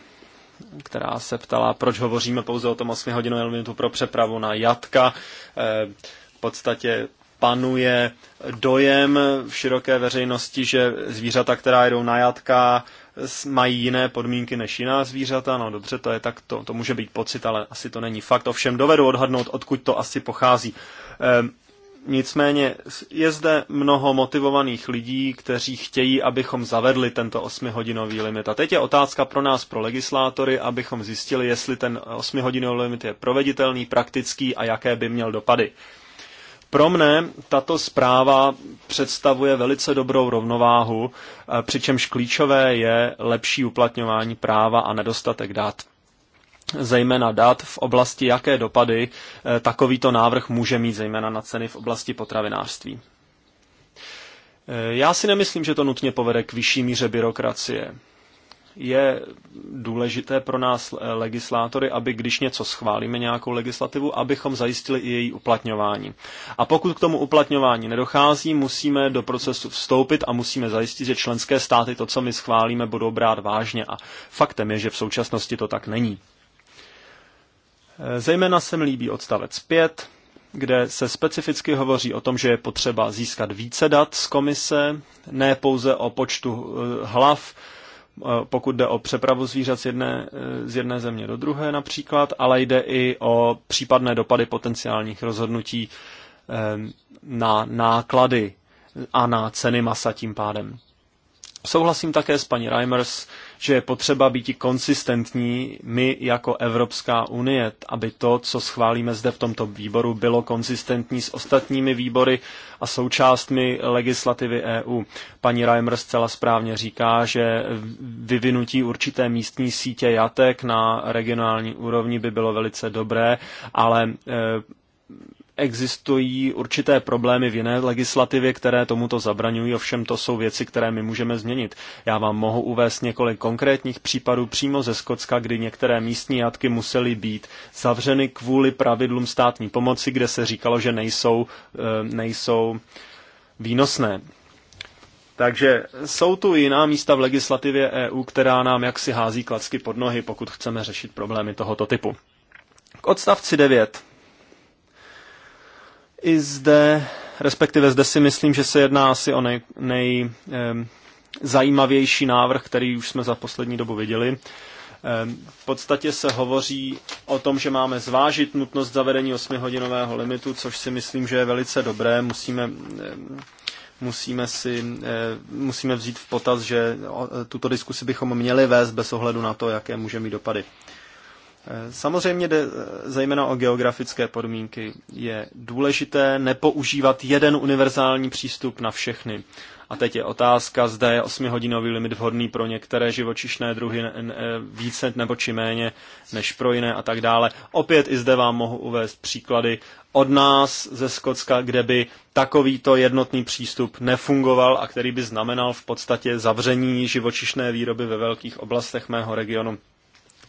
S3: která se ptala, proč hovoříme pouze o tom 8-hodinovém limitu pro přepravu na jatka. Ehm, v podstatě panuje dojem v široké veřejnosti, že zvířata, která jdou na jatka, mají jiné podmínky než jiná zvířata. No dobře, to je tak, to, to může být pocit, ale asi to není fakt. Ovšem dovedu odhadnout, odkud to asi pochází. Ehm, nicméně je zde mnoho motivovaných lidí, kteří chtějí, abychom zavedli tento 8-hodinový limit. A teď je otázka pro nás, pro legislátory, abychom zjistili, jestli ten 8-hodinový limit je proveditelný, praktický a jaké by měl dopady. Pro mne tato zpráva představuje velice dobrou rovnováhu, e, přičemž klíčové je lepší uplatňování práva a nedostatek dat zejména dat v oblasti, jaké dopady e, takovýto návrh může mít, zejména na ceny v oblasti potravinářství. E, já si nemyslím, že to nutně povede k vyšší míře byrokracie je důležité pro nás eh, legislátory, aby když něco schválíme, nějakou legislativu, abychom zajistili i její uplatňování. A pokud k tomu uplatňování nedochází, musíme do procesu vstoupit a musíme zajistit, že členské státy to, co my schválíme, budou brát vážně. A faktem je, že v současnosti to tak není. Eh, zejména se mi líbí odstavec 5, kde se specificky hovoří o tom, že je potřeba získat více dat z komise, ne pouze o počtu eh, hlav, pokud jde o přepravu zvířat z jedné, eh, z jedné země do druhé například, ale jde i o případné dopady potenciálních rozhodnutí eh, na náklady a na ceny masa tím pádem. Souhlasím také s paní Reimers že je potřeba být konsistentní my jako Evropská unie, aby to, co schválíme zde v tomto výboru, bylo konsistentní s ostatními výbory a součástmi legislativy EU. Paní Reimer zcela správně říká, že vyvinutí určité místní sítě jatek na regionální úrovni by bylo velice dobré, ale eh, existují určité problémy v jiné legislativě, které tomuto zabraňují, ovšem to jsou věci, které my můžeme změnit. Já vám mohu uvést několik konkrétních případů přímo ze Skotska, kdy některé místní jatky musely být zavřeny kvůli pravidlům státní pomoci, kde se říkalo, že nejsou, eh, nejsou výnosné. Takže jsou tu jiná místa v legislativě EU, která nám jaksi hází klacky pod nohy, pokud chceme řešit problémy tohoto typu. K odstavci 9 i zde, respektive zde si myslím, že se jedná asi o nejzajímavější nej návrh, který už jsme za poslední dobu viděli. V podstatě se hovoří o tom, že máme zvážit nutnost zavedení 8-hodinového limitu, což si myslím, že je velice dobré. Musíme, musíme, si, eh, musíme vzít v potaz, že tuto diskusi bychom měli vést bez ohledu na to, jaké může mít dopady. Samozřejmě jde eh, zejména o geografické podmínky. Je důležité nepoužívat jeden univerzální přístup na všechny. A teď je otázka, zda je 8-hodinový limit vhodný pro některé živočišné druhy více nebo či méně než pro jiné a tak dále. Opět i zde vám mohu uvést příklady od nás ze Skotska, kde by takovýto jednotný přístup nefungoval a který by znamenal v podstatě zavření živočišné výroby ve velkých oblastech mého regionu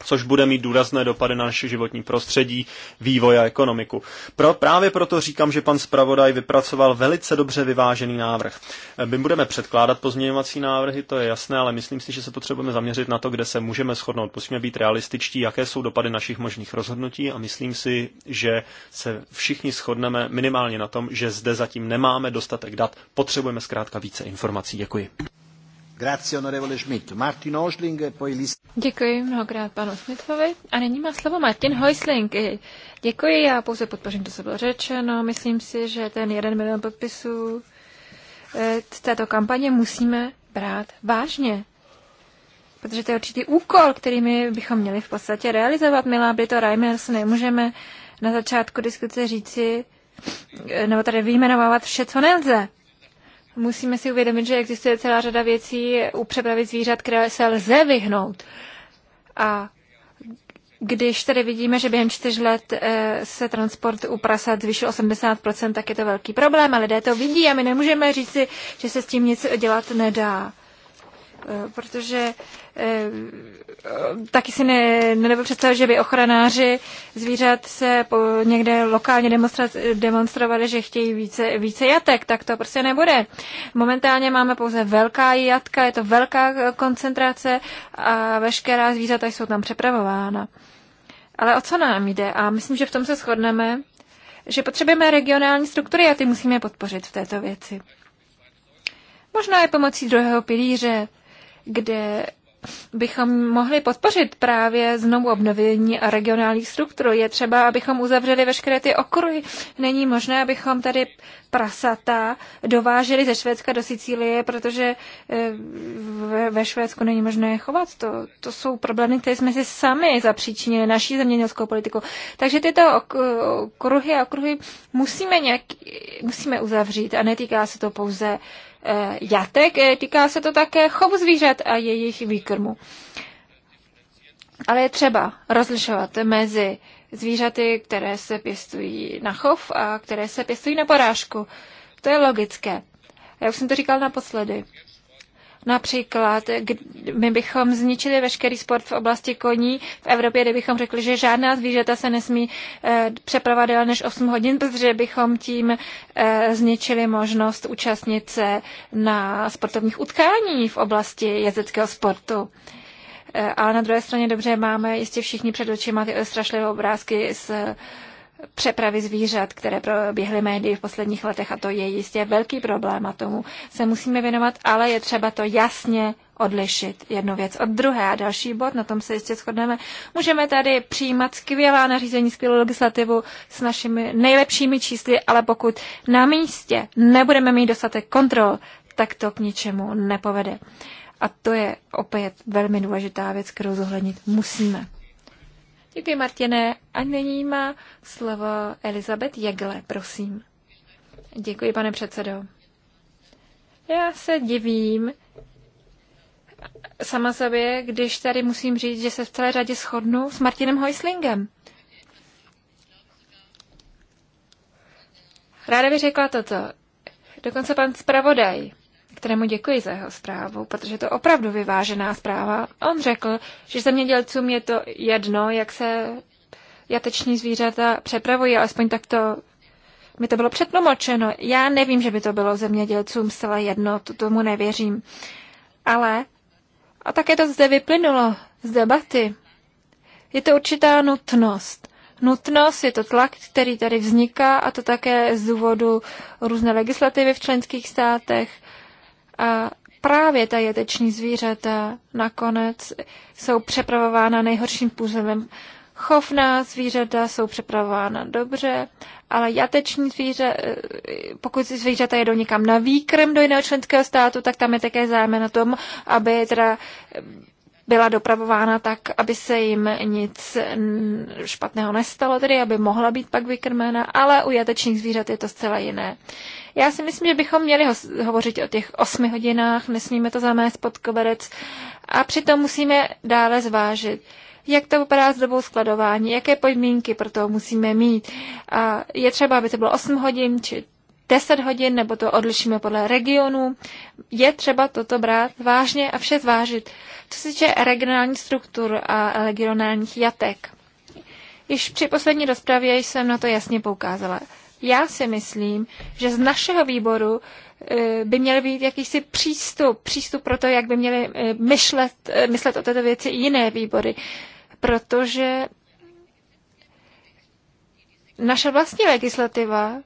S3: což bude mít důrazné dopady na naše životní prostředí, vývoj a ekonomiku. Pro, právě proto říkám, že pan zpravodaj vypracoval velice dobře vyvážený návrh. My budeme předkládat pozměňovací návrhy, to je jasné, ale myslím si, že se potřebujeme zaměřit na to, kde se můžeme shodnout. Musíme být realističtí, jaké jsou dopady našich možných rozhodnutí a myslím si, že se všichni shodneme minimálně na tom, že zde zatím nemáme dostatek dat, potřebujeme zkrátka více informací. Děkuji.
S1: E Děkuji mnohokrát panu Smithovi. A nyní má slovo Martin Heusling. Děkuji, já pouze podpořím, to co bylo řečeno. Myslím si, že ten jeden milion podpisů eh, z této kampaně musíme brát vážně. Protože to je určitý úkol, který my bychom měli v podstatě realizovat. Milá Brito Reimers, nemůžeme na začátku diskuse říci, eh, nebo tady vyjmenovávat vše, co nelze musíme si uvědomit, že existuje celá řada věcí u přepravy zvířat, které se lze vyhnout. A když tedy vidíme, že během čtyř let eh, se transport u prasat zvýšil 80%, tak je to velký problém a lidé to vidí a my nemůžeme říci, že se s tím nic dělat nedá. Eh, protože eh, taky si ne, nedobu představit, že by ochranáři zvířat se po někde lokálně demonstrovali, že chtějí více, více jatek, tak to prostě nebude. Momentálně máme pouze velká jatka, je to velká eh, koncentrace a veškerá zvířata jsou tam přepravována. Ale o co nám jde? A myslím, že v tom se shodneme, že potřebujeme regionální struktury a ty musíme podpořit v této věci. Možná je pomocí druhého pilíře, kde bychom mohli podpořit právě znovu obnovení a regionálních struktur. Je třeba, abychom uzavřeli veškeré ty okruhy. Není možné, abychom tady prasata dováželi ze Švédska do Sicílie, protože eh, ve Švédsku není možné je chovat. To, to jsou problémy, které jsme si sami zapříčinili naší zemědělskou politiku. Takže tyto okruhy a okruhy musíme, nějak, musíme uzavřít a netýká se to pouze uh, Eh, jatek, eh, týká se to také chovu zvířat a jejich výkrmu. Ale je třeba rozlišovat mezi zvířaty, které se pěstují na chov a které se pěstují na porážku. To je logické. Já už jsem to říkal naposledy. Například, my bychom zničili veškerý sport v oblasti koní v Evropě, kdybychom řekli, že žádná zvířata se nesmí eh, přepravovat déle než 8 hodin, protože bychom tím eh, zničili možnost účastnit se na sportovních utkání v oblasti jezdeckého sportu. Eh, ale na druhé straně dobře máme jistě všichni před očima ty strašlivé obrázky z eh, přepravy zvířat, které proběhly médii v posledních letech a to je jistě velký problém a tomu se musíme věnovat, ale je třeba to jasně odlišit jednu věc od druhé a další bod, na tom se jistě shodneme. Můžeme tady přijímat skvělá nařízení, skvělou legislativu s našimi nejlepšími čísly, ale pokud na místě nebudeme mít dostatek kontrol, tak to k ničemu nepovede. A to je opět velmi důležitá věc, kterou zohlednit musíme. Děkuji, Martine. A nyní má slovo Elizabeth Jegle, prosím. Děkuji, pane předsedo. Já se divím sama sobě, když tady musím říct, že se v celé řadě shodnu s Martinem Hoislingem. Ráda bych řekla toto. Dokonce pan zpravodaj kterému děkuji za jeho zprávu, protože to je opravdu vyvážená zpráva. On řekl, že zemědělcům je to jedno, jak se jateční zvířata přepravují, alespoň tak to mi to bylo přetlumočeno. Já nevím, že by to bylo zemědělcům zcela jedno, to tomu nevěřím. Ale, a také to zde vyplynulo z debaty, je to určitá nutnost. Nutnost je to tlak, který tady vzniká a to také z důvodu různé legislativy v členských státech, a právě ta jateční zvířata nakonec jsou přepravována nejhorším půzemem. Chovná zvířata jsou přepravována dobře, ale jateční zvíře, eh, pokud zvířata jedou někam na výkrm do jiného členského státu, tak tam je také zájem na tom, aby teda byla dopravována tak, aby se jim nic špatného nestalo, tedy aby mohla být pak vykrmena, ale u jatečních zvířat je to zcela jiné. Já si myslím, že bychom měli ho- hovořit o těch osmi hodinách, nesmíme to zamést pod koberec a přitom musíme dále zvážit, jak to vypadá s dobou skladování, jaké podmínky pro to musíme mít. A je třeba, aby to bylo 8 hodin či 10 hodin, nebo to odlišíme podle regionu. Je třeba toto brát vážně a vše zvážit. Co se týče regionální struktur a regionálních jatek. Již při poslední rozpravě jsem na to jasně poukázala. Já si myslím, že z našeho výboru e, by měl být jakýsi přístup, přístup pro to, jak by měly e, myšlet, e, myslet o této věci jiné výbory, protože naše vlastní legislativa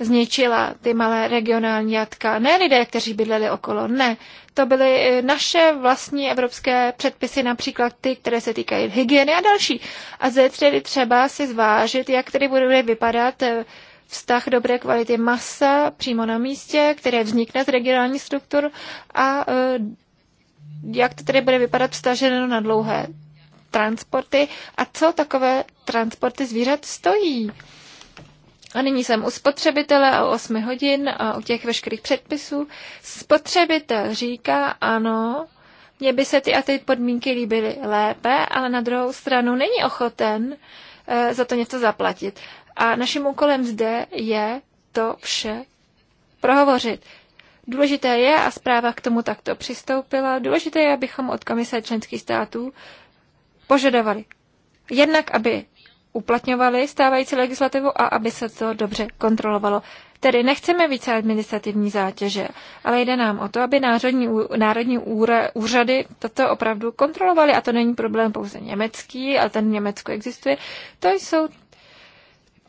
S1: zničila ty malé regionální jatka. Ne lidé, kteří bydleli okolo, ne. To byly eh, naše vlastní evropské předpisy, například ty, které se týkají hygieny a další. A zde tedy třeba si zvážit, jak tedy bude vypadat eh, vztah dobré kvality masa přímo na místě, které vznikne z regionální struktur a eh, jak to tedy bude vypadat vstaženo na dlouhé transporty a co takové transporty zvířat stojí. A nyní jsem u spotřebitele a u 8 hodin a u těch veškerých předpisů. Spotřebitel říká, ano, mně by se ty a ty podmínky líbily lépe, ale na druhou stranu není ochoten e, za to něco zaplatit. A naším úkolem zde je to vše prohovořit. Důležité je, a zpráva k tomu takto přistoupila, důležité je, abychom od komise členských států požadovali. Jednak, aby uplatňovali stávající legislativu a aby se to dobře kontrolovalo. Tedy nechceme více administrativní zátěže, ale jde nám o to, aby národní, národní úřady toto opravdu kontrolovaly. A to není problém pouze německý, ale ten v Německu existuje. To jsou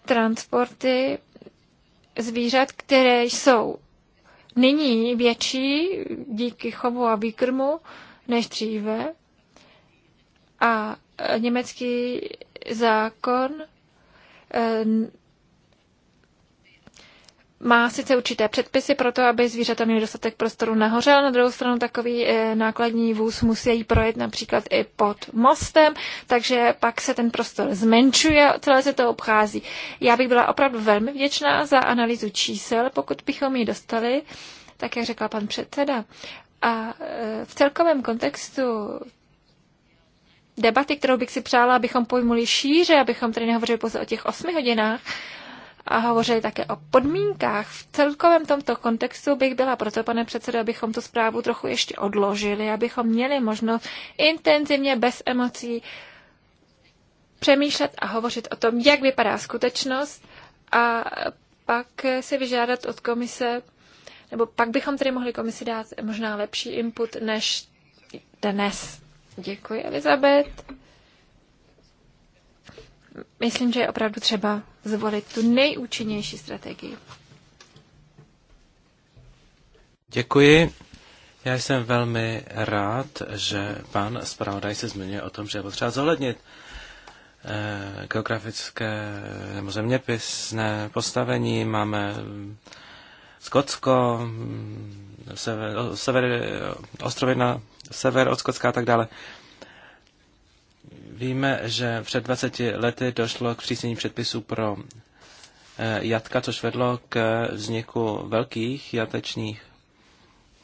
S1: transporty zvířat, které jsou nyní větší díky chovu a výkrmu než dříve. A e, německý zákon eh, má sice určité předpisy pro to, aby zvířata měly dostatek prostoru nahoře, ale na druhou stranu takový eh, nákladní vůz musí projet například i pod mostem, takže pak se ten prostor zmenšuje, celé se to obchází. Já bych byla opravdu velmi vděčná za analýzu čísel, pokud bychom ji dostali, tak jak řekla pan předseda. A eh, v celkovém kontextu debaty, kterou bych si přála, abychom pojmuli šíře, abychom tady nehovořili pouze o těch osmi hodinách, a hovořili také o podmínkách. V celkovém tomto kontextu bych byla proto, pane předsedo, abychom tu zprávu trochu ještě odložili, abychom měli možnost intenzivně, bez emocí přemýšlet a hovořit o tom, jak vypadá skutečnost a pak si vyžádat od komise, nebo pak bychom tedy mohli komisi dát možná lepší input než dnes. Děkuji, Elizabet. Myslím, že je opravdu třeba zvolit tu nejúčinnější strategii.
S2: Děkuji. Já jsem velmi rád, že pan zpravodaj se zmiňuje o tom, že je potřeba zohlednit eh, geografické nebo zeměpisné postavení. Máme eh, Skotsko, mm, sever, sever, eh, ostrovy na sever od Skotska a tak dále. Víme, že před 20 lety došlo k přísnění předpisů pro eh, jatka, což vedlo k vzniku velkých jatečních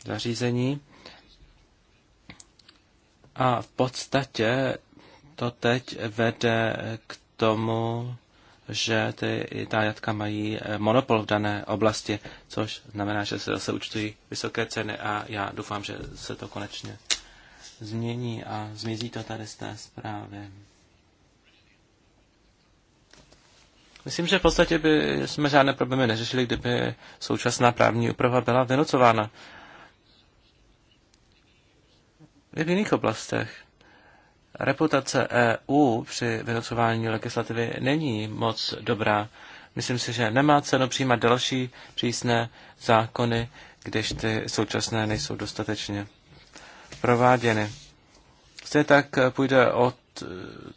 S2: zařízení. A v podstatě to teď vede k tomu, že ty, ta jatka mají eh, monopol v dané oblasti, což znamená, že se zase učtují vysoké ceny a já doufám, že se to konečně změní a zmizí to tady z té zprávy. Myslím, že v podstatě by jsme žádné problémy neřešili, kdyby současná právní úprava byla vynocována. I v jiných oblastech. Reputace EU při vynocování legislativy není moc dobrá. Myslím si, že nemá cenu přijímat další přísné zákony, když ty současné nejsou dostatečně prováděny. Stejně tak půjde od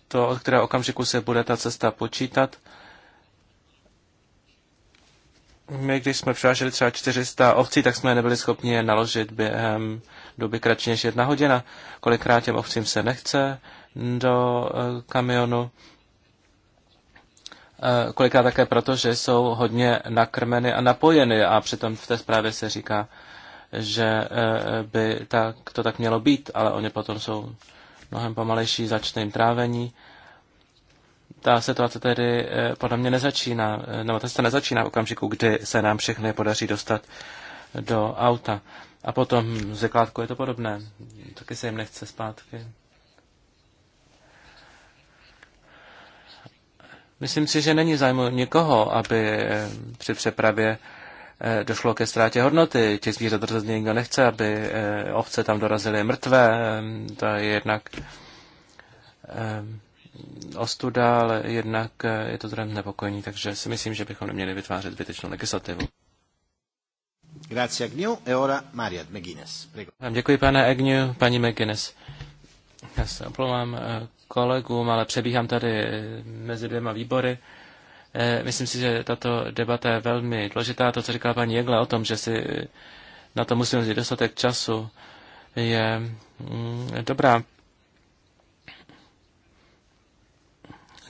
S2: to, od které okamžiku se bude ta cesta počítat. My, když jsme převáželi třeba 400 ovcí, tak jsme nebyli schopni je naložit během doby kratší než jedna hodina. Kolikrát těm ovcím se nechce do eh, kamionu. Eh, kolikrát také proto, že jsou hodně nakrmeny a napojeny a přitom v té zprávě se říká, že eh, by tak, to tak mělo být, ale oni potom jsou mnohem pomalejší, začne jim trávení. Ta situace tedy eh, podle mě nezačíná, eh, nebo ta se nezačíná v okamžiku, kdy se nám všechny podaří dostat do auta. A potom z zeklátku je to podobné. Taky se jim nechce zpátky. Myslím si, že není zájmu nikoho, aby při přepravě Eh, došlo ke ztrátě hodnoty těch zvířat, rozhodně nikdo nechce, aby eh, ovce tam dorazily mrtvé. Ehm, to je jednak ehm, ostuda, ale jednak eh, je to trend nepokojný, takže si myslím, že bychom neměli vytvářet zbytečnou legislativu.
S1: Grazie Agnew e ora Mariad McGuinness. Prego.
S2: Děkuji pane Agnew, paní McGuinness. Já se omlouvám kolegům, ale přebíhám tady mezi dvěma výbory. Eh, myslím si, že tato debata je velmi důležitá. To, co říká paní Jegle o tom, že si eh, na to musíme vzít dostatek času, je mm, dobrá.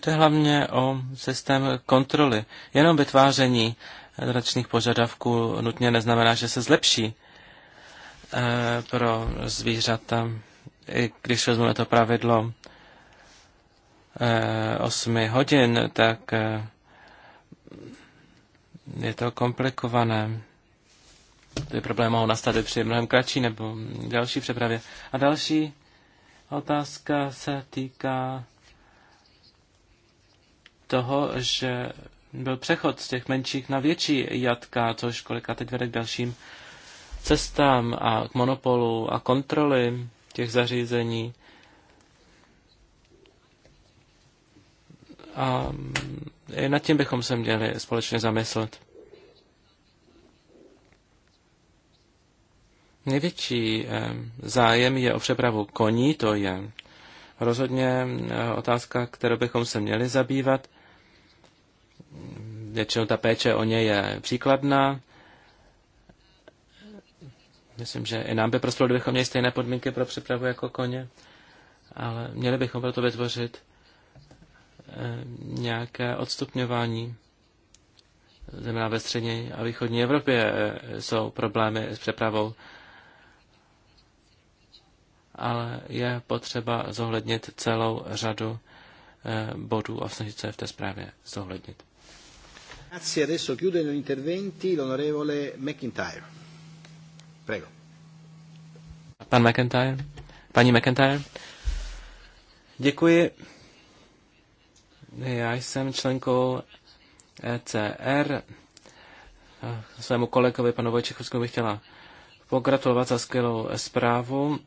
S2: Je hlavně o systém kontroly. Jenom vytváření dračných požadavků nutně neznamená, že se zlepší eh, pro zvířata. I když vezmeme to pravidlo 8 hodin, tak je to komplikované. Ty problémy mohou nastat i při mnohem kratší nebo další přepravě. A další otázka se týká toho, že byl přechod z těch menších na větší jatka, což kolika teď vede k dalším cestám a k monopolu a kontroly těch zařízení. A Eh, nad tím bychom se měli společně zamyslet. Největší eh, zájem je o přepravu koní, to je rozhodně eh, otázka, kterou bychom se měli zabývat. Většinou ta péče o ně je příkladná. Myslím, že i nám by prostě kdybychom měli stejné podmínky pro přepravu jako koně, ale měli bychom proto vytvořit Eh, nějaké odstupňování. Znamená ve střední a východní Evropě eh, jsou problémy s přepravou, ale je potřeba zohlednit celou řadu eh, bodů a snažit se v té zprávě zohlednit. Grazie, adesso chiude gli interventi l'onorevole McIntyre. Prego. Pan McIntyre? Paní McIntyre? Děkuji. Já jsem členkou ECR. Svému kolegovi, panu Vojčichovskému, bych chtěla pogratulovat za skvělou zprávu.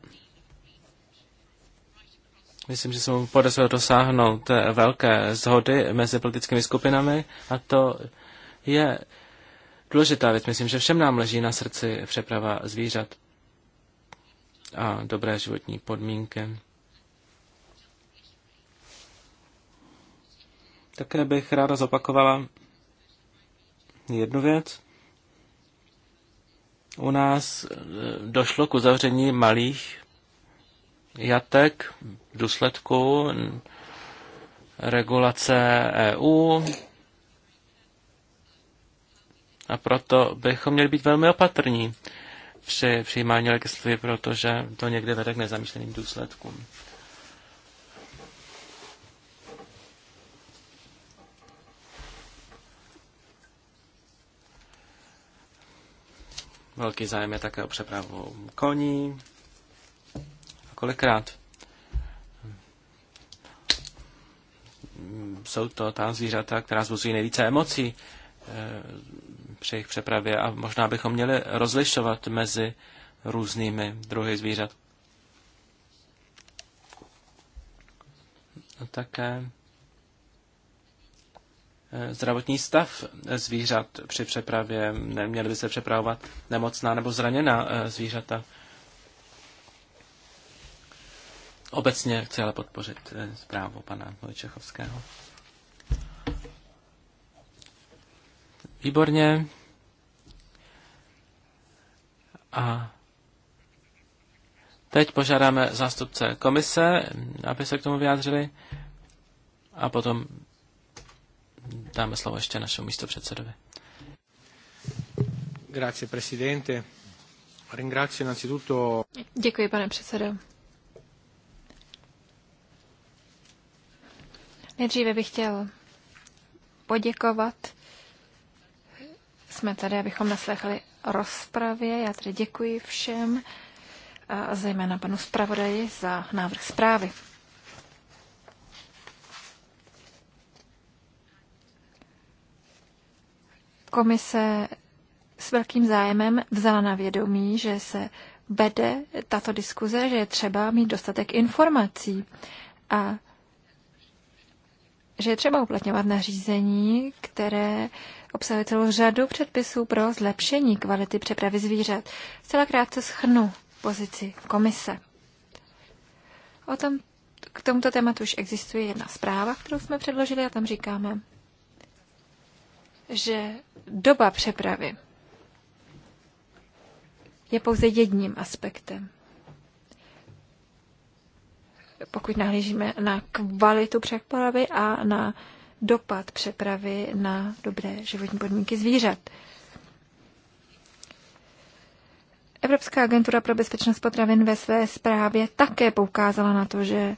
S2: Myslím, že se mu podařilo dosáhnout velké zhody mezi politickými skupinami a to je důležitá věc. Myslím, že všem nám leží na srdci přeprava zvířat a dobré životní podmínky. Také bych ráda zopakovala jednu věc. U nás eh, došlo k uzavření malých jatek v důsledku regulace EU a proto bychom měli být velmi opatrní při přijímání legislativy, protože to někdy vede k nezamýšleným důsledkům. Velký zájem je také o přepravu koní. A kolikrát jsou to ta zvířata, která zbuzují nejvíce emocí eh, při jejich přepravě a možná bychom měli rozlišovat mezi různými druhy zvířat. A také Eh, zdravotní stav zvířat při přepravě. Neměly by se přepravovat nemocná nebo zraněná eh, zvířata. Obecně chci ale podpořit eh, zprávu pana Vojčechovského. Výborně. A teď požádáme zástupce komise, aby se k tomu vyjádřili. A potom dáme slovo ještě našemu místopředsedovi. Grazie, presidente. Ringrazio innanzitutto...
S1: Děkuji, pane předsedo. Nejdříve bych chtěl poděkovat. Jsme tady, abychom naslechli rozpravě. Já tedy děkuji všem, a zejména panu zpravodaji za návrh zprávy. Komise s velkým zájmem vzala na vědomí, že se vede tato diskuze, že je třeba mít dostatek informací a že je třeba uplatňovat nařízení, které obsahuje celou řadu předpisů pro zlepšení kvality přepravy zvířat. Zcela krátce schrnu pozici komise. O tom, k tomuto tématu už existuje jedna zpráva, kterou jsme předložili a tam říkáme, že doba přepravy je pouze jedním aspektem. Pokud nahlížíme na kvalitu přepravy a na dopad přepravy na dobré životní podmínky zvířat. Evropská agentura pro bezpečnost potravin ve své zprávě také poukázala na to, že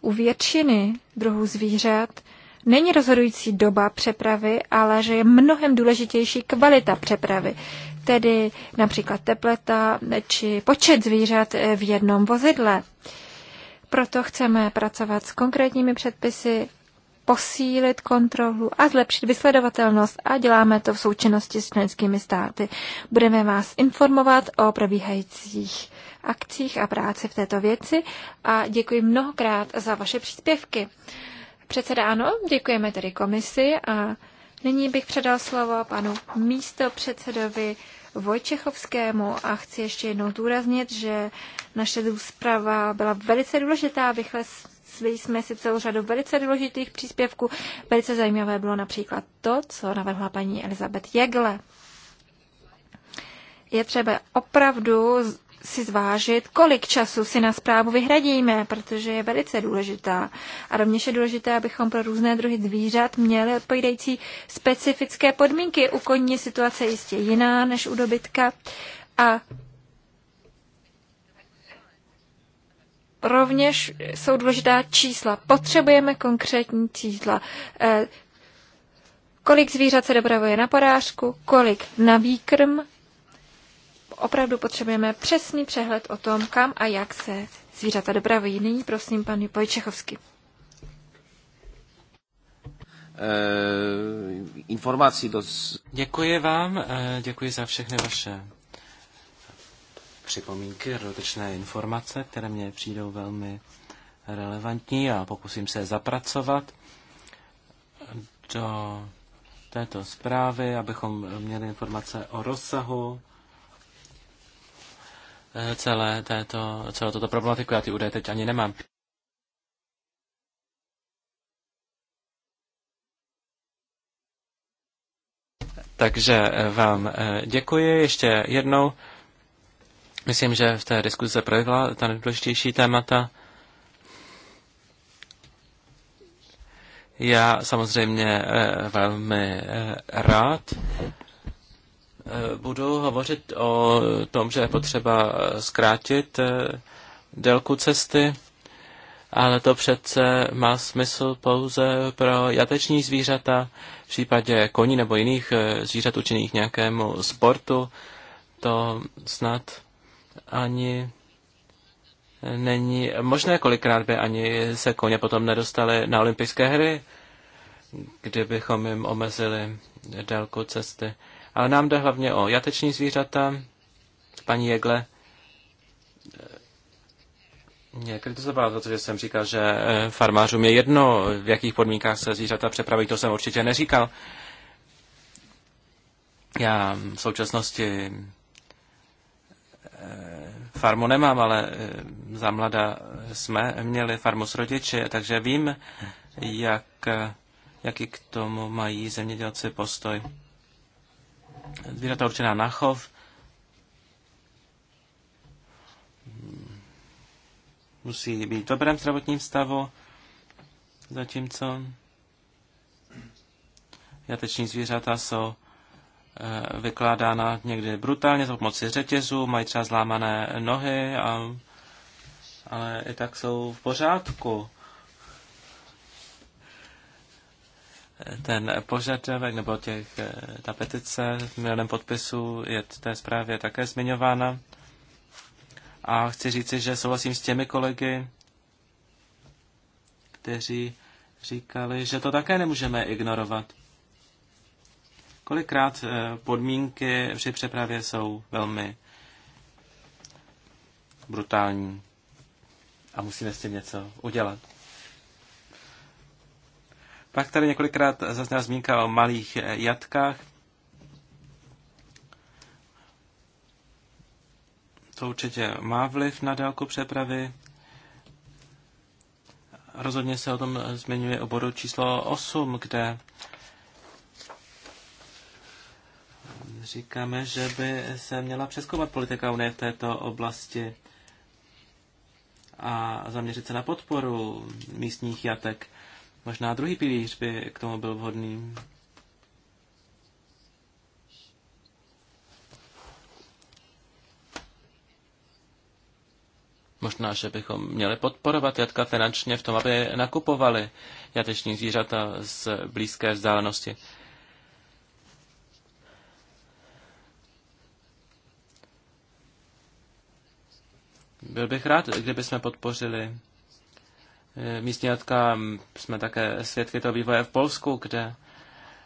S1: u většiny druhů zvířat není rozhodující doba přepravy, ale že je mnohem důležitější kvalita přepravy, tedy například tepleta či počet zvířat v jednom vozidle. Proto chceme pracovat s konkrétními předpisy, posílit kontrolu a zlepšit vysledovatelnost a děláme to v součinnosti s členskými státy. Budeme vás informovat o probíhajících akcích a práci v této věci a děkuji mnohokrát za vaše příspěvky. Předseda ano, děkujeme tedy komisi a nyní bych předal slovo panu místo předsedovi Vojčechovskému a chci ještě jednou zdůraznit, že naše zpráva byla velice důležitá, vychlesli jsme si celou řadu velice důležitých příspěvků. Velice zajímavé bylo například to, co navrhla paní Elizabeth Jegle. Je třeba opravdu si zvážit, kolik času si na zprávu vyhradíme, protože je velice důležitá. A rovněž je důležité, abychom pro různé druhy zvířat měli odpovídající specifické podmínky. U koní je situace jistě jiná než u dobytka. A rovněž jsou důležitá čísla. Potřebujeme konkrétní čísla. Eh, kolik zvířat se dopravuje na porážku, kolik na výkrm opravdu potřebujeme přesný přehled o tom, kam a jak se zvířata dopravují. Nyní prosím pan Pojčechovský.
S3: Eh,
S2: informací do... Děkuji vám, eh, děkuji za všechny vaše připomínky, dodatečné informace, které mě přijdou velmi relevantní a pokusím se zapracovat do této zprávy, abychom měli informace o rozsahu Eh, celé této, celou toto problematiku. Já ty údaje teď ani nemám. Takže eh, vám eh, děkuji ještě jednou. Myslím, že v té diskuzi se projevila ta nejdůležitější témata. Já samozřejmě velmi rád budu hovořit o tom, že je potřeba zkrátit eh, délku cesty, ale to přece má smysl pouze pro jateční zvířata, v případě koní nebo jiných eh, zvířat učených nějakému sportu. To snad ani není možné, kolikrát by ani se koně potom nedostali na olympijské hry, kdybychom jim omezili délku cesty. Ale nám jde hlavně o jateční zvířata. Paní Jegle eh, mě kritizovala za to, že jsem říkal, že eh, farmářům je jedno, v jakých podmínkách se zvířata přepraví, to jsem určitě neříkal. Já v současnosti eh, farmu nemám, ale za mlada jsme měli farmu s rodiči, takže vím, jak, jaký k tomu mají zemědělci postoj zvířata určená na chov, musí být v dobrém zdravotním stavu, zatímco jateční zvířata jsou eh, vykládána někdy brutálně za pomoci řetězů, mají třeba zlámané nohy, a, ale i tak jsou v pořádku. ten požadavek nebo těch, eh, ta petice v milionem podpisů je v té zprávě také zmiňována. A chci říci, že souhlasím s těmi kolegy, kteří říkali, že to také nemůžeme ignorovat. Kolikrát eh, podmínky při přepravě jsou velmi brutální a musíme s tím něco udělat. Pak tady několikrát zazněla zmínka o malých eh, jatkách. To určitě má vliv na délku přepravy. Rozhodně se o tom zmiňuje o bodu číslo 8, kde říkáme, že by se měla přeskoumat politika Unie v této oblasti a zaměřit se na podporu místních jatek. Možná druhý pilíř by k tomu byl vhodný. Možná, že bychom měli podporovat jatka finančně v tom, aby nakupovali jateční zvířata z blízké vzdálenosti. Byl bych rád, kdybychom podpořili Eh, místní jatka. Jsme také svědky toho vývoje v Polsku, kde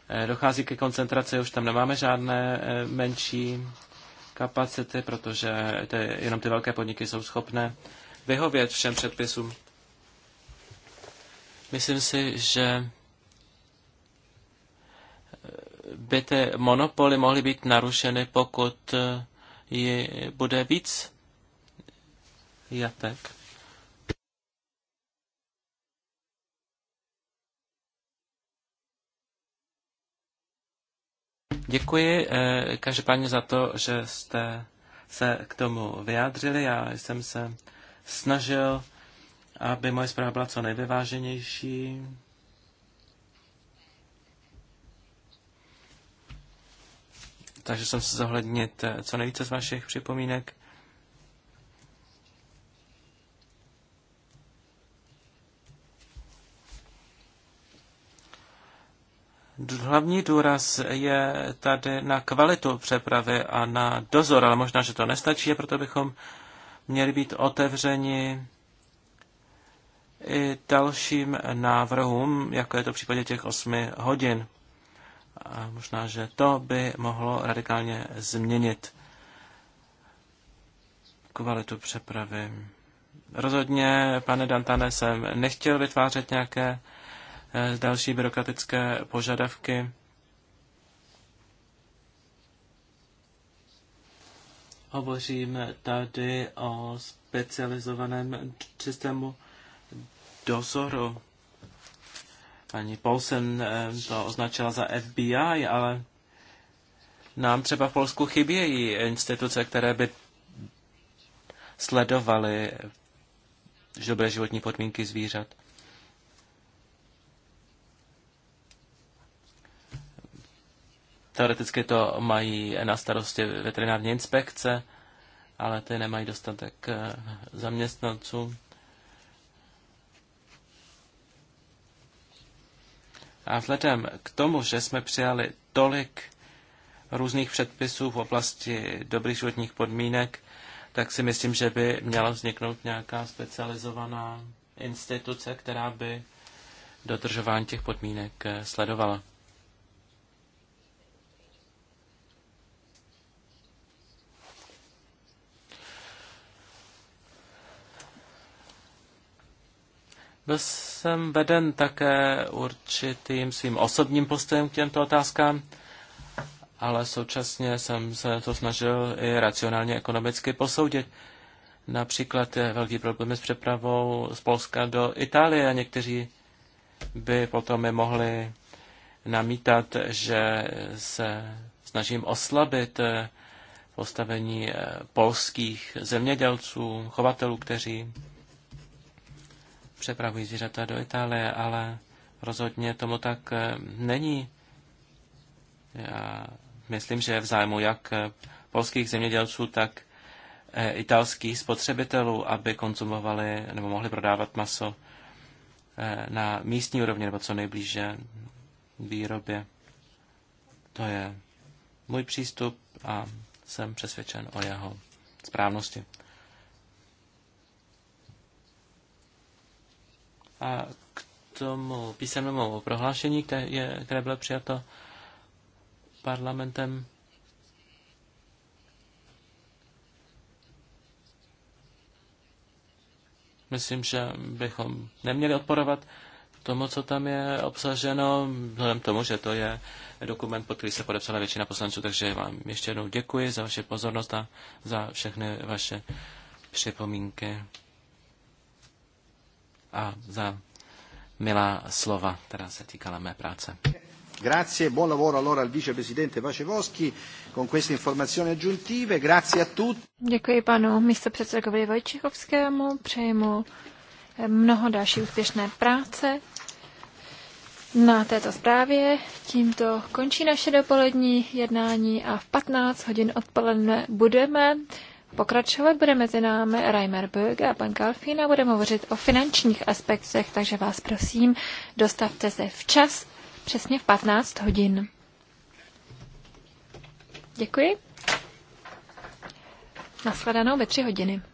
S2: eh, dochází ke koncentraci, už tam nemáme žádné eh, menší kapacity, protože to je, jenom ty velké podniky jsou schopné vyhovět všem předpisům. Myslím si, že by ty monopoly mohly být narušeny, pokud je, bude víc jatek. Děkuji eh, každopádně za to, že jste se k tomu vyjádřili. Já jsem se snažil, aby moje zpráva byla co nejvyváženější. Takže jsem se zohlednit eh, co nejvíce z vašich připomínek. Hlavní důraz je tady na kvalitu přepravy a na dozor, ale možná, že to nestačí, a proto bychom měli být otevřeni i dalším návrhům, jako je to v případě těch osmi hodin. A možná, že to by mohlo radikálně změnit kvalitu přepravy. Rozhodně, pane Dantane, jsem nechtěl vytvářet nějaké Eh, další byrokratické požadavky. Hovoříme tady o specializovaném systému dozoru. Paní Paulsen eh, to označila za FBI, ale nám třeba v Polsku chybějí instituce, které by sledovaly dobré životní podmínky zvířat. Teoreticky to mají na starosti veterinární inspekce, ale ty nemají dostatek eh, zaměstnanců. A vzhledem k tomu, že jsme přijali tolik různých předpisů v oblasti dobrých životních podmínek, tak si myslím, že by měla vzniknout nějaká specializovaná instituce, která by
S1: dodržování
S2: těch podmínek eh, sledovala. Byl jsem veden také určitým svým osobním postojem k těmto otázkám, ale současně jsem se to snažil i racionálně ekonomicky posoudit. Například je velký problém s přepravou z Polska do Itálie a někteří by potom mi mohli namítat, že se snažím oslabit eh, postavení eh, polských zemědělců, chovatelů, kteří přepravují zvířata do Itálie, ale rozhodně tomu tak eh, není. Já myslím, že v zájmu jak eh, polských zemědělců, tak eh, italských spotřebitelů, aby konzumovali nebo mohli prodávat maso na místní úrovni nebo co nejblíže výrobě. To je můj přístup a jsem přesvědčen o jeho správnosti. A k tomu písemnému prohlášení, které, je, které bylo přijato parlamentem, myslím, že bychom neměli odporovat tomu, co tam je obsaženo, vzhledem tomu, že to je dokument, pod který se podepsala většina poslanců, takže vám ještě jednou děkuji za vaši pozornost a za všechny vaše připomínky a za milá slova, která se týkala mé práce.
S1: Grazie, buon lavoro allora al vicepresidente Vacevoschi con queste informazioni aggiuntive. Grazie a tutti. Děkuji panu místopředsedovi Vojčichovskému, přeji mu eh, mnoho další úspěšné práce na této zprávě. Tímto končí naše dopolední jednání a v 15 hodin odpoledne budeme Pokračovat bude mezi námi Reimer Böge a pan Kalfín a budeme hovořit o finančních aspektech, takže vás prosím, dostavte se včas, přesně v 15 hodin. Děkuji. Nasledanou ve tři hodiny.